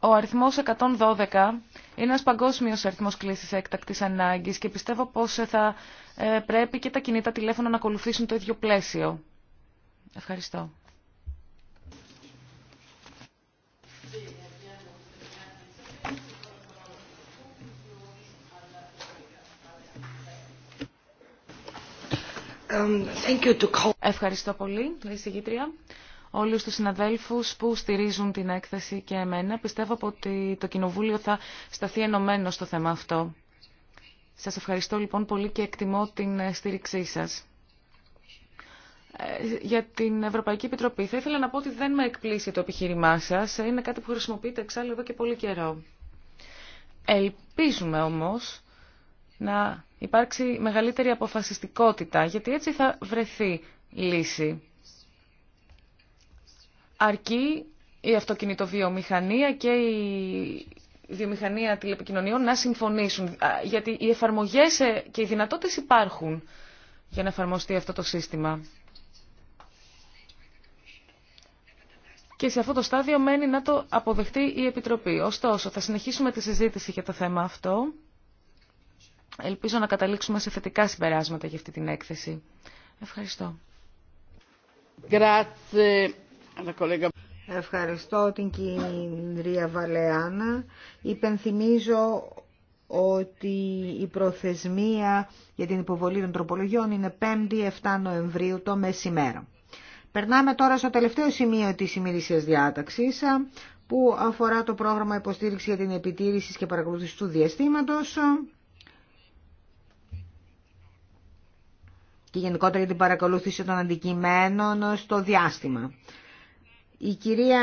ο αριθμός 112 είναι ένας παγκόσμιος αριθμός κλήσης έκτακτης ανάγκης και πιστεύω πως θα ε, πρέπει και τα κινητά τηλέφωνα να ακολουθήσουν το ίδιο πλαίσιο. Ευχαριστώ. Um, ευχαριστώ πολύ, λέει η όλους τους συναδέλφους που στηρίζουν την έκθεση και εμένα. Πιστεύω ότι το Κοινοβούλιο θα σταθεί ενωμένο στο θέμα αυτό. Σας ευχαριστώ λοιπόν πολύ και εκτιμώ την στήριξή σας. Ε, για την Ευρωπαϊκή Επιτροπή. Θα ήθελα να πω ότι δεν με εκπλήσει το επιχείρημά σα. Είναι κάτι που χρησιμοποιείται εξάλλου εδώ και πολύ καιρό. Ελπίζουμε όμως να υπάρξει μεγαλύτερη αποφασιστικότητα, γιατί έτσι θα βρεθεί λύση. Αρκεί η αυτοκινητοβιομηχανία και η βιομηχανία τηλεπικοινωνιών να συμφωνήσουν, γιατί οι εφαρμογές ε, και οι δυνατότητες υπάρχουν για να εφαρμοστεί αυτό το σύστημα. και σε αυτό το στάδιο μένει να το αποδεχτεί η Επιτροπή. Ωστόσο, θα συνεχίσουμε τη συζήτηση για το θέμα αυτό. Ελπίζω να καταλήξουμε σε θετικά συμπεράσματα για αυτή την έκθεση. Ευχαριστώ. Ευχαριστώ την κυρία Βαλεάνα. Υπενθυμίζω ότι η προθεσμία για την υποβολή των τροπολογιών είναι 5η 7 Νοεμβρίου το μεσημέρι. Περνάμε τώρα στο τελευταίο σημείο της ημερησία διάταξης που αφορά το πρόγραμμα υποστήριξη για την επιτήρηση και παρακολούθηση του διαστήματος και γενικότερα για την παρακολούθηση των αντικειμένων στο διάστημα. Η κυρία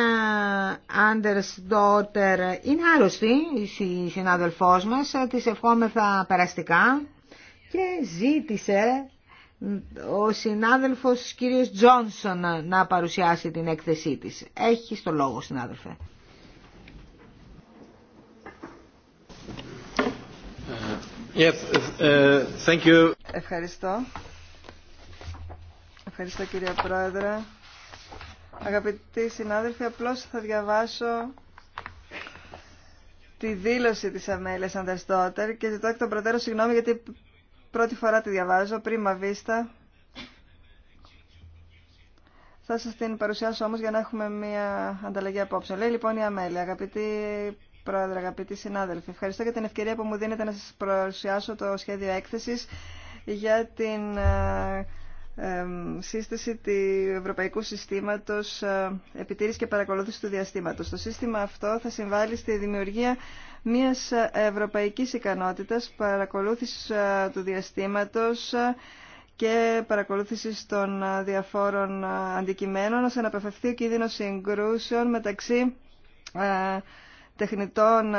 Άντερς Ντότερ είναι άρρωστη, η συνάδελφός μας, ε, της ευχόμεθα περαστικά και ζήτησε ο συνάδελφος κύριος Τζόνσον να παρουσιάσει την έκθεσή της. Έχει το λόγο συνάδελφε. Ε, yes, ε, thank you. Ευχαριστώ. Ευχαριστώ κύριε Πρόεδρε. Αγαπητοί συνάδελφοι, απλώς θα διαβάσω τη δήλωση της Αμέλειας Ανταστότερ και ζητώ εκ των προτέρων συγγνώμη γιατί Πρώτη φορά τη διαβάζω, πρίμα βίστα. Θα σας την παρουσιάσω όμως για να έχουμε μια ανταλλαγή απόψε. Λέει λοιπόν η Αμέλεια, αγαπητή Πρόεδρε, αγαπητοί συνάδελφοι, ευχαριστώ για την ευκαιρία που μου δίνετε να σας παρουσιάσω το σχέδιο έκθεσης για την ε, σύσταση του Ευρωπαϊκού Συστήματος ε, Επιτήρησης και Παρακολούθησης του Διαστήματος. Το σύστημα αυτό θα συμβάλλει στη δημιουργία μιας ευρωπαϊκής ικανότητας παρακολούθησης ε, του διαστήματος ε, και παρακολούθησης των ε, διαφόρων αντικειμένων ώστε να απεφευθεί ο κίνδυνος συγκρούσεων μεταξύ τεχνητών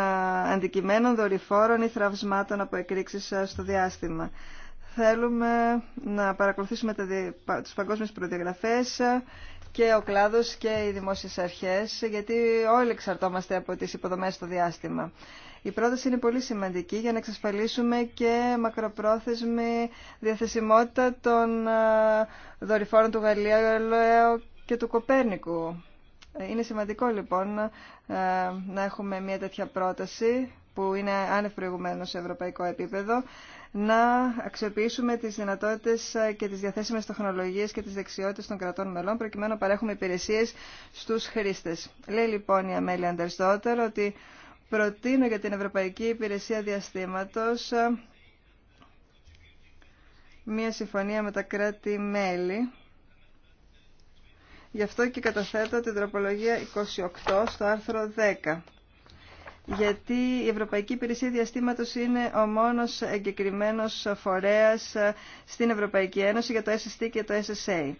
αντικειμένων, δορυφόρων ή θραυσμάτων από εκρήξεις στο διάστημα. Θέλουμε να παρακολουθήσουμε τις παγκόσμιες προδιαγραφές και ο κλάδος και οι δημόσιες αρχές, γιατί όλοι εξαρτώμαστε από τις υποδομές στο διάστημα. Η πρόταση είναι πολύ σημαντική για να εξασφαλίσουμε και μακροπρόθεσμη διαθεσιμότητα των ε, δορυφόρων του γαλλία και του Κοπέρνικου. Είναι σημαντικό λοιπόν ε, να έχουμε μια τέτοια πρόταση που είναι άνευ σε ευρωπαϊκό επίπεδο να αξιοποιήσουμε τις δυνατότητες και τις διαθέσιμες τεχνολογίες και τις δεξιότητες των κρατών μελών προκειμένου να παρέχουμε υπηρεσίες στους χρήστες. Λέει λοιπόν η Αμέλη Αντερστότερ ότι προτείνω για την Ευρωπαϊκή Υπηρεσία Διαστήματος ε, μία συμφωνία με τα κράτη-μέλη. Γι' αυτό και καταθέτω την τροπολογία 28 στο άρθρο 10 γιατί η Ευρωπαϊκή Υπηρεσία Διαστήματος είναι ο μόνος εγκεκριμένος φορέας στην Ευρωπαϊκή Ένωση για το SST και το SSA.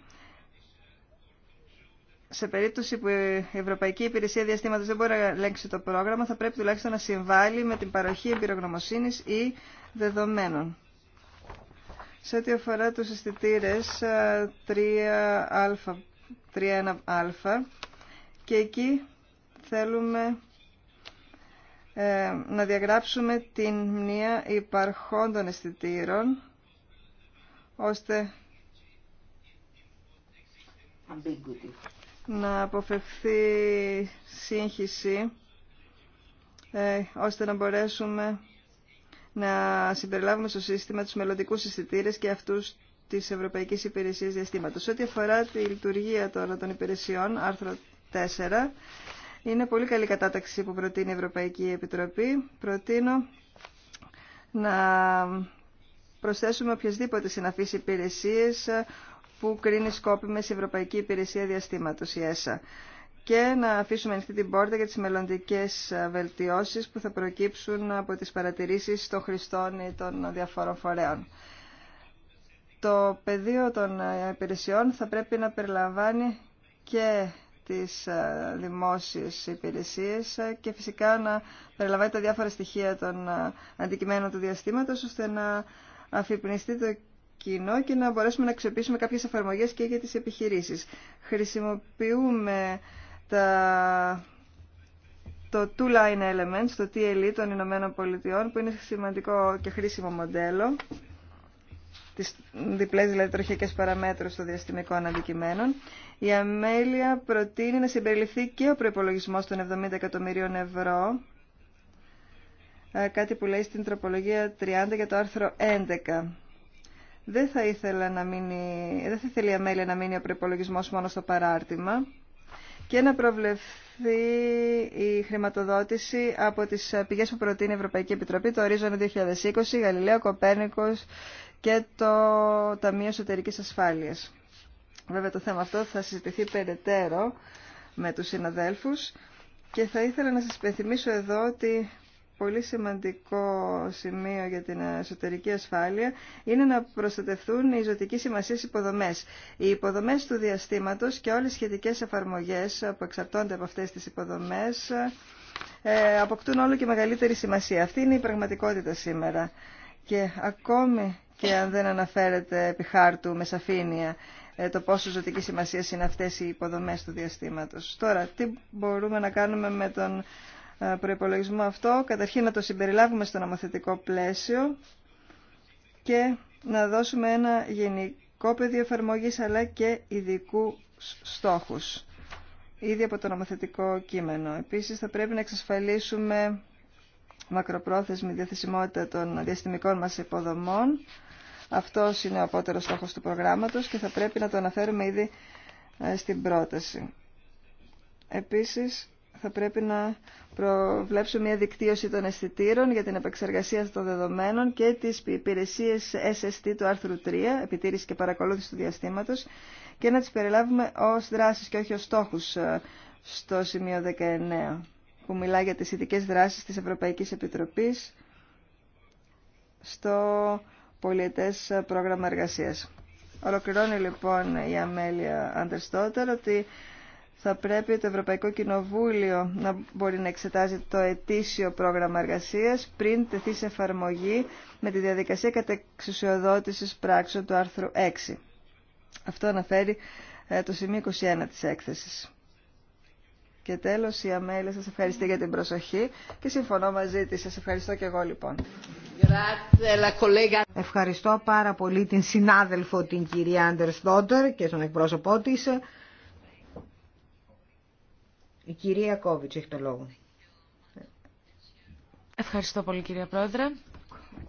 Σε περίπτωση που η Ευρωπαϊκή Υπηρεσία Διαστήματος δεν μπορεί να ελέγξει το πρόγραμμα, θα πρέπει τουλάχιστον να συμβάλλει με την παροχή εμπειρογνωμοσύνης ή δεδομένων. Σε ό,τι αφορά τους αισθητήρε 3α, 3.1α και εκεί θέλουμε ε, να διαγράψουμε την μνήμα υπαρχών των αισθητήρων, ώστε να αποφευθεί σύγχυση, ε, ώστε να μπορέσουμε να συμπεριλάβουμε στο σύστημα τους μελλοντικού αισθητήρε και αυτούς της Ευρωπαϊκής Υπηρεσίας Διαστήματος. Ό,τι αφορά τη λειτουργία τώρα των υπηρεσιών, άρθρο 4, είναι πολύ καλή κατάταξη που προτείνει η Ευρωπαϊκή Επιτροπή. Προτείνω να προσθέσουμε οποιασδήποτε συναφείς υπηρεσίες που κρίνει σκόπιμες η Ευρωπαϊκή Υπηρεσία Διαστήματος, η ΕΣΑ και να αφήσουμε ανοιχτή την πόρτα για τις μελλοντικέ βελτιώσεις που θα προκύψουν από τις παρατηρήσεις των χρηστών ή των διαφόρων φορέων. Το πεδίο των υπηρεσιών θα πρέπει να περιλαμβάνει και στις ε, δημόσιες υπηρεσίες ε, και φυσικά να περιλαμβάνει τα διάφορα στοιχεία των ε, αντικειμένων του διαστήματος ώστε να αφυπνιστεί το κοινό και να μπορέσουμε να αξιοποιήσουμε κάποιες εφαρμογές και για τις επιχειρήσεις. Χρησιμοποιούμε τα... το two-line elements, το TLE των Ηνωμένων Πολιτειών που είναι σημαντικό και χρήσιμο μοντέλο τις διπλές δηλαδή τροχιακές παραμέτρους των διαστημικών αντικειμένων. Η Αμέλεια προτείνει να συμπεριληφθεί και ο προπολογισμό των 70 εκατομμυρίων ευρώ, ε, κάτι που λέει στην τροπολογία 30 για το άρθρο 11. Δεν θα ήθελα να μείνει, δεν θα ήθελε η Αμέλεια να μείνει ο προπολογισμό μόνο στο παράρτημα και να προβλεφθεί η χρηματοδότηση από τις ε, πηγές που προτείνει η Ευρωπαϊκή Επιτροπή, το ορίζον 2020, Γαλιλαίο, Κοπέρνικος, και το Ταμείο Εσωτερικής Ασφάλειας. Βέβαια το θέμα αυτό θα συζητηθεί περαιτέρω με τους συναδέλφους και θα ήθελα να σας υπενθυμίσω εδώ ότι πολύ σημαντικό σημείο για την εσωτερική ασφάλεια είναι να προστατευτούν οι ζωτική σημασία υποδομές. Οι υποδομές του διαστήματος και όλες οι σχετικές εφαρμογές που εξαρτώνται από αυτές τις υποδομές ε, αποκτούν όλο και μεγαλύτερη σημασία. Αυτή είναι η πραγματικότητα σήμερα. Και ακόμη και αν δεν αναφέρεται επί χάρτου με σαφήνεια ε, το πόσο ζωτική σημασία είναι αυτές οι υποδομές του διαστήματος. Τώρα, τι μπορούμε να κάνουμε με τον ε, προϋπολογισμό αυτό. Καταρχήν να το συμπεριλάβουμε στο νομοθετικό πλαίσιο και να δώσουμε ένα γενικό πεδίο εφαρμογή αλλά και ειδικού στόχους ήδη από το νομοθετικό κείμενο. Επίσης θα πρέπει να εξασφαλίσουμε μακροπρόθεσμη διαθεσιμότητα των διαστημικών μας υποδομών αυτό είναι ο απότερος στόχος του προγράμματος και θα πρέπει να το αναφέρουμε ήδη ε, στην πρόταση. Επίσης, θα πρέπει να προβλέψουμε μια δικτύωση των αισθητήρων για την επεξεργασία των δεδομένων και τις υπηρεσίε SST του άρθρου 3, επιτήρηση και παρακολούθηση του διαστήματος, και να τις περιλάβουμε ως δράσεις και όχι ως στόχους ε, στο σημείο 19, που μιλά για τις ειδικέ δράσεις της Ευρωπαϊκής Επιτροπής στο πολιτές πρόγραμμα εργασίας. Ολοκληρώνει λοιπόν η Αμέλεια Αντερστότερ ότι θα πρέπει το Ευρωπαϊκό Κοινοβούλιο να μπορεί να εξετάζει το ετήσιο πρόγραμμα εργασίας πριν τεθεί σε εφαρμογή με τη διαδικασία κατεξουσιοδότησης πράξεων του άρθρου 6. Αυτό αναφέρει ε, το σημείο 21 της έκθεσης. Και τέλος η Αμέλη σας ευχαριστεί για την προσοχή και συμφωνώ μαζί της. Σας ευχαριστώ και εγώ λοιπόν. Ευχαριστώ πάρα πολύ την συνάδελφο την κυρία Άντερς Στόντερ και τον εκπρόσωπό της. Η κυρία Κόβιτς έχει το λόγο. Ευχαριστώ πολύ κυρία Πρόεδρε.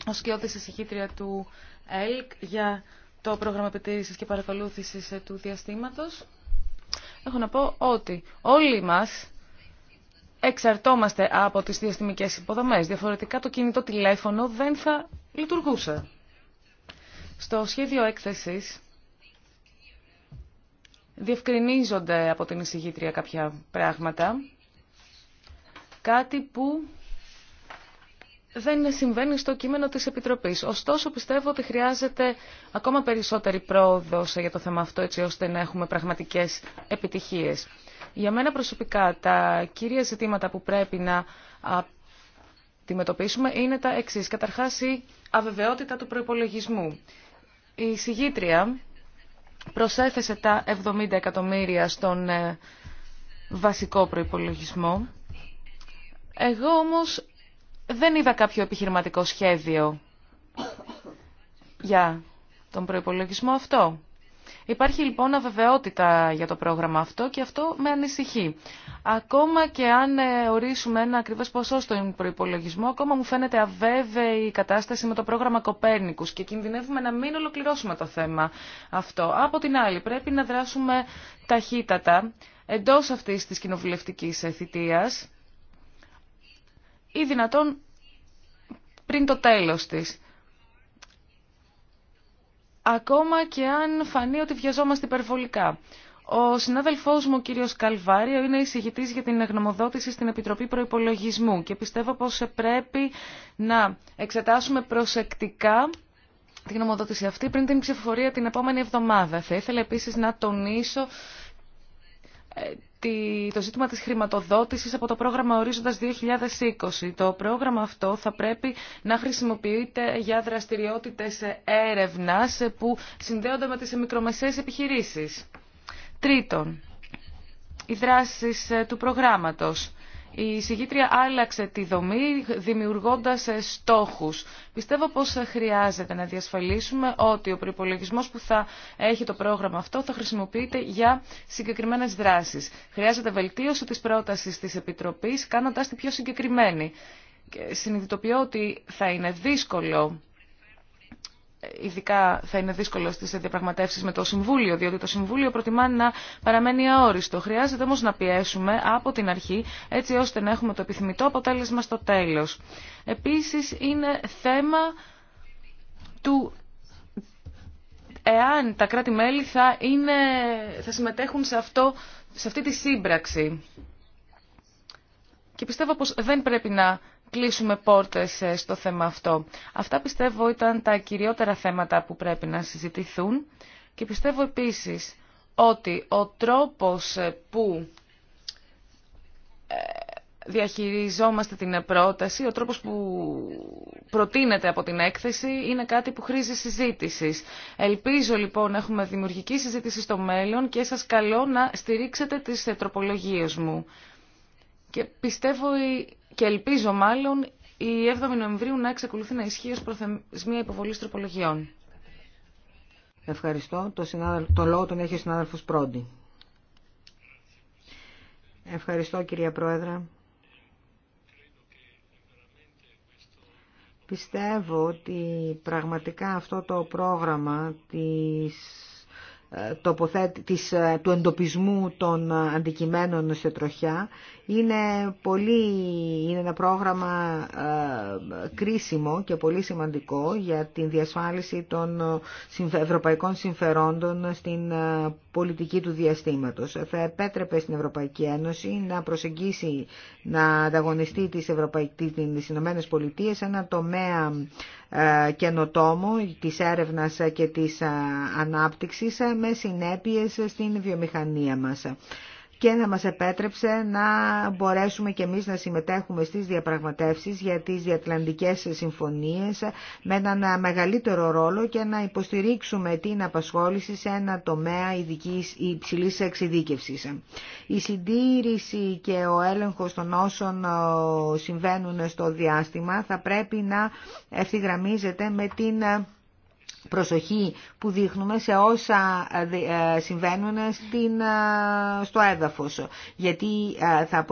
Ως σκιώδης εισηγήτρια του ΕΛΚ για το πρόγραμμα επιτήρησης και παρακολούθησης του διαστήματος έχω να πω ότι όλοι μας εξαρτώμαστε από τις διαστημικές υποδομές. Διαφορετικά το κινητό τηλέφωνο δεν θα λειτουργούσε. Στο σχέδιο έκθεσης διευκρινίζονται από την εισηγήτρια κάποια πράγματα, κάτι που δεν συμβαίνει στο κείμενο της Επιτροπής. Ωστόσο πιστεύω ότι χρειάζεται ακόμα περισσότερη πρόοδο για το θέμα αυτό έτσι ώστε να έχουμε πραγματικές επιτυχίες. Για μένα προσωπικά τα κύρια ζητήματα που πρέπει να αντιμετωπίσουμε είναι τα εξής. Καταρχάς η αβεβαιότητα του προϋπολογισμού. Η συγγήτρια προσέθεσε τα 70 εκατομμύρια στον ε, βασικό προϋπολογισμό. Εγώ όμως δεν είδα κάποιο επιχειρηματικό σχέδιο για τον προϋπολογισμό αυτό. Υπάρχει λοιπόν αβεβαιότητα για το πρόγραμμα αυτό και αυτό με ανησυχεί. Ακόμα και αν ε, ορίσουμε ένα ακριβές ποσό στον προϋπολογισμό, ακόμα μου φαίνεται αβέβαιη η κατάσταση με το πρόγραμμα Κοπέρνικους και κινδυνεύουμε να μην ολοκληρώσουμε το θέμα αυτό. Από την άλλη, πρέπει να δράσουμε ταχύτατα εντός αυτής της κοινοβουλευτικής θητείας ή δυνατόν πριν το τέλος της. Ακόμα και αν φανεί ότι βιαζόμαστε υπερβολικά. Ο συνάδελφός μου, ο κύριος Καλβάριο, είναι εισηγητής για την γνωμοδότηση στην Επιτροπή Προϋπολογισμού και πιστεύω πως πρέπει να εξετάσουμε προσεκτικά την γνωμοδότηση αυτή πριν την ψηφοφορία την επόμενη εβδομάδα. Θα ήθελα επίσης να τονίσω ε, το ζήτημα της χρηματοδότησης από το πρόγραμμα Ορίζοντας 2020. Το πρόγραμμα αυτό θα πρέπει να χρησιμοποιείται για δραστηριότητες έρευνας που συνδέονται με τις μικρομεσαίες επιχειρήσεις. Τρίτον, οι δράσεις του προγράμματος. Η συγκήτρια άλλαξε τη δομή δημιουργώντας ε, στόχους. Πιστεύω πως ε, χρειάζεται να διασφαλίσουμε ότι ο προπολογισμό που θα έχει το πρόγραμμα αυτό θα χρησιμοποιείται για συγκεκριμένες δράσεις. Χρειάζεται βελτίωση της πρότασης της Επιτροπής κάνοντας τη πιο συγκεκριμένη. Συνειδητοποιώ ότι θα είναι δύσκολο ειδικά θα είναι δύσκολο στι διαπραγματεύσει με το Συμβούλιο, διότι το Συμβούλιο προτιμά να παραμένει αόριστο. Χρειάζεται όμω να πιέσουμε από την αρχή, έτσι ώστε να έχουμε το επιθυμητό αποτέλεσμα στο τέλο. Επίση, είναι θέμα του εάν τα κράτη-μέλη θα, είναι, θα συμμετέχουν σε, αυτό, σε αυτή τη σύμπραξη. Και πιστεύω πως δεν πρέπει να κλείσουμε πόρτες ε, στο θέμα αυτό. Αυτά πιστεύω ήταν τα κυριότερα θέματα που πρέπει να συζητηθούν και πιστεύω επίσης ότι ο τρόπος ε, που ε, διαχειριζόμαστε την πρόταση, ο τρόπος που προτείνεται από την έκθεση είναι κάτι που χρήζει συζήτησης. Ελπίζω λοιπόν να έχουμε δημιουργική συζήτηση στο μέλλον και σας καλώ να στηρίξετε τις τροπολογίες μου. Και πιστεύω και ελπίζω μάλλον η 7η Νοεμβρίου να εξακολουθεί να ισχύει ως προθεσμία υποβολής τροπολογιών. Ευχαριστώ. Το, λόγο τον έχει ο συνάδελφος Πρόντι. Ευχαριστώ κυρία πρόεδρα. Πιστεύω ότι πραγματικά αυτό το πρόγραμμα της, ε, τοποθέτη, ε, του εντοπισμού των ε, αντικειμένων σε τροχιά είναι, πολύ, είναι ένα πρόγραμμα ε, κρίσιμο και πολύ σημαντικό για την διασφάλιση των ευρωπαϊκών συμφερόντων στην ε, πολιτική του διαστήματος. Θα επέτρεπε στην Ευρωπαϊκή Ένωση να προσεγγίσει, να ανταγωνιστεί τις, ΗΠΑ τις Ηνωμένες Πολιτείες ένα τομέα ε, καινοτόμο της έρευνας και της ανάπτυξης με συνέπειες στην βιομηχανία μας και να μας επέτρεψε να μπορέσουμε και εμείς να συμμετέχουμε στις διαπραγματεύσεις για τις διατλαντικές συμφωνίες με έναν μεγαλύτερο ρόλο και να υποστηρίξουμε την απασχόληση σε ένα τομέα ειδικής ή υψηλής εξειδίκευσης. συντήρηση και ο έλεγχος των όσων ε, συμβαίνουν στο διάστημα θα πρέπει να ευθυγραμμίζεται με την ε, προσοχή που δείχνουμε σε όσα ε, ε, συμβαίνουν ε, στο έδαφος γιατί θα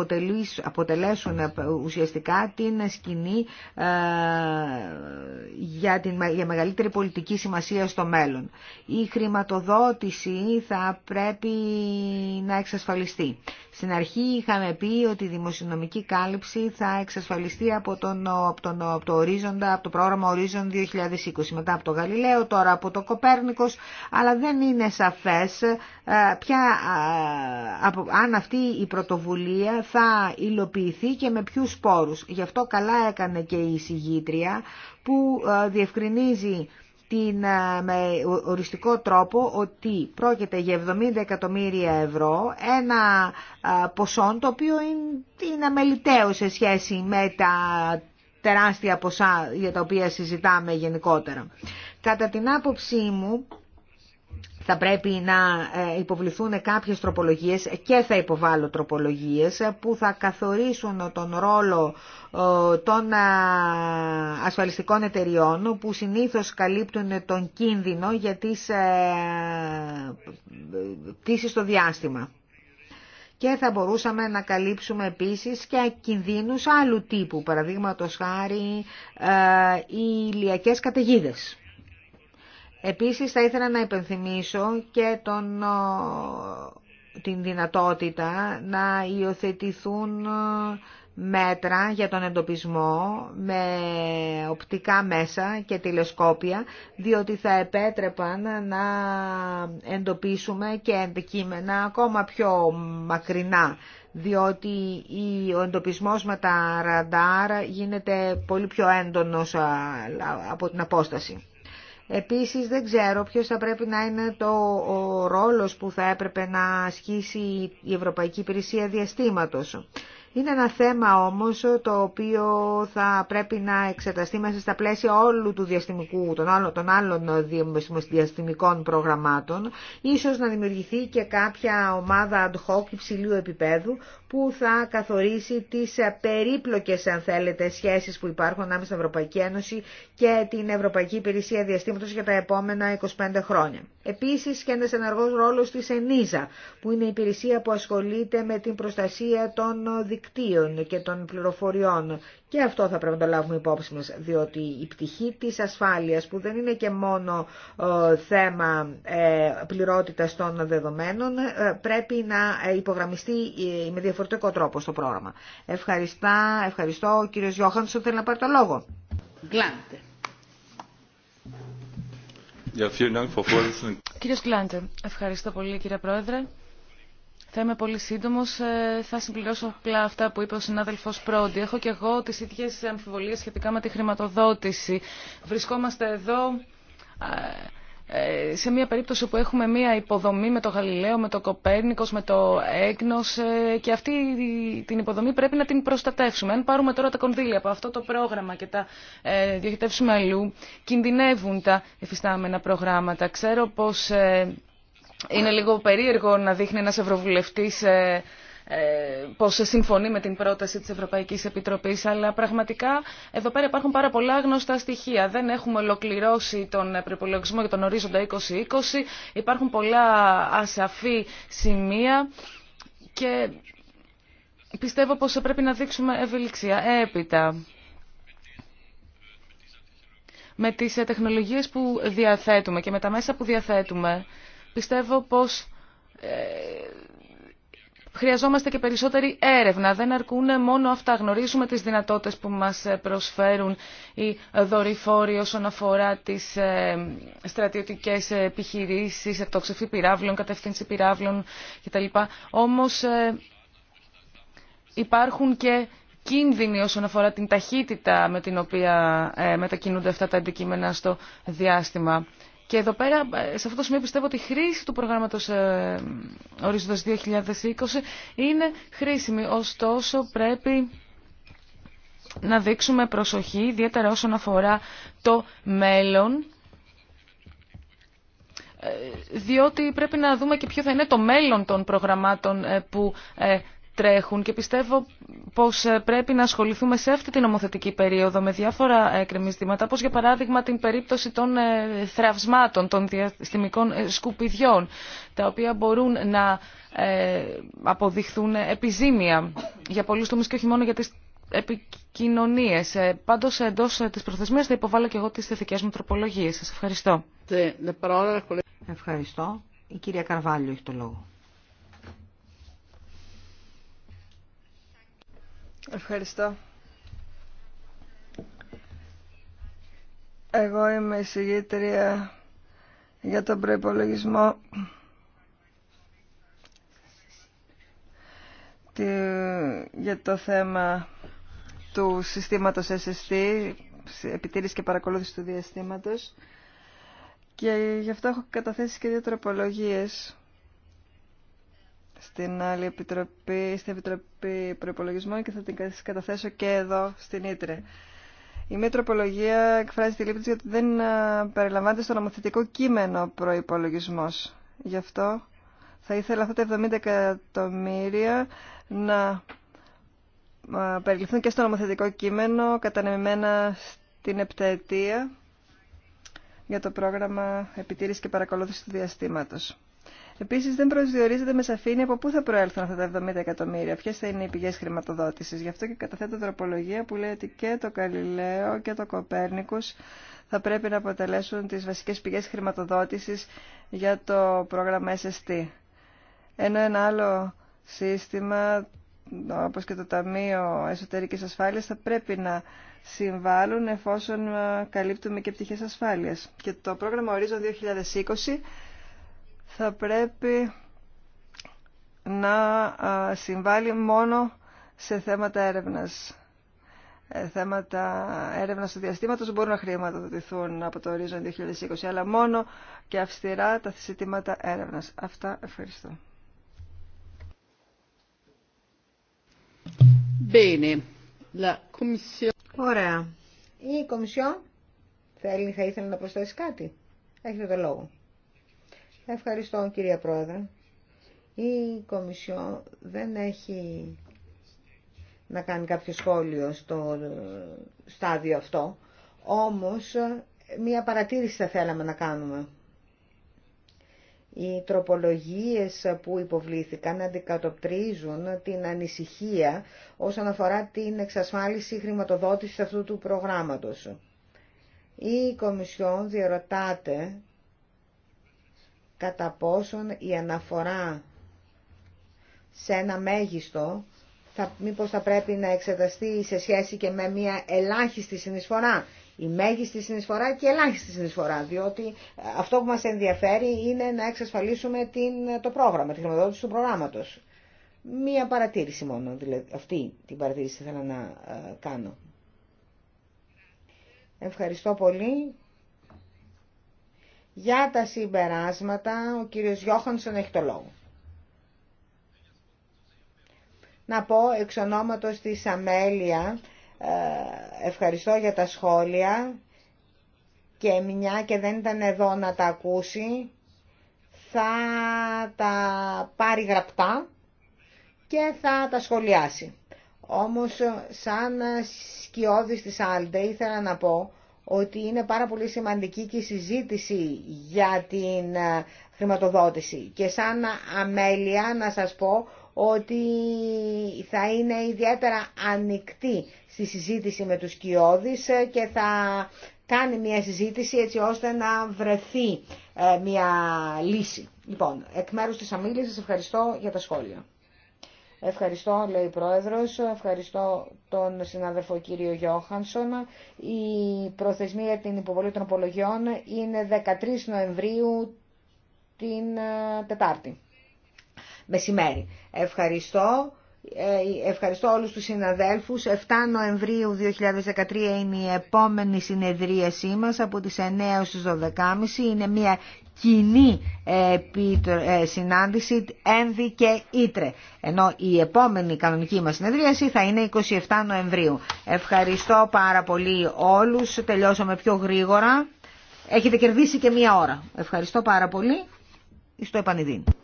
αποτελέσουν ουσιαστικά την σκηνή για, την, για μεγαλύτερη πολιτική σημασία στο μέλλον. Η χρηματοδότηση θα πρέπει να εξασφαλιστεί. Στην αρχή είχαμε πει ότι η δημοσιονομική κάλυψη θα εξασφαλιστεί από τον, από τον, το, ορίζοντα, από το πρόγραμμα Horizon 2020 μετά από το Γαλιλαίο τώρα από το Κοπέρνικος, αλλά δεν είναι σαφές ε, ποια, ε, αν αυτή η πρωτοβουλία θα υλοποιηθεί και με ποιους πόρους. Γι' αυτό καλά έκανε και η συγγήτρια που ε, διευκρινίζει την, με οριστικό τρόπο ότι πρόκειται για 70 εκατομμύρια ευρώ, ένα ποσό το οποίο είναι αμεληταίο σε σχέση με τα τεράστια ποσά για τα οποία συζητάμε γενικότερα. Κατά την άποψή μου, θα πρέπει να ε, υποβληθούν κάποιες τροπολογίες και θα υποβάλω τροπολογίες που θα καθορίσουν τον ρόλο ε, των ε, ασφαλιστικών εταιριών που συνήθως καλύπτουν τον κίνδυνο για τις πτήσεις στο διάστημα. Και θα μπορούσαμε να καλύψουμε επίσης και κινδύνους άλλου τύπου, παραδείγματος χάρη οι ηλιακές καταιγίδες. Επίσης θα ήθελα να υπενθυμίσω και τον, την δυνατότητα να υιοθετηθούν μέτρα για τον εντοπισμό με οπτικά μέσα και τηλεσκόπια, διότι θα επέτρεπαν να εντοπίσουμε και αντικείμενα ακόμα πιο μακρινά, διότι ο εντοπισμός με τα ραντάρ γίνεται πολύ πιο έντονος από την απόσταση. Επίσης δεν ξέρω ποιος θα πρέπει να είναι το ο ρόλος που θα έπρεπε να ασκήσει η Ευρωπαϊκή Υπηρεσία Διαστήματος. Είναι ένα θέμα όμως το οποίο θα πρέπει να εξεταστεί μέσα στα πλαίσια όλου του διαστημικού, των άλλων, των άλλων διαστημικών προγραμμάτων, ίσως να δημιουργηθεί και κάποια ομάδα ad hoc υψηλού επίπεδου, που θα καθορίσει τις ε, περίπλοκες, αν θέλετε, σχέσεις που υπάρχουν ανάμεσα στην Ευρωπαϊκή Ένωση και την Ευρωπαϊκή Υπηρεσία Διαστήματος για τα επόμενα 25 χρόνια. Επίσης και ένας ενεργός ρόλος της ΕΝΙΖΑ, που είναι η υπηρεσία που ασχολείται με την προστασία των δικτύων και των πληροφοριών και αυτό θα πρέπει να το λάβουμε υπόψη μας, διότι η πτυχή της ασφάλειας που δεν είναι και μόνο ε, θέμα ε, πληρότητας των δεδομένων ε, πρέπει να ε, υπογραμμιστεί με διαφορετικό τρόπο στο πρόγραμμα. Ευχαριστά, ευχαριστώ. Ο κύριος Γιώχανσον θέλει να πάρει το λόγο. Γκλάντε. Κύριος Γκλάντε, ευχαριστώ πολύ κύριε Πρόεδρε. Θα είμαι πολύ σύντομο. Ε, θα συμπληρώσω απλά αυτά που είπε ο συνάδελφο Πρόντι. Έχω και εγώ τι ίδιε αμφιβολίε σχετικά με τη χρηματοδότηση. Βρισκόμαστε εδώ ε, ε, σε μια περίπτωση που έχουμε μια υποδομή με το Γαλιλαίο, με το Κοπέρνικος, με το Έγνος και αυτή την υποδομή πρέπει να την προστατεύσουμε. Αν πάρουμε τώρα τα κονδύλια από αυτό το πρόγραμμα και τα διοχετεύσουμε αλλού, κινδυνεύουν τα εφιστάμενα προγράμματα. Ξέρω πως είναι λίγο περίεργο να δείχνει ένας ευρωβουλευτής ε, ε, πως συμφωνεί με την πρόταση της Ευρωπαϊκής Επιτροπής, αλλά πραγματικά εδώ πέρα υπάρχουν πάρα πολλά γνωστά στοιχεία. Δεν έχουμε ολοκληρώσει τον ε, προπολογισμό για τον ορίζοντα 2020, υπάρχουν πολλά ασαφή σημεία και πιστεύω πως πρέπει να δείξουμε ευελιξία. Έπειτα, με τις τεχνολογίες που διαθέτουμε και με τα μέσα που διαθέτουμε, πιστεύω πως ε, χρειαζόμαστε και περισσότερη έρευνα. Δεν αρκούν μόνο αυτά. Γνωρίζουμε τις δυνατότητες που μας προσφέρουν οι δορυφόροι όσον αφορά τις ε, στρατιωτικές επιχειρήσεις, εκτόξευση πυράβλων, κατευθύνση πυράβλων κτλ. Όμως ε, υπάρχουν και κίνδυνοι όσον αφορά την ταχύτητα με την οποία μετακινούνται αυτά τα αντικείμενα στο διάστημα. Και εδώ πέρα, σε αυτό το σημείο πιστεύω ότι η χρήση του προγράμματος ε, ορίζοντας 2020 είναι χρήσιμη. Ωστόσο, πρέπει να δείξουμε προσοχή, ιδιαίτερα όσον αφορά το μέλλον, ε, διότι πρέπει να δούμε και ποιο θα είναι το μέλλον των προγραμμάτων ε, που ε, τρέχουν και πιστεύω πως ε, πρέπει να ασχοληθούμε σε αυτή την νομοθετική περίοδο με διάφορα εκκρεμιστήματα, όπως για παράδειγμα την περίπτωση των ε, θραυσμάτων, των διαστημικών ε, σκουπιδιών, τα οποία μπορούν να αποδειχθούν επιζήμια για πολλούς τομείς και όχι μόνο για τις επικοινωνίες. Πάντως εντός της προθεσμίας θα υποβάλω και εγώ τις θετικές μου τροπολογίες. Σας ευχαριστώ. Ναι, ευχαριστώ. Η κυρία Καρβάλιο έχει το λόγο. Ευχαριστώ. Εγώ είμαι συγγήτρια για τον προϋπολογισμό για το θέμα του συστήματος SST, επιτήρηση και παρακολούθηση του διαστήματος. Και γι' αυτό έχω καταθέσει και δύο τροπολογίες στην άλλη επιτροπή, στην Επιτροπή Προπολογισμών και θα την καταθέσω και εδώ στην Ήτρε. Η μία τροπολογία εκφράζει τη λύπη της γιατί δεν περιλαμβάνεται στο νομοθετικό κείμενο προπολογισμό. Γι' αυτό θα ήθελα αυτά τα 70 εκατομμύρια να περιληφθούν και στο νομοθετικό κείμενο κατανεμημένα στην επταετία για το πρόγραμμα επιτήρησης και παρακολούθηση του διαστήματος. Επίση, δεν προσδιορίζεται με σαφήνεια από πού θα προέλθουν αυτά τα 70 εκατομμύρια, Ποιε θα είναι οι πηγέ χρηματοδότηση. Γι' αυτό και καταθέτω τροπολογία που λέει ότι και το Καλλιλέο και το Κοπέρνικους θα πρέπει να αποτελέσουν τι βασικέ πηγέ χρηματοδότηση για το πρόγραμμα SST. Ενώ ένα άλλο σύστημα, όπω και το Ταμείο εσωτερική ασφάλεια, θα πρέπει να συμβάλλουν εφόσον καλύπτουμε και πτυχέ ασφάλεια. Και το πρόγραμμα Horizon 2020 θα πρέπει να συμβάλλει μόνο σε θέματα έρευνας. Ε, θέματα έρευνας του διαστήματος μπορούν να χρηματοδοτηθούν από το ορίζον 2020, αλλά μόνο και αυστηρά τα θεσιτήματα έρευνας. Αυτά ευχαριστώ. Bene. La Commission... Ωραία. Η Κομισιόν θα ήθελε να προσθέσει κάτι. Έχετε το λόγο. Ευχαριστώ κυρία Πρόεδρε. Η Κομισιό δεν έχει να κάνει κάποιο σχόλιο στο στάδιο αυτό, όμως μία παρατήρηση θα θέλαμε να κάνουμε. Οι τροπολογίες που υποβλήθηκαν αντικατοπτρίζουν την ανησυχία όσον αφορά την εξασφάλιση χρηματοδότησης αυτού του προγράμματος. Η Κομισιόν διαρωτάται κατά πόσον η αναφορά σε ένα μέγιστο θα, μήπως θα πρέπει να εξεταστεί σε σχέση και με μια ελάχιστη συνεισφορά. Η μέγιστη συνεισφορά και η ελάχιστη συνεισφορά, διότι αυτό που μας ενδιαφέρει είναι να εξασφαλίσουμε την, το πρόγραμμα, τη χρηματοδότηση του προγράμματος. Μία παρατήρηση μόνο, δηλαδή, αυτή την παρατήρηση θέλω να ε, κάνω. Ευχαριστώ πολύ. Για τα συμπεράσματα, ο κύριος Γιώχανσον έχει το λόγο. Να πω εξ ονόματος της Αμέλεια, ε, ευχαριστώ για τα σχόλια και μια και δεν ήταν εδώ να τα ακούσει, θα τα πάρει γραπτά και θα τα σχολιάσει. Όμως σαν σκιώδης της Άλντε ήθελα να πω ότι είναι πάρα πολύ σημαντική και η συζήτηση για την ε, χρηματοδότηση. Και σαν αμέλεια να σας πω ότι θα είναι ιδιαίτερα ανοιχτή στη συζήτηση με τους κοιόδης ε, και θα κάνει μια συζήτηση έτσι ώστε να βρεθεί ε, μια λύση. Λοιπόν, εκ μέρους της αμήλειας σας ευχαριστώ για τα σχόλια. Ευχαριστώ, λέει η Πρόεδρος, ευχαριστώ τον συνάδελφο κύριο Γιώχανσον. Η προθεσμία την υποβολή των απολογιών είναι 13 Νοεμβρίου την ε, Τετάρτη. Μεσημέρι. Ευχαριστώ. Ε, ευχαριστώ όλους τους συναδέλφους. 7 Νοεμβρίου 2013 είναι η επόμενη συνεδρίασή μας από τις 9 στις 12.30. Είναι μια κοινή ε, ε, συνάντηση ένδυ και Ήτρε. Ενώ η επόμενη κανονική μας συνεδρίαση θα είναι 27 Νοεμβρίου. Ευχαριστώ πάρα πολύ όλους. Τελειώσαμε πιο γρήγορα. Έχετε κερδίσει και μία ώρα. Ευχαριστώ πάρα πολύ. Στο επανειδήν.